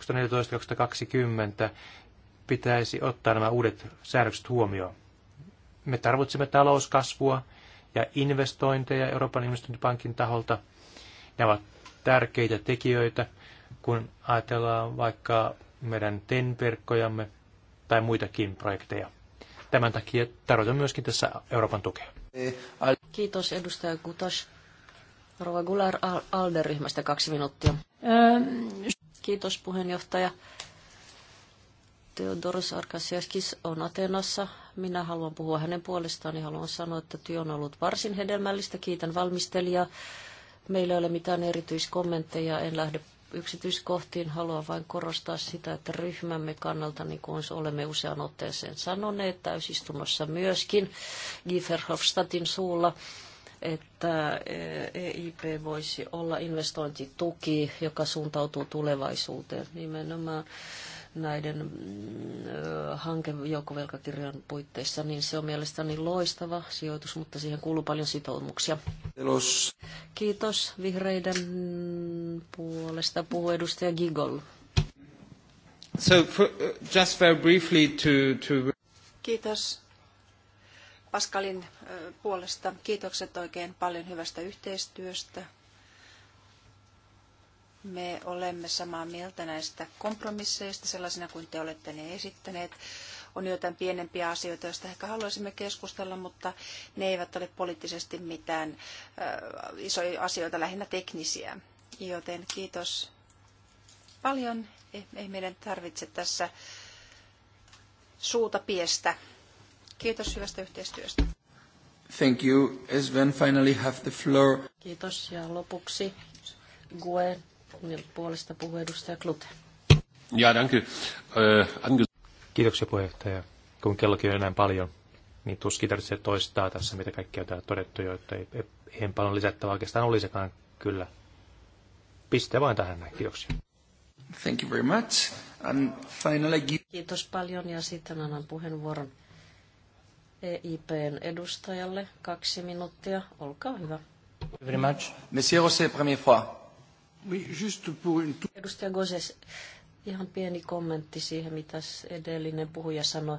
pitäisi ottaa nämä uudet säädökset huomioon. Me tarvitsemme talouskasvua ja investointeja Euroopan investointipankin taholta. Ne ovat tärkeitä tekijöitä – kun ajatellaan vaikka meidän TEN-verkkojamme tai muitakin projekteja. Tämän takia tarvitaan myöskin tässä Euroopan tukea. Kiitos edustaja Kutas. Rova Gular Alder-ryhmästä kaksi minuuttia. Kiitos puheenjohtaja. Teodoros Arkasiaskis on Atenassa. Minä haluan puhua hänen puolestaan ja haluan sanoa, että työ on ollut varsin hedelmällistä. Kiitän valmistelijaa. Meillä ei ole mitään erityiskommentteja, en lähde yksityiskohtiin haluan vain korostaa sitä, että ryhmämme kannalta, niin kuin olemme usean otteeseen sanoneet täysistunnossa myöskin Gieferhofstadtin suulla, että EIP eh, e voisi olla investointituki, joka suuntautuu tulevaisuuteen nimenomaan näiden mm, hankejoukkovelkakirjan puitteissa, niin se on mielestäni loistava sijoitus, mutta siihen kuuluu paljon sitoumuksia. Kiitos. Kiitos vihreiden puolesta puhuu edustaja Gigol. So for, uh, just very briefly to, to... Kiitos Pascalin puolesta. Kiitokset oikein paljon hyvästä yhteistyöstä me olemme samaa mieltä näistä kompromisseista sellaisina kuin te olette ne esittäneet. On joitain pienempiä asioita, joista ehkä haluaisimme keskustella, mutta ne eivät ole poliittisesti mitään äh, isoja asioita, lähinnä teknisiä. Joten kiitos paljon. Ei meidän tarvitse tässä suuta piestä. Kiitos hyvästä yhteistyöstä. Thank you. Sven, finally have the floor. Kiitos ja lopuksi Gwen puolesta puhuu edustaja Klute. Ja, danke. Äh, Kiitoksia puheenjohtaja. Kun kellokin on enää paljon, niin tuskin tarvitsee toistaa tässä, mitä kaikkea täällä todettu jo, että ei, ei, ei paljon lisättävää oikeastaan olisikaan kyllä. Piste vain tähän näin. Kiitoksia. Thank you very much. And finally... Kiitos paljon ja sitten annan puheenvuoron EIPn edustajalle. Kaksi minuuttia. Olkaa hyvä. Very much. Monsieur José Premier Fois. Edustaja Goses, ihan pieni kommentti siihen, mitä edellinen puhuja sanoi.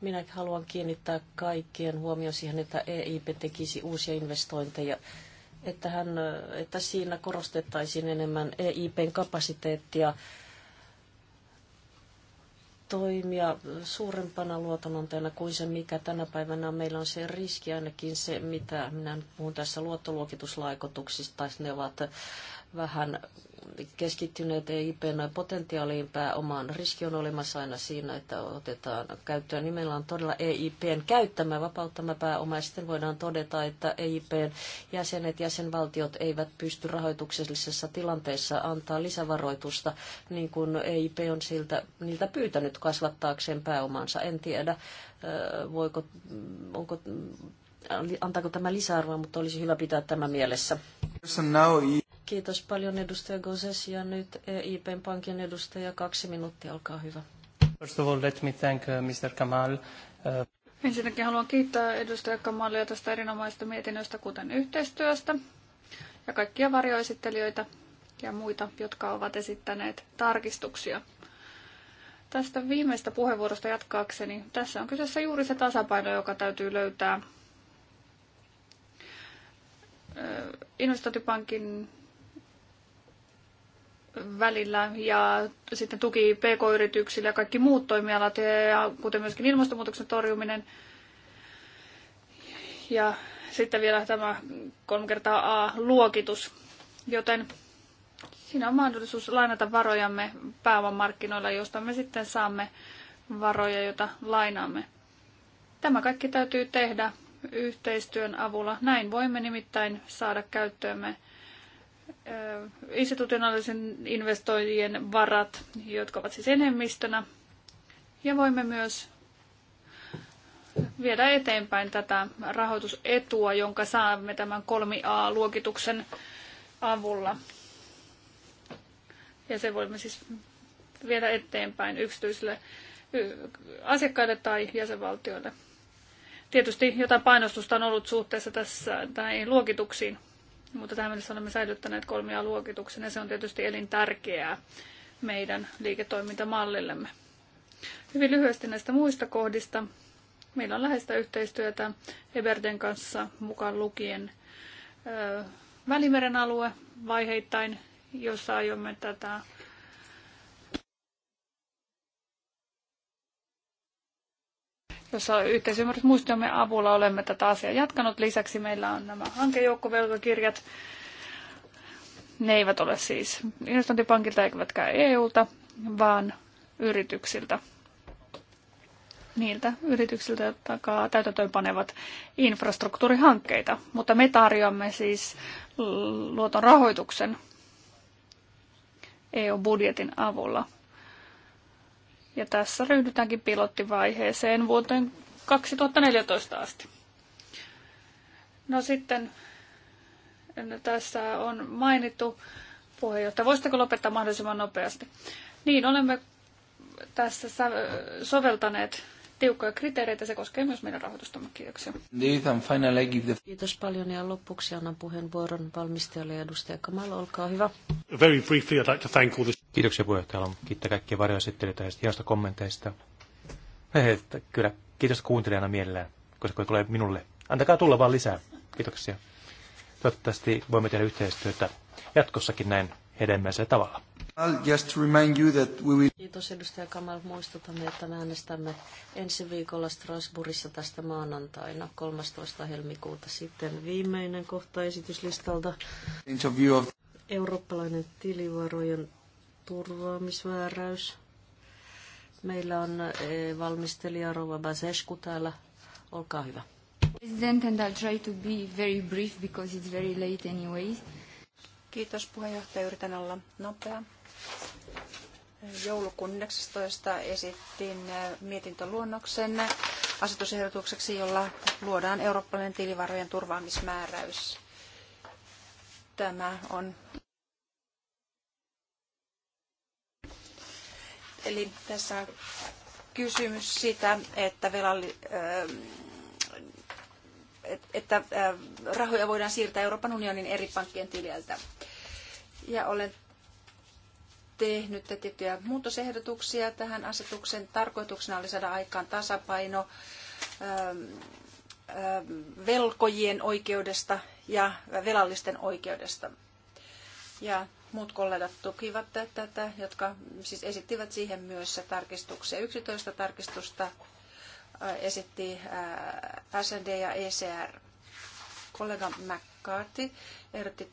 Minä haluan kiinnittää kaikkien huomioon siihen, että EIP tekisi uusia investointeja, että, hän, että siinä korostettaisiin enemmän EIPn kapasiteettia toimia suurempana luotonantajana kuin se, mikä tänä päivänä meillä on se riski, ainakin se, mitä minä nyt puhun tässä luottoluokituslaikotuksista, ne ovat vähän keskittyneet EIPn potentiaaliin pääomaan. Riski on olemassa aina siinä, että otetaan käyttöön nimellään todella EIPn käyttämä vapauttama pääoma. Ja sitten voidaan todeta, että EIPn jäsenet, jäsenvaltiot eivät pysty rahoituksellisessa tilanteessa antaa lisävaroitusta, niin kuin EIP on siltä, niiltä pyytänyt kasvattaakseen pääomansa. En tiedä, voiko, onko antaako tämä lisäarvoa, mutta olisi hyvä pitää tämä mielessä. Kiitos paljon edustaja Gozes ja nyt e pankin edustaja kaksi minuuttia, olkaa hyvä. First of all, let me thank uh, Mr. Kamal. Uh, Ensinnäkin haluan kiittää edustaja Kamalia tästä erinomaisesta mietinnöstä, kuten yhteistyöstä ja kaikkia varjoesittelijöitä ja muita, jotka ovat esittäneet tarkistuksia. Tästä viimeistä puheenvuorosta jatkaakseni, tässä on kyseessä juuri se tasapaino, joka täytyy löytää investointipankin välillä ja sitten tuki PK-yrityksille ja kaikki muut toimialat, ja kuten myöskin ilmastonmuutoksen torjuminen. Ja sitten vielä tämä kolme kertaa A-luokitus. Joten siinä on mahdollisuus lainata varojamme pääomamarkkinoilla, josta me sitten saamme varoja, joita lainaamme. Tämä kaikki täytyy tehdä yhteistyön avulla. Näin voimme nimittäin saada käyttöömme institutionaalisen investoijien varat, jotka ovat siis enemmistönä. Ja voimme myös viedä eteenpäin tätä rahoitusetua, jonka saamme tämän 3A-luokituksen avulla. Ja se voimme siis viedä eteenpäin yksityisille asiakkaille tai jäsenvaltioille. Tietysti jotain painostusta on ollut suhteessa tässä näihin luokituksiin, mutta tähän mennessä olemme säilyttäneet luokituksen ja se on tietysti elintärkeää meidän liiketoimintamallillemme. Hyvin lyhyesti näistä muista kohdista. Meillä on läheistä yhteistyötä Eberden kanssa mukaan lukien ö, Välimeren alue vaiheittain, jossa aiomme tätä jossa yhteisymmärrys muistiomme avulla olemme tätä asiaa jatkanut. Lisäksi meillä on nämä hankejoukkovelkakirjat. Ne eivät ole siis investointipankilta eivätkä EUlta, vaan yrityksiltä. Niiltä yrityksiltä, jotka täytäntöön panevat infrastruktuurihankkeita. Mutta me tarjoamme siis luoton rahoituksen EU-budjetin avulla – ja tässä ryhdytäänkin pilottivaiheeseen vuoteen 2014 asti. No sitten tässä on mainittu puheenjohtaja. Voisitteko lopettaa mahdollisimman nopeasti? Niin, olemme tässä soveltaneet tiukkoja kriteereitä. Se koskee myös meidän rahoitustamme. Kiitoksia. Kiitos paljon ja lopuksi annan puheenvuoron valmistelijalle edustaja Kamal. Olkaa hyvä. Very briefly, I'd like to thank all this. Kiitoksia puheenjohtaja. Haluan kiittää kaikkia varjoesittelijöitä ja hienosta kommenteista. kyllä, kiitos kuuntelijana mielellään, koska tulee minulle. Antakaa tulla vaan lisää. Kiitoksia. Toivottavasti voimme tehdä yhteistyötä jatkossakin näin hedelmäisellä tavalla. Just remind you that we will... Kiitos edustaja Kamal. Muistutamme, että me äänestämme ensi viikolla Strasbourgissa tästä maanantaina 13. helmikuuta. Sitten viimeinen kohta esityslistalta. of... Eurooppalainen tilivarojen turvaamisvääräys. Meillä on eh, valmistelija Rova Basescu täällä. Olkaa hyvä. President, and I'll try to be very brief because it's very late anyways. Kiitos puheenjohtaja, yritän olla nopea. Joulukuun 19. esittiin äh, mietintöluonnoksen asetusehdotukseksi, jolla luodaan eurooppalainen tilivarojen turvaamismääräys. Tämä on Eli tässä on kysymys sitä, että, velalli, äh, että äh, rahoja voidaan siirtää Euroopan unionin eri pankkien tililtä. Ja olen tehnyt tiettyjä muutosehdotuksia tähän asetuksen. Tarkoituksena oli saada aikaan tasapaino ähm, ähm, velkojien oikeudesta ja velallisten oikeudesta. Ja muut kollegat tukivat tätä, jotka siis esittivät siihen myös tarkistuksia. 11 tarkistusta äh, esitti äh, SND ja ECR. Kollega McCarthy ehdotti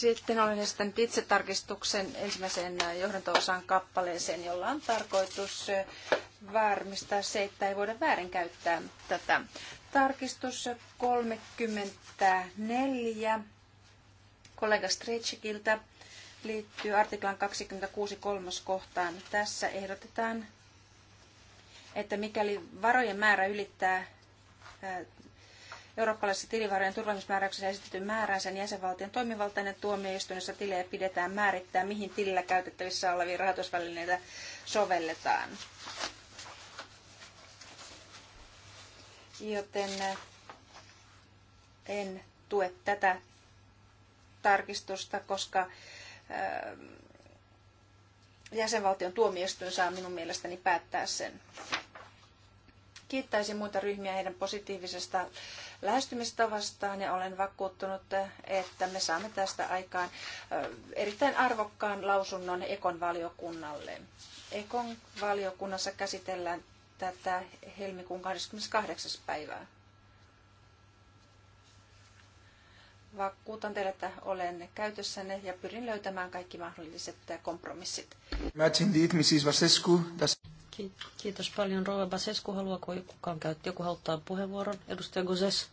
Sitten olen esittänyt itse tarkistuksen ensimmäiseen johdanto-osan kappaleeseen, jolla on tarkoitus varmistaa se, että ei voida väärinkäyttää tätä. Tarkistus 34 kollega Stretchikiltä liittyy artiklan 26 kolmas kohtaan. Tässä ehdotetaan, että mikäli varojen määrä ylittää Eurooppalaisessa tilivarojen turvallisuusmääräyksessä esitetyn määrän jäsenvaltion toimivaltainen tuomioistuinnossa tilejä pidetään määrittää, mihin tilillä käytettävissä olevia rahoitusvälineitä sovelletaan. Joten eh, en tue tätä tarkistusta, koska eh, jäsenvaltion tuomioistuin saa minun mielestäni päättää sen. Kiittäisin muita ryhmiä heidän positiivisesta lähestymistavastaan ja olen vakuuttunut, että me saamme tästä aikaan erittäin arvokkaan lausunnon Ekon valiokunnalle. Ekon valiokunnassa käsitellään tätä helmikuun 28. päivää. Vakuutan teille, että olen käytössänne ja pyrin löytämään kaikki mahdolliset kompromissit. Mrs. Vasescu. Kiitos paljon. Rova Basescu, haluaako kukaan käyttää? Joku haluttaa puheenvuoron. Edustaja Gozes.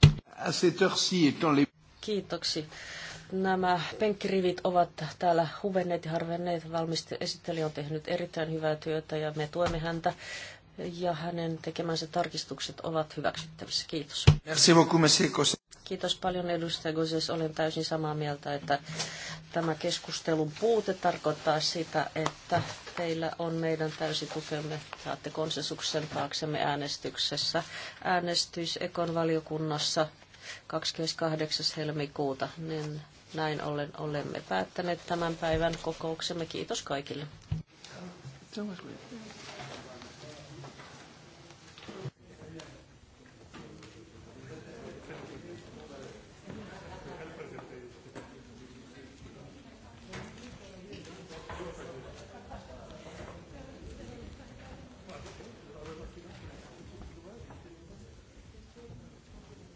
Kiitoksi. Nämä penkkirivit ovat täällä huvenneet ja harvenneet. Valmiste esittelijä on tehnyt erittäin hyvää työtä ja me tuemme häntä ja hänen tekemänsä tarkistukset ovat hyväksyttävissä. Kiitos. Merci beaucoup, monsieur Kiitos paljon edustaja Gozes. Olen täysin samaa mieltä, että tämä keskustelun puute tarkoittaa sitä, että Teillä on meidän täysi tukemme. Saatte konsensuksen taaksemme äänestyksessä. Äänestys Ekon valiokunnassa 28. helmikuuta. Niin näin ollen olemme päättäneet tämän päivän kokouksemme. Kiitos kaikille.